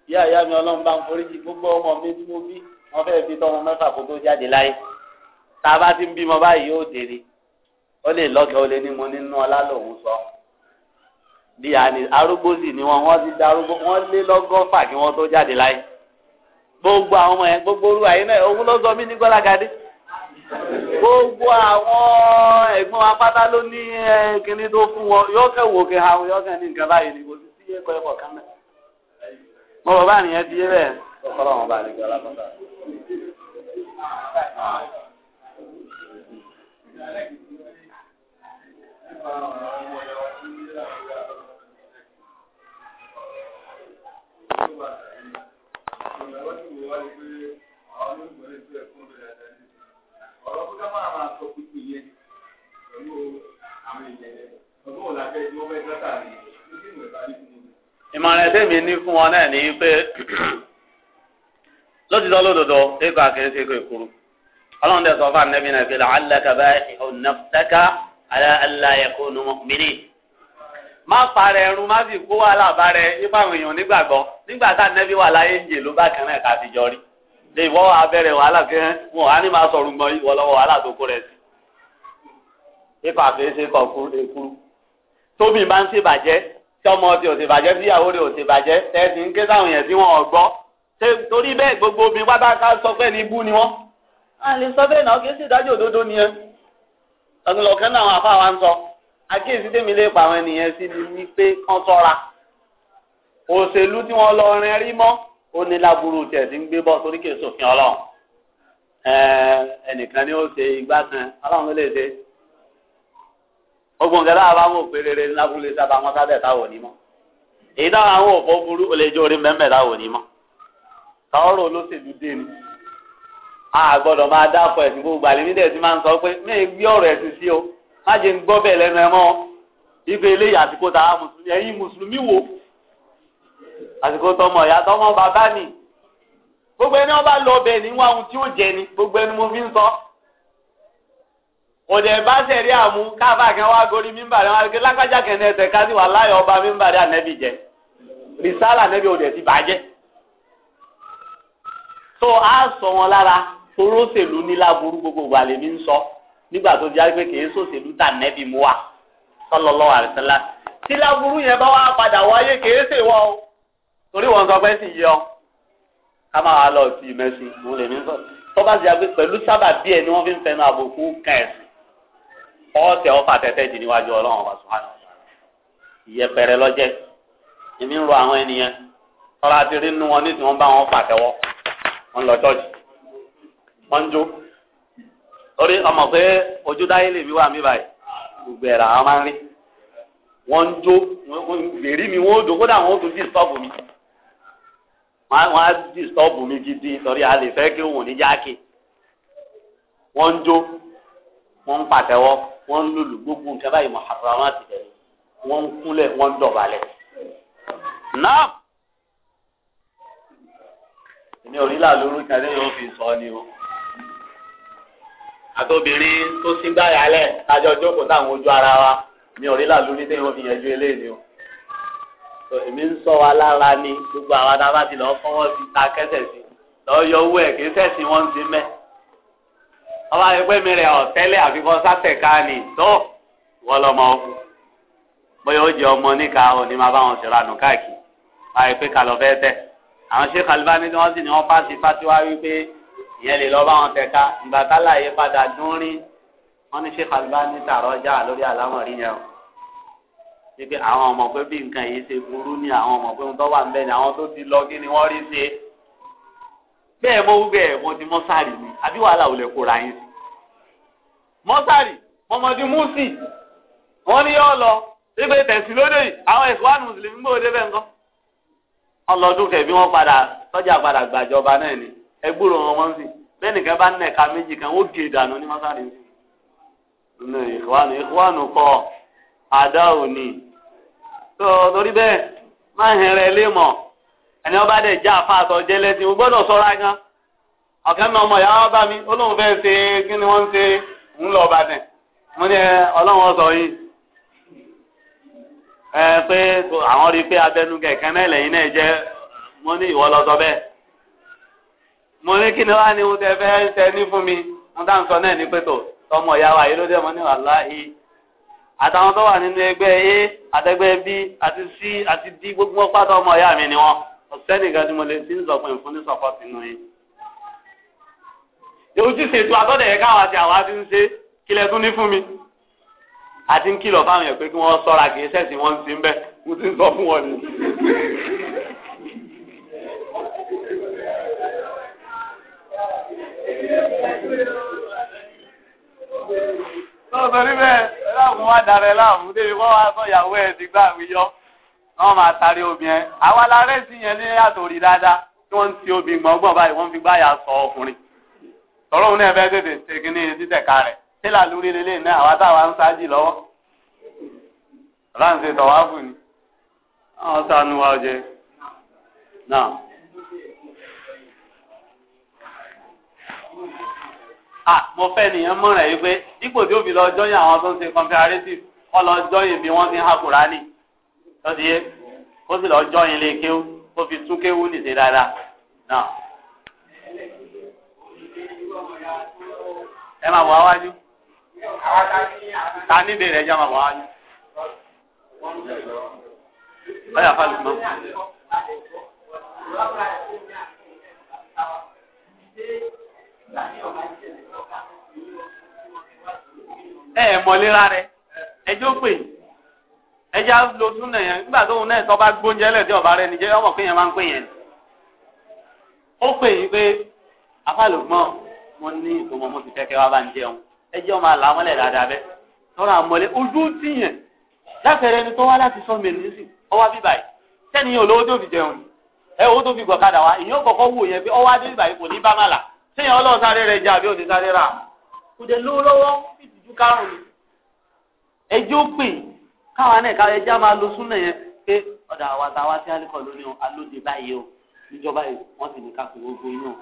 Speaker 2: ìyá ìyá mi ọlọ́run bá ń foríjì gbogbo ọmọ mi tí mo bí wọ́n fẹ́ẹ́ fi tọ́mọ mẹ́fà kó tó jáde láyé tá a bá ti ń bímọ báyìí yóò dèrè ó lè lọ́kẹ́ ó lè ní mo nínú ọlá lòun sọ bí àní arúgbó sì ni wọn wọ́n ti da arúgbó wọ́n lé lọ́gọ́fà kí wọ́n tó jáde láyé gbogbo àwọn ọmọ yẹn gbogbo orú àyè òun ló sọ mí ní gbọ́lágadé gbogbo àwọn ẹ̀gbọ́n apáta ló ní kinní tó fún wọn yọ́kẹ́ wò kí àwọn yọ́kẹ́ ní nǹkan báyìí ni kò sí sí ẹ̀kọ́ ẹ̀kọ́ kan náà
Speaker 1: mo rọ̀ bá nìyẹn ti yé bẹ́ẹ̀ kọ́kọ́rọ́ wọn bá nìkan lápá ìmọ̀ràn
Speaker 2: ẹ̀dẹ́ mi ní fún wọn náà ní pé lótìtọ́ lódodo ẹ̀kọ́ akéde ṣe kó ìkúrú ọlọ́run dẹ̀ sọ fún anabi náà fìlà alákàbá ọ̀nàfẹ́ká aláyẹ̀kọ́ mìíràn má parẹ́ ẹrú má sì kó wàhálà bárẹ̀ nípa àwọn èèyàn nígbàgbọ́ nígbà tá anabi wà láyé ń jè ló bá kan náà káfí jọ rí lè wọ́ abẹ́rẹ́ wàhálà fi hàn wọn á ní máa sọ̀rọ̀ gbọ́n ìwọ lọ́wọ́ wàhálà tó kó rẹ̀ sí ẹ̀kọ́ akéde ṣe kó ìkúrú tóbi máa ń ṣèbàjẹ́ tọmọ ti ò ṣèbàjẹ́ tíyàwó rẹ̀ ò ṣèbàjẹ́ tẹ́sí ń ké torí bẹ́ẹ̀ gbogbo obìnrin wá bá ká sọ pé ní ibú ni wọ́n. a lè sọ bẹ́ẹ̀ náà kí sì dájú òdodo ni ẹ. ọ̀gbìnlọ̀kẹ́ náà àwọn afá wa ń sọ àkíyèsí tèmi lè pa àwọn ènìyàn sí ni wípé kán sọ́ra. òṣèlú tí wọ́n lọ rin rí mọ́ ó ní láburú tiẹ̀ tí ń gbé bọ́ torí kìí sòfin ọlọ́run. ẹnìkan ni ó ṣe igbá kan ọlọ́run ló lè ṣe. ogun kẹlẹ́ àbá mọ̀ pé rere lábúlé sábà wọn sábẹ̀ táwọn ò ní mọ́. ka olóṣèlú dé ni a gbọdọ máa dápọ̀ ẹ̀sìn gbogbo àlè nídẹ̀ tí máa ń sọ pé mẹ́ẹ̀ gbé sí o má jẹ́ ń gbọ́ bẹ́ẹ̀ lẹ́nu ẹ mọ́ ife eléyìí àsìkò tàwa wo àsìkò tọmọ ìyá tọmọ bàbá gbogbo ẹni lọ ní wọn àwọn tí ó jẹ ni gbogbo ẹni mo fi ń sọ bá ọba jẹ rìsálà ti tó a sọ wọn lára toró òṣèlú ní láburú gbogbo ìgbà lèmi ń sọ nígbà tó jáde pé kìí sòṣèlú tà nẹ́bí mu wa sallallahu alaihi wasallam tí láburú yẹn bá wá padà wáyé kìí ṣe wọ o torí wọn sọ pé sì yọ ká máa lọ sí mẹ́sìn mo lèmi ń sọ tó bá ti jáde pẹ̀lú sábà bí ẹ ni wọ́n fi ń fẹnu àbòkù kẹ̀sì ọ̀ọ́tẹ̀ ọ̀fà tẹ̀tẹ̀ jì níwájú ọlọ́run ọba sùhánà ìyẹpẹrẹ lọ́jẹ́ èmi ń rọ àwọn ènìyàn tọ́lá ti rí nínú wọn nídìí wọ́n bá wọ́n lọ ṣọ́ọ̀ṣì wọ́n ń jó lórí ọmọ pé ojú dáyé lèmi wà mí báyìí gbogbo ẹ̀rọ àwọn máa ń rí wọ́n ń jó gbèrí mi wọ́n ó jó kódà wọ́n ó tún dìstọ́ọ̀bù mi wọ́n á dìstọ́ọ̀bù mi gidi torí a lè fẹ́ kí òun ní jákè wọ́n ń jó wọ́n ń pàtẹ́wọ́ wọ́n ń lòlù gbogbo nǹkan báyìí mọ̀ àbúrò àwọn àtìjẹ́ wọ́n ń kúnlẹ̀ wọ́n ń dọ̀bálẹ̀ náà èmi ò rí làlórí kàdé yóò fi sọ ni o. àtòbìnrin tó sí gbáyàlẹ̀ tájọ jókòó táwọn ojú ara wa mi ò rí làlórí tẹ́yìn wọn fi yẹn eléyìí o. èmi ń sọ wa lára ni gbogbo àwa tá a bá ti lọ fọwọ́ sí ta kẹ́sẹ̀ sí lọ́ọ́ yọ owó ẹ̀ kí sẹ́sìn wọn ń ti mẹ́. ọba ẹgbẹ́ mi rẹ̀ ọ̀tẹ́lẹ̀ àfikún sátẹ̀ ká ni tó wọ́n lọ́mọ ọkùn bóyá ó jẹ ọmọ níka òní máa bá wọn ṣèrànù káàkiri láì pé kàlọ́ fẹ́ tẹ̀ àwọn ṣe kàlùbá ní wọn sì ní wọn fásitì fásiwá wípé ìyẹn lè lọ bá wọn tẹka ìgbà tálà yìí padà dún rí wọn ní ṣe kàlùbá ní tààrọ já lórí àlámọ rí yẹn o wípé àwọn ọmọ pé bí nǹkan yìí ṣe burú ni àwọn ọmọ pé tó wà nbẹ ni àwọn tó ti lọ kí ni wọn rí ṣe bẹ́ẹ̀ mo bẹ́ẹ̀ mo ti mọsàrì ni àbí wàhálà ò lè kóra yín sí mọsàrì mọmọdé mùsì wọn ní yọ lọ wípé tẹsí lóde yìí àwọn ẹsùn wà nù ọlọ́dún bí wọn padà sọ́jà padà gbàjọba náà ni ẹgbúrò wọn nsi sì bẹ́ẹ̀ nìkan bá ní méjì kan ó gé ìdànù ní mọ́sálì ní nínú ìkúwánu ìkúwánu kọ àdá òní tó torí máa ẹni ọba já gan mi ọmọ ìyá mi ní ẹ pé àwọn rí i pé abẹnú kẹ̀kẹ́ náà lẹ́yìn náà jẹ́ mo ní ìwọ lọ sọ bẹ́ẹ̀ mo ní kí ni wàá ní oúnjẹ fẹ́ tẹ ní fún mi wọn dá ń sọ náà ní pẹ̀tọ̀ tọmọ ìyá wa yìí ló dé mo ní wàláhì àtàwọn tó wà nínú ẹgbẹ́ a àtẹgbẹ́ b àti c àti d gbogbo wọn pàtó ọmọ ìyá mi ni wọn ọ̀sẹ́ nìkan tí mo lè ti ń sọ pé fún ní sọ́pọ̀ sínú yìí. ojúṣe ètò àtọ́dẹ̀ yẹn káwọn àti àwa ti ń ṣe kílẹ̀ tún ní fún mi àti ń kìlọ̀ fáwọn èèyàn pé kí wọ́n sọ́ra kì í ṣẹ̀sìn wọn ti ń bẹ́ mo ti ń sọ fún wọn ni.
Speaker 1: lọ́sọ̀ níbẹ̀ láàmú wá darẹ̀ láàmú débi wọ́n wá sọ
Speaker 2: ìyàwó ẹ̀ ti gbà wọ́n máa tarí obìnrin àwa la rẹ́sì yẹn ní àtòrí dáadáa tí wọ́n ń ti obìnrin gbọ̀ngbọ̀n báyìí wọ́n fi gbáyà sọ ọkùnrin tọ́lọ́hún náà fẹ́ tètè ṣe kínní títẹ̀ka rẹ̀ tílà lórí lélẹ̀ náà àwa táwa ń sáájì lọ́wọ́
Speaker 1: ráǹsì tọ̀wáfù
Speaker 2: ni wọ́n sànù wa jẹ náà. à mo fẹ́ nìyẹn mọ̀ràn yìí pé dípò tí ó fi lọ jọyìn àwọn tó ń ṣe comparative kọ́ lọ jọyìn bí wọ́n ti ń ha Kùránì lọ́dí yé ó sì lọ jọyìn lè kéwú ó fi tún kéwú nìṣe dáadáa náà.
Speaker 1: ẹ máa wọ àwájú. ta ní bèrè ẹja máa wà á ní. báyà fà lùmọ́. ẹ ẹ e rẹ ẹjọ́ pè
Speaker 2: ẹjá lo súnà yẹn nígbà tóun náà tọ́ bá gbóúnjẹ lẹ́ẹ̀dẹ́ ọ̀bá ẹjẹ́ ọmọ àlàmọ́lẹ̀ dáadáa bẹ́ tọ́ra àmọ́lẹ̀ ojú tì yẹn láfẹ̀rẹ̀ ẹni tó wá láti sọ mẹ́rin nísì ọwá bíbà yìí sẹ́ni tó fi jẹun ẹ owó tó fi gbọ̀kadà wá ìyẹn kọ̀kọ́ wò yẹn pé ọwá dé bíbà kò ní bá má là sẹ́yìn ọlọ́run sáré rẹ̀ sáré rà kò dé lówó lọ́wọ́ ìtìjú kárùn ẹjẹ́ ó pè káwọn ẹjẹ́ á máa lo súnà yẹn pé ọ̀dà àwa sí o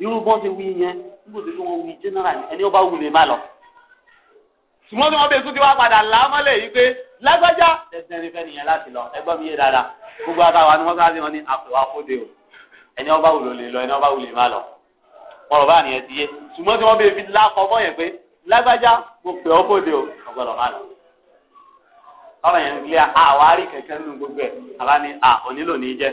Speaker 2: irú bọ́n ti wí yẹn nígbà tó wọ́n wí general ẹni ọba wù lè má lọ. ṣùgbọ́n tí wọ́n bẹ tún ti wá padà lámọ́lẹ̀ yìí pé lágbájá ẹsẹ̀ ní fẹ́ nìyẹn láti lọ ẹgbọ́n mi yé dáadáa gbogbo àtàwọn ni wọ́n sáré wọn ní àpèwà fóde o ẹni ọba wù lè lọ ẹni ọba wù lè má lọ. wọn rọ bá nìyẹn ti yé ṣùgbọ́n tí wọ́n bẹ fi lákọ mọ́ yẹn pé lágbájá mo pè ọ́ fóde o ọgbọ́dọ̀ má lọ. ọ̀rọ̀ yẹn ń gbé àwárí kẹ̀kẹ́ nínú gbogbo ẹ̀ àbá ni à onílò ní í jẹ́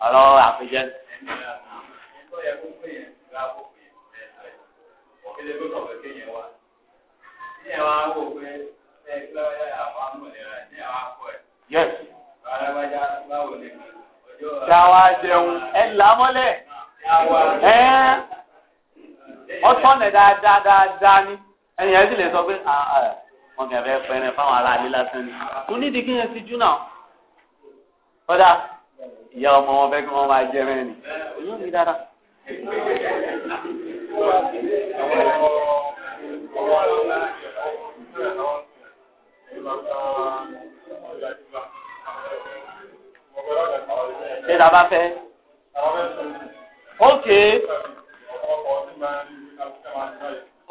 Speaker 2: ọ̀rọ̀ àfijẹ́.
Speaker 1: yes. Dáwà jẹun ẹ lámọ́lẹ̀. Ẹ
Speaker 2: ọ̀tọ̀nẹ̀ dáadáa dáadáa ni. Ẹ̀yìn ẹ̀ sì lè sọ pé wọ́n kẹ̀ fẹ́ pẹ́rẹ́ fáwọn ará ilé lásán ni. Mo nídìí kí yẹn ti jú náà. Ọ̀dà ìyá ọmọ wọn fẹ́ kí wọ́n máa jẹ mẹ́rin yóò ní dára.
Speaker 1: ṣé ta bá fẹ́. ok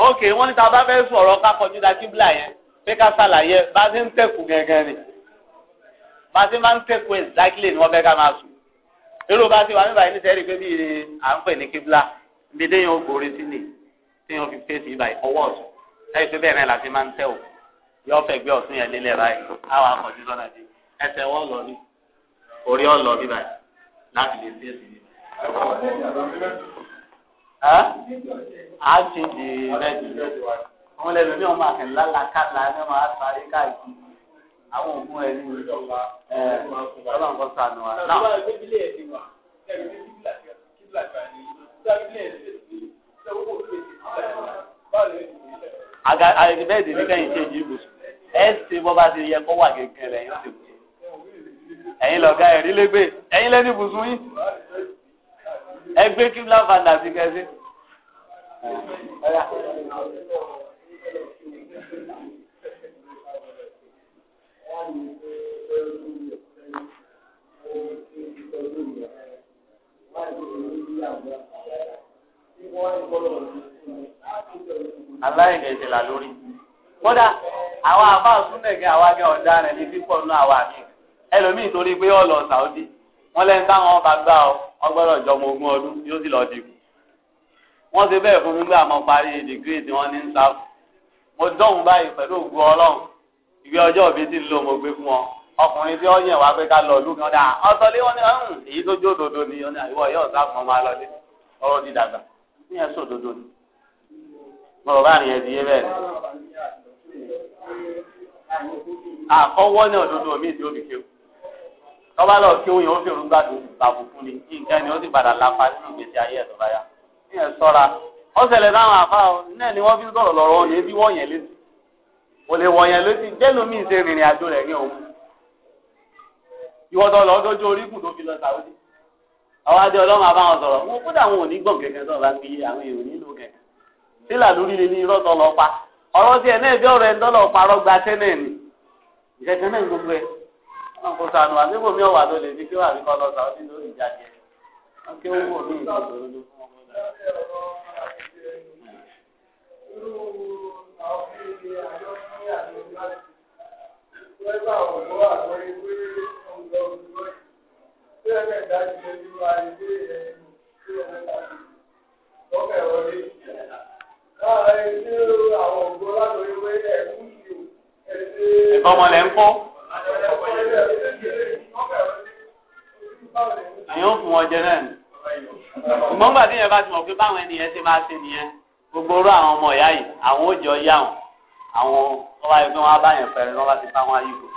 Speaker 1: ok wọ́n ní
Speaker 2: ta bá fẹ́ sọ̀rọ̀ ká kọjú da kíbla yẹn pé ká ṣàlàyé bá ti ń tẹ̀kù gẹ́gẹ́ ni bá a ti máa ń kẹ́kọ̀ọ́ exactly ni wọ́n fẹ́ ká máa sùn irú bá ti wà níbàyí ní sẹ́rí pé bí à ń pè ní kíbla ibi déyàn ó gorí sí ni téyàn fi fèsì ibà ìfọwọ́ ọ̀sùn lẹ́yìn pé bẹ́ẹ̀ náà la ti máa ń tẹ̀ ò yọ fẹ̀gbẹ́ ọ̀sùn yẹn lélẹ̀ báyìí àwọn akọ̀jú sọ́nà dé ẹsẹ̀ wọ́n
Speaker 1: lọ ní orí ọ̀lọ́ bí báyìí láti lè fèsì ní. a ti di rẹ́ẹ̀dì wọ́n lẹ́nu ní
Speaker 2: ọmọ àkànlá làkàlà ní ọmọ àtàrí káàkiri àwọn òògùn ẹ̀ ní ọlọ́run kọ́ sànù wa. náà
Speaker 1: ìbílẹ̀ ẹ̀ ti wà ẹ̀rù ní kíbla kíbla gbà ní ìbílẹ̀ ẹ̀ ti ti ṣe owó òfin báwo lè ti ṣe. àgbẹ̀ bẹ́ẹ̀ dì ní kẹ́yìn ṣe yìí bùsùn
Speaker 2: ẹ̀ ṣe bọ́ bá ti yẹ kó wà gẹ́gẹ́ rẹ̀ yín ṣe bù ẹ̀yin lọ̀gá ẹ̀rí lẹ́gbẹ̀ ẹ̀yin lẹ́ni bùsùn yín ẹgbẹ́ kíbla fàdà sí kẹ́sí
Speaker 1: aláìní ẹsẹ̀ là lórí
Speaker 2: kódà àwọn àbá súnẹ̀gẹ́ àwọn akẹ́ ọ̀daràn ní pípọ̀ nù àwọn àmì ẹlòmíì torí pé ó lọ sàódì wọn lẹ́nu táwọn ọba gbá ọ wọn gbọ́dọ̀ jọ ọmọ ogún ọdún yóò sì lọ dìbò wọn ti bẹ́ẹ̀ fún mi gbé àmọ́ parí dìgírì tí wọ́n ní ń sáfù mo dọ́hùn báyìí pẹ̀lú ògùn ọlọ́run ìwé ọjọ́ mi ti ń lò mo gbé fún ọ ọkùnrin tí ó yẹn wá pé ká lọ ọdún kan dáa ọtọlé wọn ni ọhún èyí tó jó òdodo ni ọ ní yóò sá fún ọmọ alọlé ọ̀rọ̀ ti dàgbà ní ẹsùn òdodo ni mo rọ báàrin ẹ ti bẹ́ẹ̀ ni
Speaker 1: àkọ́wọ́ ní òdodo
Speaker 2: mi ti òbí kéwù tọ́ba lọ kéwù yẹn ó fi òun gbàdúrà bàbù fún ni nǹkan ni ó sì padà lápá nínú ìgbésí ayé ẹ̀ tó bá ní o lè wọ̀nyẹn ló ti jẹ́ lómi ṣe rìnrìn àjò rẹ̀ ní òun ìwọ́dọ̀ lọ dójú oríkùn tó fi lọ sàwọ́dí
Speaker 1: àwọn adé ọlọ́run àbáwọn sọ̀rọ̀ wọn kódà wọn
Speaker 2: ò ní gbọ̀n kẹ̀kẹ́ tó bá ń fi àwọn èrò nílò kẹ̀kẹ́ sílà lórí ni ní irọ́ tọ́lọ́ pa ọ̀rọ̀ tí ẹ̀ náà bí ọ̀rọ̀ ẹ̀ ń tọ́lọ̀ parọ́ gba tẹ́nẹ̀ ni ìkẹ̀kẹ́ náà gbogbo ẹ̀ wọn kò sànù àdébò mi ọ̀wà tó
Speaker 1: lè fi kíwà bí kọ́lọ́ sàwọ́dí lórí ìjà jẹ wọn kí ó wò ní ìtọ́jú ọmọ lẹ ń kọ́. àyàn fún wọn jẹ náà ni. ṣùgbọ́n
Speaker 2: gbàdúrà bá ti mọ̀ pé báwọn ènìyàn ṣe máa ṣe nìyẹn gbogbo orú àwọn ọmọ ìyá yìí àwọn ò jọ yá wọn. àwọn ọba yẹn fún wọn bá yẹn lọ́wọ́ ti bá wọn ayé kù.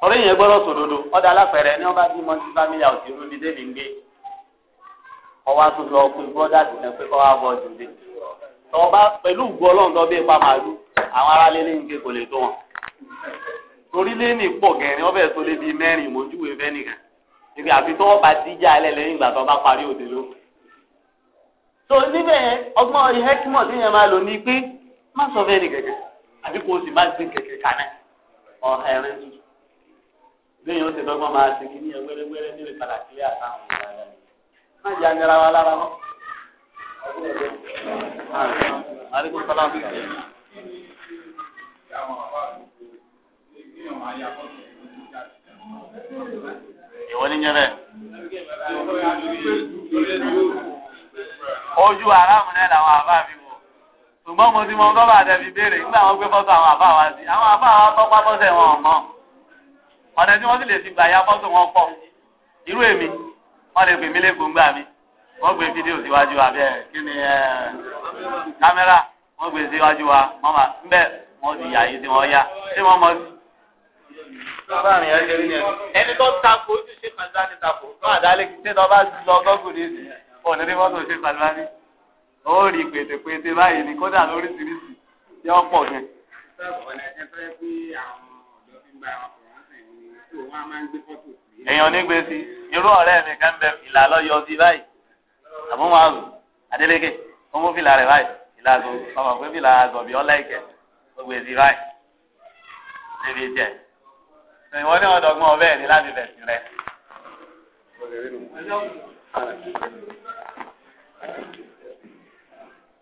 Speaker 2: torí yẹn gbọ́dọ̀ sòdodo ọ̀dà alápẹ̀rẹ̀ ní ọba bímọ sí fámìlì àwòtí débi ń gbé. àtúntò ọkùnrin ti wá tó bí ipa màálù àwọn ará lé ní kò lè tó wọn. torí lé ní tó lé bíi nìkan. ibi àfi bá díjà ìgbà tó bá parí má sọ fẹ́ ní kẹ̀kẹ́ àbí kò sì má gbé kẹ̀kẹ́ kaná ọ ẹ̀rín tutù lẹ́yìn ó ti dọ́gbọ́n máa ṣe kí ní ẹwẹ́rẹ́wẹ́rẹ́ nílé padà kílé àtàwọn ọ̀gá rẹ̀ má jẹ́ agbára wa lára wọn. Àlékún sọlá bí kìí. Ìwọ ní nyẹ́rẹ́. Ojú aráàmù náà làwọn àbá mi wò ṣùgbọ́n mo ti mọ bọ́bà àdẹ́bí béèrè nígbà wọn gbé fọ́tò àwọn àbá wa sí àwọn àbá wa tọ́pá bọ́sẹ̀ wọn mọ́ ọ̀nà tí wọ́n sì lè fi gbà ya fọ́tò wọn pọ̀ irú èmi wọ́n lè pè mí lé gbòǹgbà mi wọ́n gbé fídíò síwájú wa bẹ́ẹ̀ kí ni kámẹ́rà wọ́n gbé síwájú wa mọ́mà ńbẹ́ wọ́n ti yà yìí tí wọ́n yá tí wọ́n mọ̀ sí. ẹni tó takò ojú ṣe pàṣẹ àti takò tó àdálẹ́ kí ó rí pètèpètè báyìí ni kódà lóríṣiríṣi yọ pọ̀ gan.
Speaker 1: èèyàn nígbè sí
Speaker 2: irú ọ̀rẹ́ mi kan bẹ ìlà lọ́yọ̀ sí báyìí àbúmọ̀rù adélèké ó mú fìlà rẹ̀ báyìí ìlà àgọ́ ọmọ pé fìlà àgọ́ bí ọlá ìkẹ́ gbogbo èsì báyìí níbi jẹ ìwọ ní ọdọgbọn ọbẹ ní láti bẹsìn rẹ.
Speaker 1: Thank you.